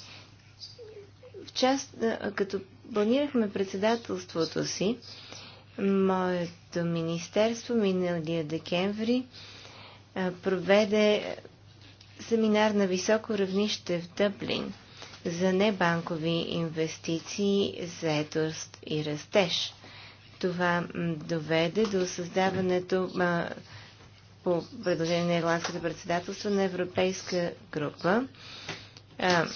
В част, е, като планирахме председателството си, моето министерство миналия декември проведе семинар на високо равнище в Дъблин за небанкови инвестиции, заетост и растеж. Това доведе до създаването а, по предложение на Ирландското председателство на европейска група а,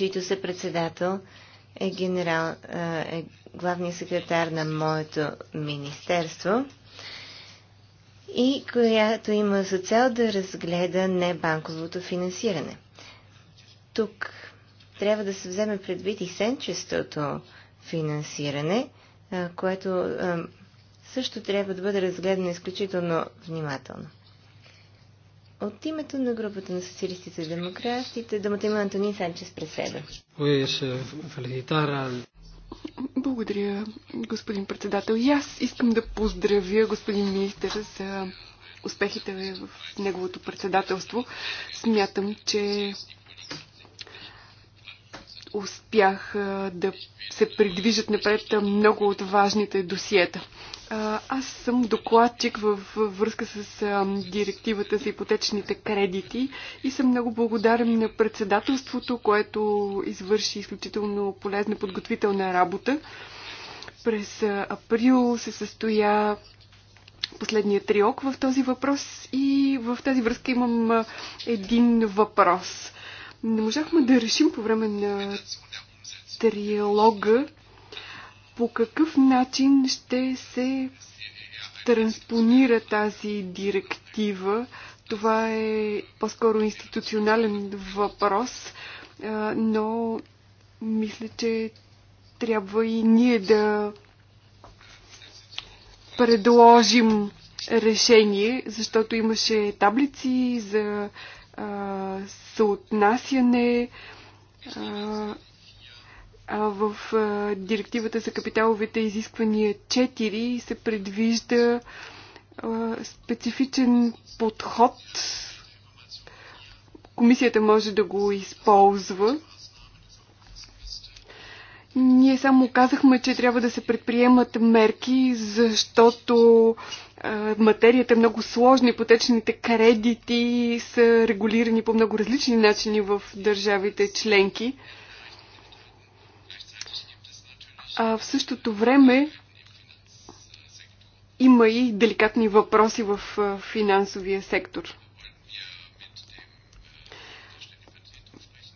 чийто се председател е, генерал, е, е главният секретар на моето министерство и която има за цел да разгледа небанковото финансиране. Тук трябва да се вземе предвид и сенчестото финансиране, е, което е, също трябва да бъде разгледано изключително внимателно. От името на групата на социалистите и демократите, думата има Антонин Санчес преседа. Благодаря, господин председател. И аз искам да поздравя господин министър за успехите в неговото председателство. Смятам, че успяха да се придвижат напред много от важните досиета. Аз съм докладчик във връзка с директивата за ипотечните кредити и съм много благодарен на председателството, което извърши изключително полезна подготвителна работа. През април се състоя последния триок в този въпрос и в тази връзка имам един въпрос. Не можахме да решим по време на триалога по какъв начин ще се транспонира тази директива. Това е по-скоро институционален въпрос, но мисля, че трябва и ние да предложим решение, защото имаше таблици за съотнасяне а, а в а, директивата за капиталовите изисквания 4 се предвижда а, специфичен подход. Комисията може да го използва ние само казахме, че трябва да се предприемат мерки, защото а, материята е много сложна и потечните кредити са регулирани по много различни начини в държавите членки. А в същото време има и деликатни въпроси в финансовия сектор.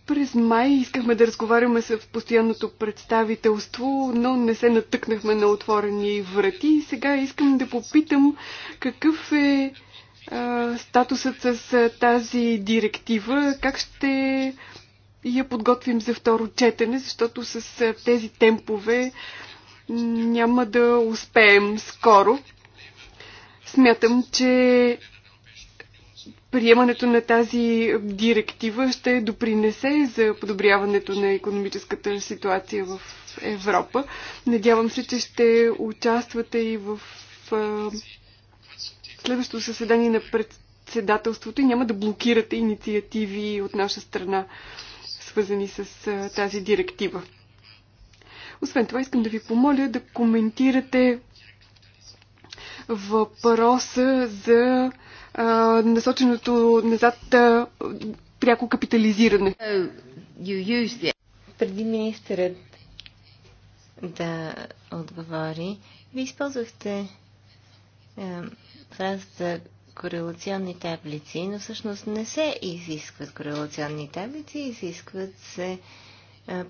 През май искахме да разговаряме с постоянното представителство, но не се натъкнахме на отворени врати. И сега искам да попитам какъв е а, статусът с а, тази директива, как ще я подготвим за второ четене, защото с а, тези темпове няма да успеем скоро. Смятам, че приемането на тази директива ще допринесе за подобряването на економическата ситуация в Европа. Надявам се, че ще участвате и в следващото съседание на председателството и няма да блокирате инициативи от наша страна, свързани с тази директива. Освен това, искам да ви помоля да коментирате въпроса за а, насоченото назад а, пряко капитализиране. Преди министърът да отговори, ви използвахте а, фразата корелационни таблици, но всъщност не се изискват корелационни таблици, изискват се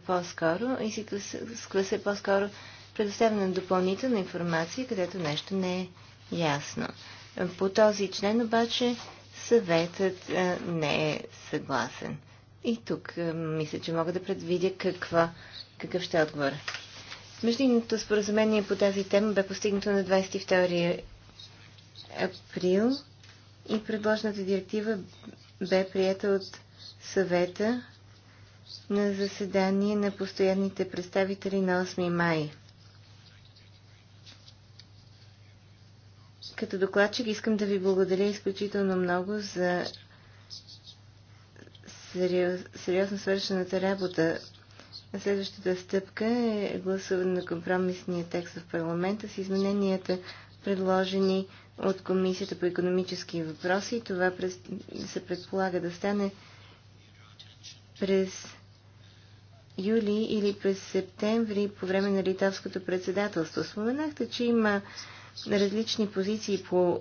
по-скоро, изисква се по-скоро предоставена допълнителна информация, където нещо не е ясно. По този член обаче съветът е, не е съгласен. И тук е, мисля, че мога да предвидя каква, какъв ще е отговор. Междинното споразумение по тази тема бе постигнато на 22 април и предложената директива бе прията от съвета на заседание на постоянните представители на 8 май. Като докладчик искам да ви благодаря изключително много за сериоз, сериозно свършената работа. Следващата стъпка е гласуване на компромисния текст в парламента с измененията, предложени от Комисията по економически въпроси. Това през, се предполага да стане през юли или през септември по време на литовското председателство. Споменахте, че има на различни позиции по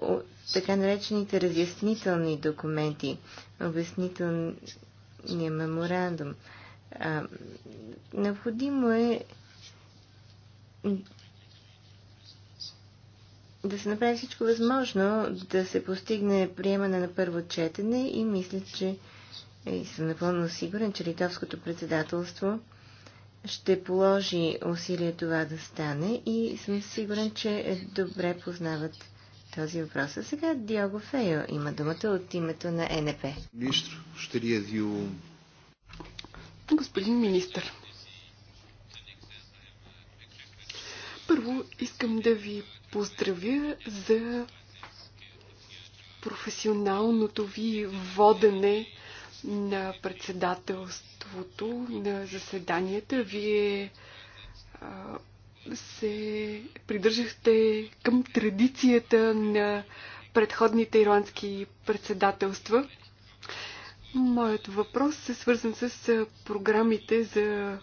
така наречените разяснителни документи, обяснителния меморандум. А, необходимо е да се направи всичко възможно да се постигне приемане на първо четене и мисля, че и съм напълно сигурен, че литовското председателство ще положи усилие това да стане и съм сигурен, че добре познават този въпрос. А сега Диого Фейо има думата от името на НП. Е. Министр, ще ли Господин министр, първо искам да ви поздравя за професионалното ви водене на председателството на заседанията. Вие а, се придържахте към традицията на предходните ирландски председателства. Моят въпрос е свързан с програмите за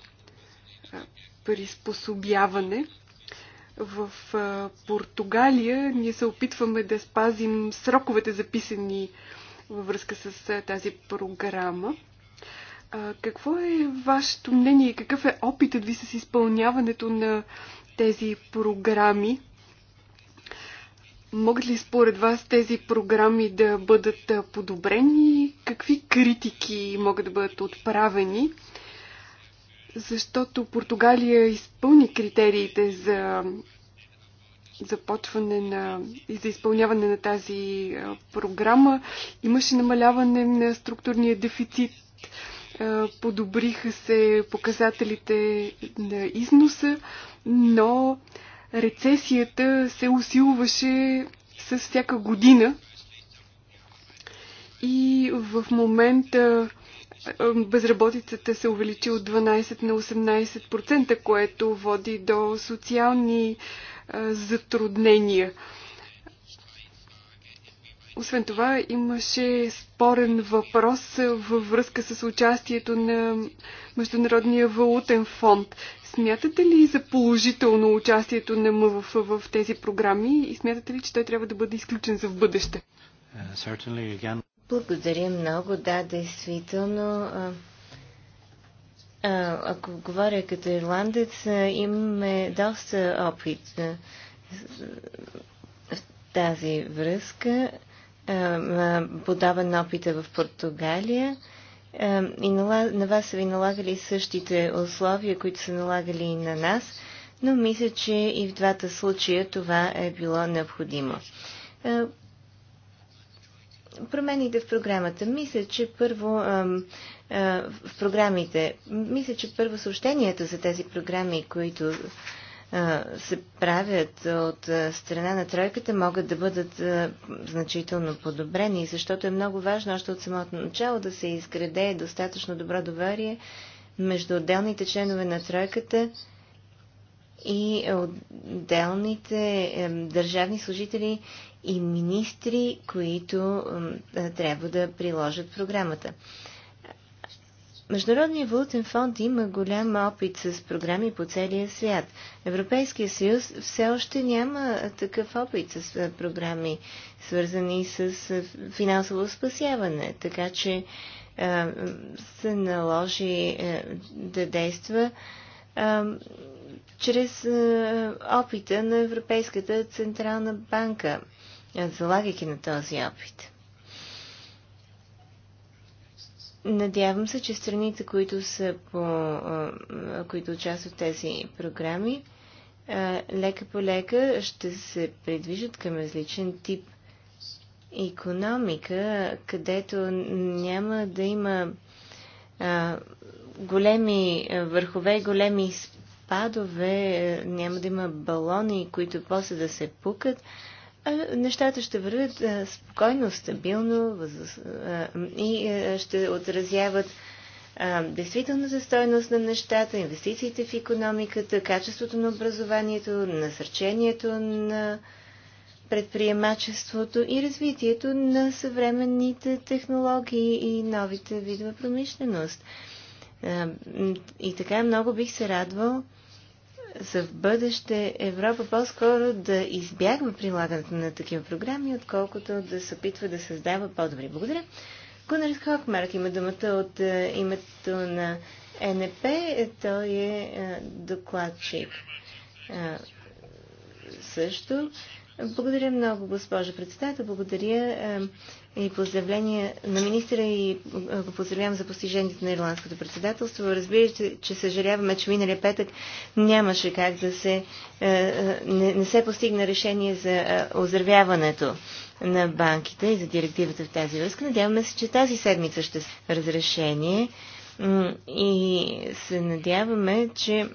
приспособяване. В Португалия ние се опитваме да спазим сроковете записани във връзка с тази програма. Какво е вашето мнение и какъв е опитът ви с изпълняването на тези програми? Могат ли според вас тези програми да бъдат подобрени? Какви критики могат да бъдат отправени? Защото Португалия изпълни критериите за започване на и за изпълняване на тази програма имаше намаляване на структурния дефицит, подобриха се показателите на износа, но рецесията се усилваше с всяка година и в момента безработицата се увеличи от 12 на 18%, което води до социални затруднения. Освен това, имаше спорен въпрос във връзка с участието на Международния валутен фонд. Смятате ли за положително участието на МВФ в тези програми и смятате ли, че той трябва да бъде изключен за в бъдеще? Uh, Благодаря много. Да, действително ако говоря като ирландец, имаме доста опит в тази връзка. Подаван опита е в Португалия. И на вас са ви налагали същите условия, които са налагали и на нас, но мисля, че и в двата случая това е било необходимо промените в програмата. Мисля, че първо в програмите, мисля, че първо съобщенията за тези програми, които се правят от страна на тройката, могат да бъдат значително подобрени, защото е много важно още от самото начало да се изграде достатъчно добро доверие между отделните членове на тройката и отделните държавни служители и министри, които трябва да приложат програмата. Международният валутен фонд има голям опит с програми по целия свят. Европейския съюз все още няма такъв опит с програми, свързани с финансово спасяване, така че се наложи да действа чрез опита на Европейската централна банка залагайки на този опит. Надявам се, че страните, които, са по, които участват в тези програми, лека по лека ще се придвижат към различен тип економика, където няма да има големи върхове, големи спадове, няма да има балони, които после да се пукат, нещата ще вървят спокойно, стабилно и ще отразяват действителната стойност на нещата, инвестициите в економиката, качеството на образованието, насърчението на предприемачеството и развитието на съвременните технологии и новите видове промишленост. И така много бих се радвал за в бъдеще Европа по-скоро да избягва прилагането на такива програми, отколкото да се опитва да създава по-добри. Благодаря. Гунарис Хокмарк има думата от е, името на НП. Той е, е докладчик. Е, също. Благодаря много, госпожа председател. Благодаря и поздравления на министра и е, го поздравявам за постижението на ирландското председателство. Разбира се, че съжаляваме, че миналия петък нямаше как да се... Е, е, не, не се постигна решение за оздравяването на банките и за директивата в тази връзка. Надяваме се, че тази седмица ще разрешение и се надяваме, че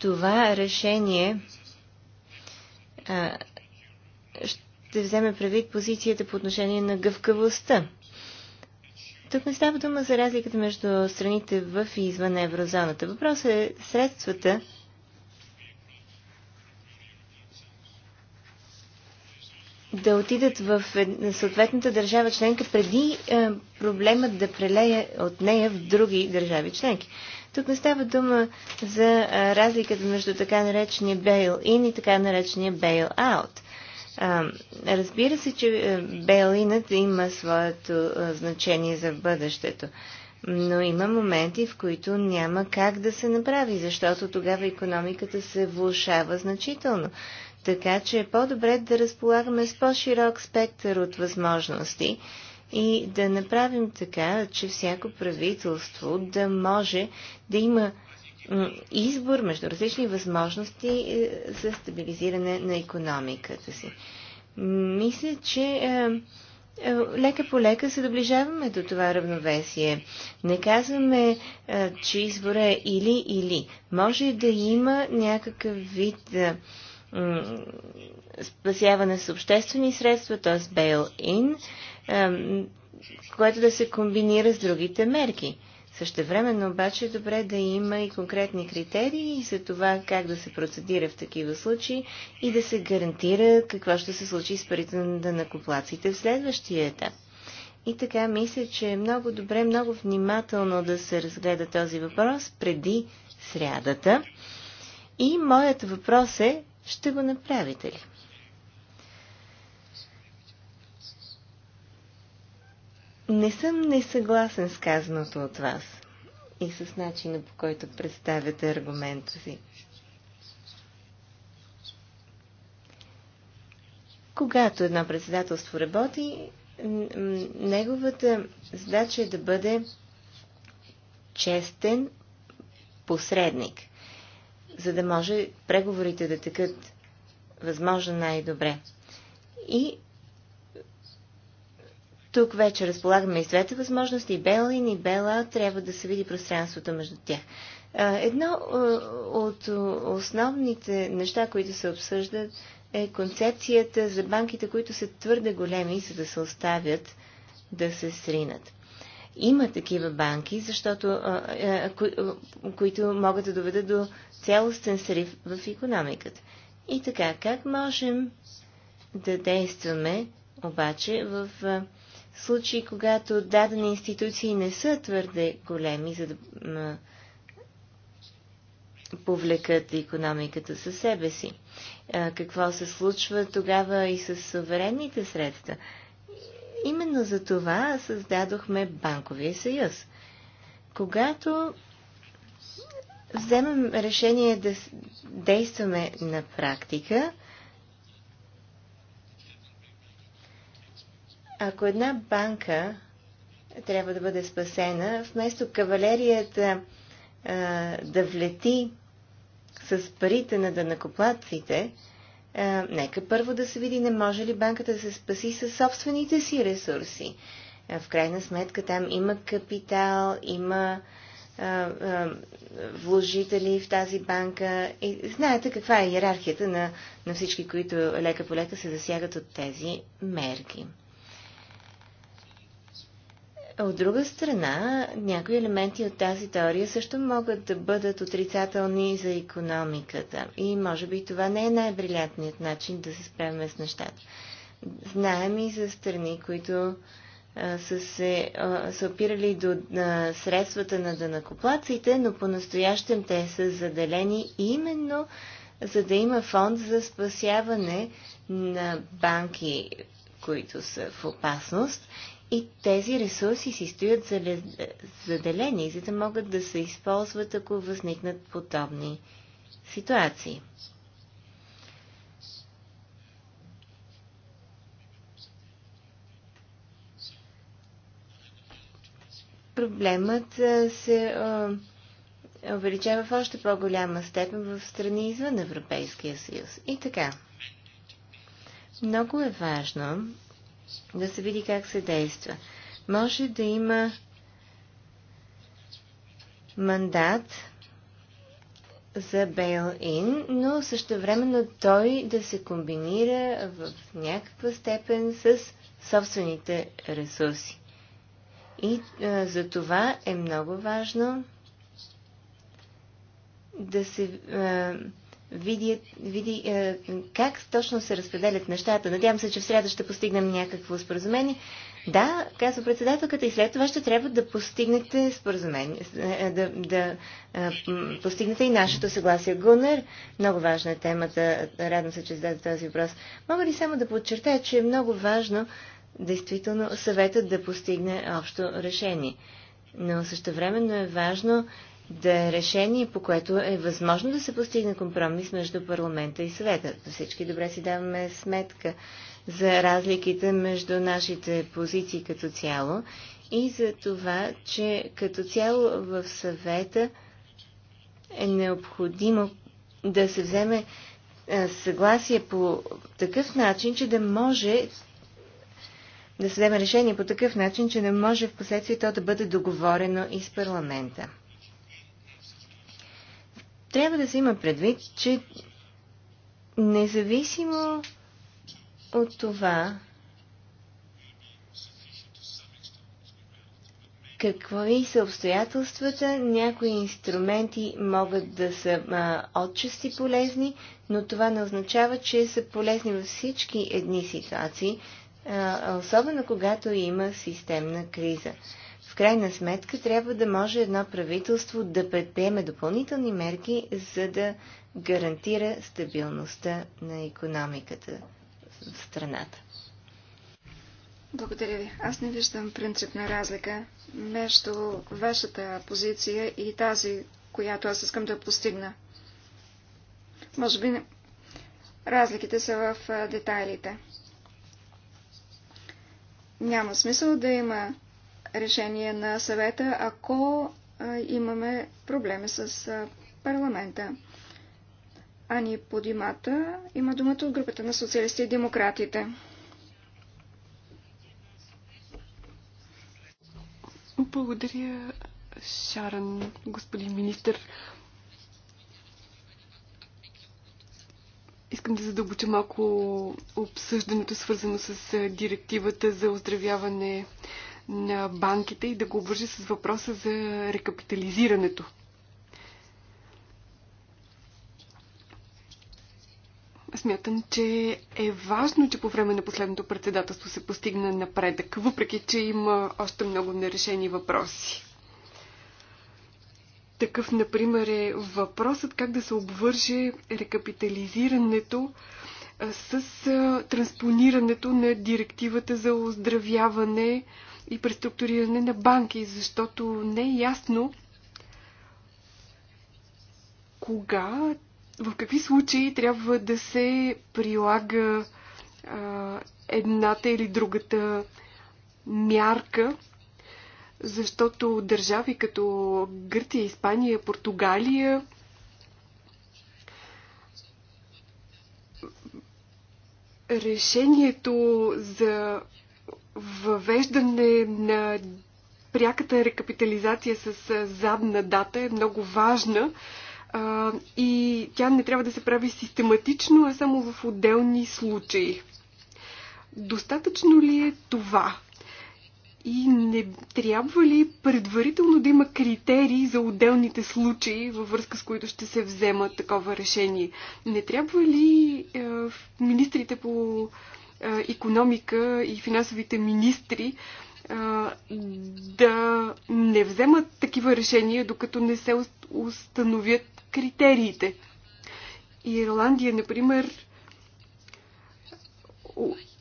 това решение а, ще вземе предвид позицията по отношение на гъвкавостта. Тук не става дума за разликата между страните в и извън еврозоната. Въпросът е средствата, да отидат в съответната държава членка преди е, проблемът да прелее от нея в други държави членки. Тук не става дума за разликата между така наречения bail-in и така наречения bail-out. Разбира се, че bail-inът има своето значение за бъдещето. Но има моменти, в които няма как да се направи, защото тогава економиката се влушава значително. Така че е по-добре да разполагаме с по-широк спектър от възможности и да направим така, че всяко правителство да може да има избор между различни възможности е, за стабилизиране на економиката си. Мисля, че е, е, лека по лека се доближаваме до това равновесие. Не казваме, че избора е или-или. Може да има някакъв вид спасяване с обществени средства, т.е. bail-in, което да се комбинира с другите мерки. Същевременно обаче е добре да има и конкретни критерии за това как да се процедира в такива случаи и да се гарантира какво ще се случи с парите на данакоплаците в следващия етап. И така мисля, че е много добре, много внимателно да се разгледа този въпрос преди срядата. И моят въпрос е ще го направите ли? Не съм несъгласен с казаното от вас и с начина по който представяте аргумента си. Когато едно председателство работи, неговата задача е да бъде честен посредник – за да може преговорите да текат възможно най-добре. И тук вече разполагаме и двете възможности, и Белин, и Бела, трябва да се види пространството между тях. Едно от основните неща, които се обсъждат, е концепцията за банките, които са твърде големи, за да се оставят да се сринат има такива банки, защото, е, е, които могат да доведат до цялостен срив в економиката. И така, как можем да действаме обаче в случаи, когато дадени институции не са твърде големи, за да повлекат економиката със себе си? Какво се случва тогава и с суверенните средства? именно за това създадохме Банковия съюз. Когато вземем решение да действаме на практика, ако една банка трябва да бъде спасена, вместо кавалерията а, да влети с парите на данакоплатците, е, нека първо да се види, не може ли банката да се спаси със собствените си ресурси. Е, в крайна сметка там има капитал, има е, вложители в тази банка. И знаете каква е иерархията на, на всички, които лека по лека се засягат от тези мерки. От друга страна, някои елементи от тази теория също могат да бъдат отрицателни за економиката. И може би това не е най-брилянтният начин да се справим с нещата. Знаем и за страни, които а, са се а, са опирали до а, средствата на дънакоплаците, но по-настоящем те са заделени именно за да има фонд за спасяване на банки, които са в опасност и тези ресурси си стоят заделени, за да могат да се използват, ако възникнат подобни ситуации. Проблемът се увеличава в още по-голяма степен в страни извън Европейския съюз. И така. Много е важно да се види как се действа. Може да има мандат за бейл-ин, но същевременно той да се комбинира в някаква степен с собствените ресурси. И а, за това е много важно да се а, види, види е, как точно се разпределят нещата. Надявам се, че в среда ще постигнем някакво споразумение. Да, казва председателката, и след това ще трябва да постигнете споразумение, е, е, да, да постигнете и нашето съгласие. Гунер, много важна е темата, радвам се, че зададе този въпрос. Мога ли само да подчертая, че е много важно действително съветът да постигне общо решение. Но също времено е важно да е решение, по което е възможно да се постигне компромис между парламента и съвета. Всички добре си даваме сметка за разликите между нашите позиции като цяло и за това, че като цяло в съвета е необходимо да се вземе съгласие по такъв начин, че да може да се вземе решение по такъв начин, че не може в последствие то да бъде договорено и с парламента трябва да се има предвид, че независимо от това, какви са обстоятелствата, някои инструменти могат да са а, отчасти полезни, но това не означава, че са полезни във всички едни ситуации, а, особено когато има системна криза крайна сметка трябва да може едно правителство да предприеме допълнителни мерки, за да гарантира стабилността на економиката в страната. Благодаря ви. Аз не виждам принципна разлика между вашата позиция и тази, която аз искам да постигна. Може би разликите са в детайлите. Няма смисъл да има решение на съвета, ако имаме проблеми с парламента. Ани Подимата има думата от групата на социалисти и демократите. Благодаря, Шаран, господин министр. Искам да задълбоча малко обсъждането, свързано с директивата за оздравяване на банките и да го обвържи с въпроса за рекапитализирането. Смятам, че е важно, че по време на последното председателство се постигна напредък, въпреки че има още много нерешени въпроси. Такъв, например, е въпросът как да се обвърже рекапитализирането с транспонирането на директивата за оздравяване и преструктуриране на банки, защото не е ясно кога, в какви случаи трябва да се прилага а, едната или другата мярка, защото държави като Гърция, Испания, Португалия решението за въвеждане на пряката рекапитализация с задна дата е много важна и тя не трябва да се прави систематично, а само в отделни случаи. Достатъчно ли е това? И не трябва ли предварително да има критерии за отделните случаи, във връзка с които ще се взема такова решение? Не трябва ли е, министрите по економика и финансовите министри е, да не вземат такива решения, докато не се установят критериите. И Ирландия, например,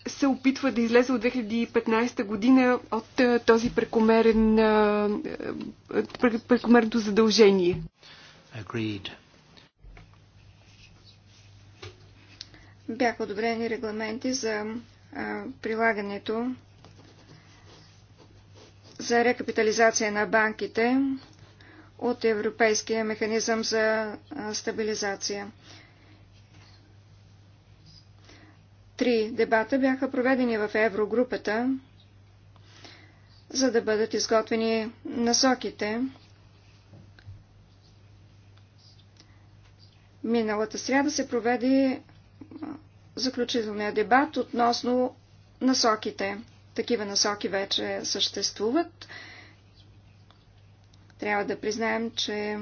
се опитва да излезе от 2015 година от е, този прекомерен, е, прекомерно задължение. Agreed. бяха одобрени регламенти за а, прилагането за рекапитализация на банките от Европейския механизъм за стабилизация. Три дебата бяха проведени в Еврогрупата, за да бъдат изготвени насоките. Миналата сряда се проведе заключителния дебат относно насоките. Такива насоки вече съществуват. Трябва да признаем, че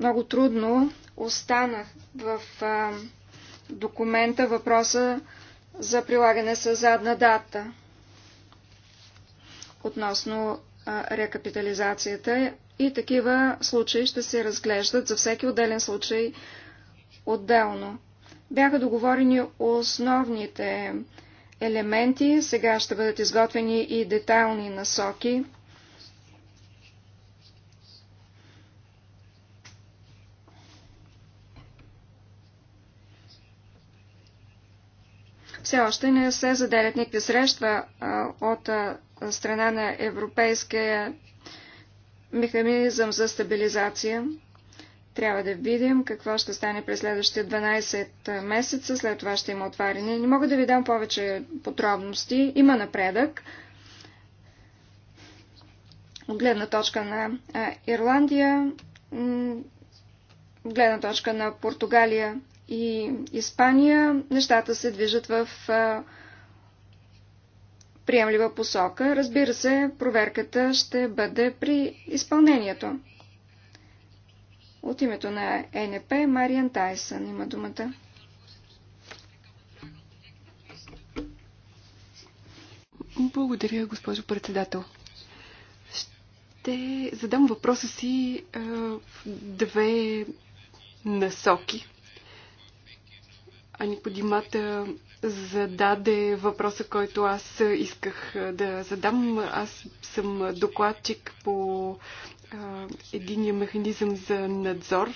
много трудно остана в документа въпроса за прилагане с задна дата относно рекапитализацията и такива случаи ще се разглеждат за всеки отделен случай отделно. Бяха договорени основните елементи, сега ще бъдат изготвени и детайлни насоки. все още не се заделят никакви средства от страна на Европейския механизъм за стабилизация. Трябва да видим какво ще стане през следващите 12 месеца, след това ще има отваряне. Не мога да ви дам повече подробности, има напредък. От гледна точка на Ирландия, от гледна точка на Португалия и Испания, нещата се движат в приемлива посока. Разбира се, проверката ще бъде при изпълнението. От името на ЕНП Мариан Тайсън има думата. Благодаря, госпожо председател. Ще задам въпроса си а, в две насоки. Ани Подимата зададе въпроса, който аз исках да задам. Аз съм докладчик по единия механизъм за надзор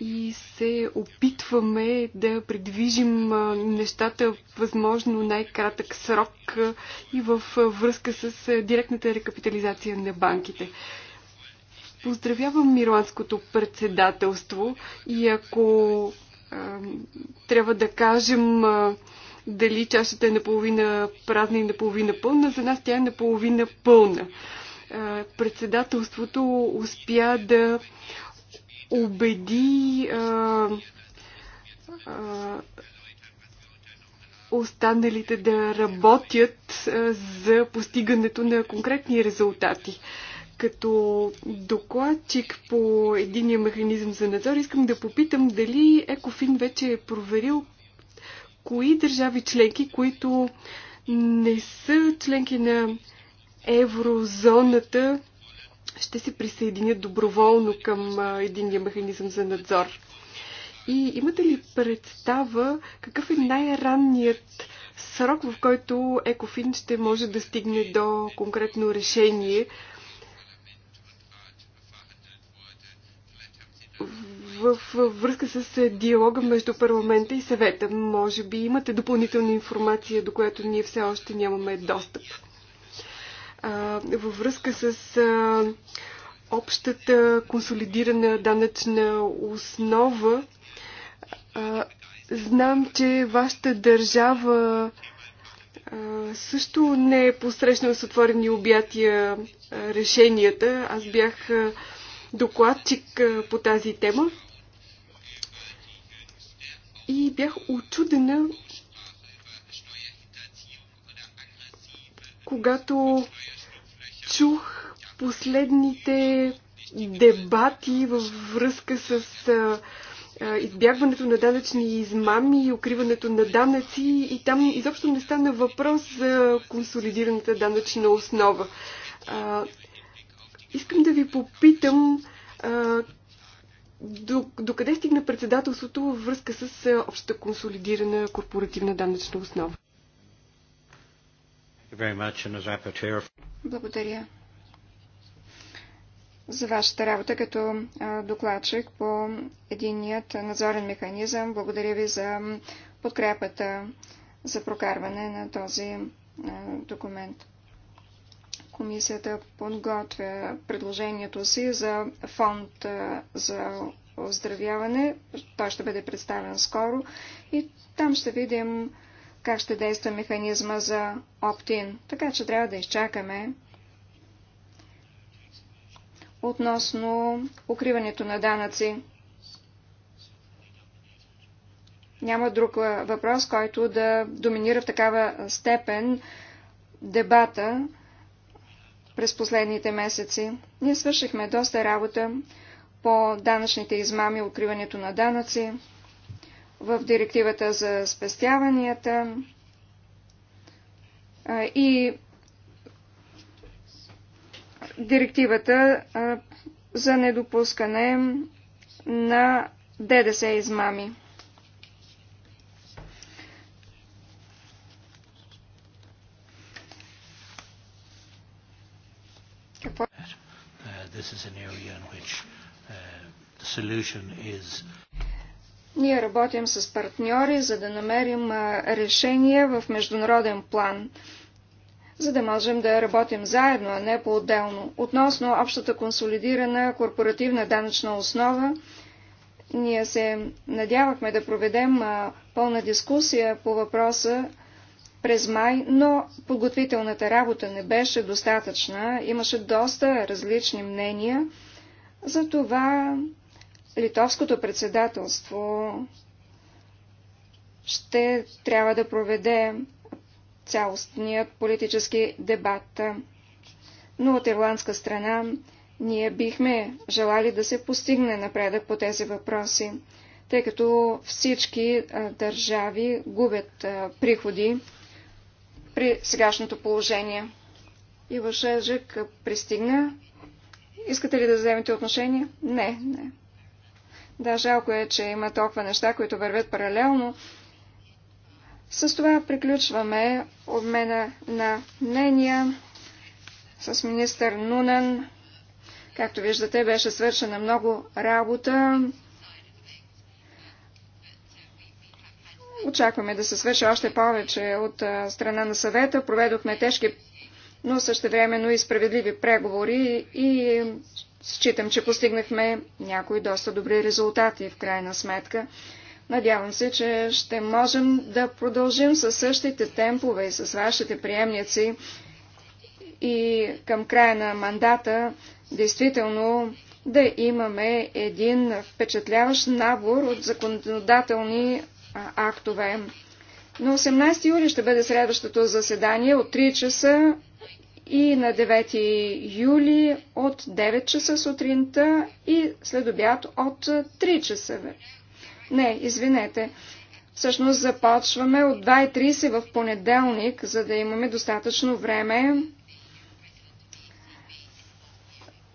и се опитваме да предвижим нещата възможно най-кратък срок и в връзка с директната рекапитализация на банките. Поздравявам ирландското председателство и ако а, трябва да кажем а, дали чашата е наполовина празна и наполовина пълна, за нас тя е наполовина пълна. А, председателството успя да убеди останалите да работят за постигането на конкретни резултати. Като докладчик по единия механизъм за надзор, искам да попитам дали Екофин вече е проверил кои държави членки, които не са членки на еврозоната ще се присъединят доброволно към единния механизъм за надзор. И имате ли представа какъв е най-ранният срок, в който Екофин ще може да стигне до конкретно решение? в връзка с диалога между парламента и съвета. Може би имате допълнителна информация, до която ние все още нямаме достъп във връзка с общата консолидирана данъчна основа. Знам, че вашата държава също не е посрещнала с отворени обятия решенията. Аз бях докладчик по тази тема и бях очудена, когато чух последните дебати във връзка с избягването на данъчни измами и укриването на данъци и там изобщо не стана въпрос за консолидираната данъчна основа. А, искам да ви попитам а, до, до къде стигна председателството във връзка с общата консолидирана корпоративна данъчна основа? Благодаря за вашата работа като докладчик по единият надзорен механизъм. Благодаря ви за подкрепата за прокарване на този документ. Комисията подготвя предложението си за фонд за оздравяване. Той ще бъде представен скоро и там ще видим как ще действа механизма за оптин. Така че трябва да изчакаме относно укриването на данъци. Няма друг въпрос, който да доминира в такава степен дебата през последните месеци. Ние свършихме доста работа по данъчните измами, укриването на данъци в директивата за спестяванията и директивата за недопускане на ДДС измами. Какво? Uh, ние работим с партньори, за да намерим решение в международен план, за да можем да работим заедно, а не по-отделно. Относно общата консолидирана корпоративна данъчна основа, ние се надявахме да проведем пълна дискусия по въпроса през май, но подготвителната работа не беше достатъчна. Имаше доста различни мнения. За това Литовското председателство ще трябва да проведе цялостният политически дебат. Но от ирландска страна ние бихме желали да се постигне напредък по тези въпроси, тъй като всички държави губят приходи при сегашното положение. Ива Шежик пристигна. Искате ли да вземете отношение? Не, не. Да, жалко е, че има толкова неща, които вървят паралелно. С това приключваме обмена на мнения с министър Нунен. Както виждате, беше свършена много работа. Очакваме да се свърши още повече от страна на съвета. Проведохме тежки но същевременно и справедливи преговори и считам, че постигнахме някои доста добри резултати в крайна сметка. Надявам се, че ще можем да продължим със същите темпове и с вашите приемници и към края на мандата действително да имаме един впечатляващ набор от законодателни актове. На 18 юли ще бъде следващото заседание от 3 часа и на 9 юли от 9 часа сутринта и след обяд от 3 часа. Не, извинете. Всъщност започваме от 2.30 в понеделник, за да имаме достатъчно време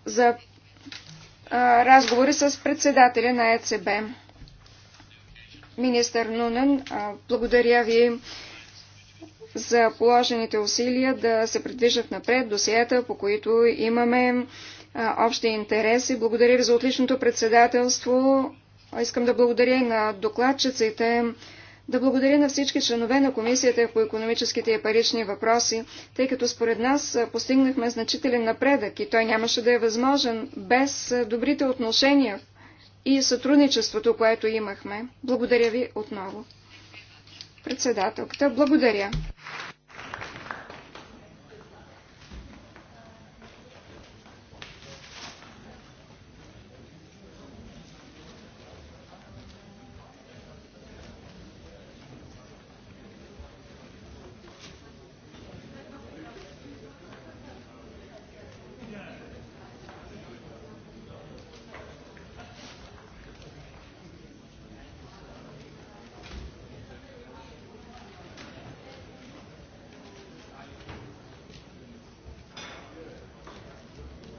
за а, разговори с председателя на ЕЦБ. Министър Нунен, а, благодаря ви за положените усилия да се придвижат напред досията, по които имаме а, общи интереси. Благодаря ви за отличното председателство. Искам да благодаря и на докладчиците, да благодаря на всички членове на Комисията по економическите и парични въпроси, тъй като според нас постигнахме значителен напредък и той нямаше да е възможен без добрите отношения и сътрудничеството, което имахме. Благодаря ви отново. Председателката, благодаря.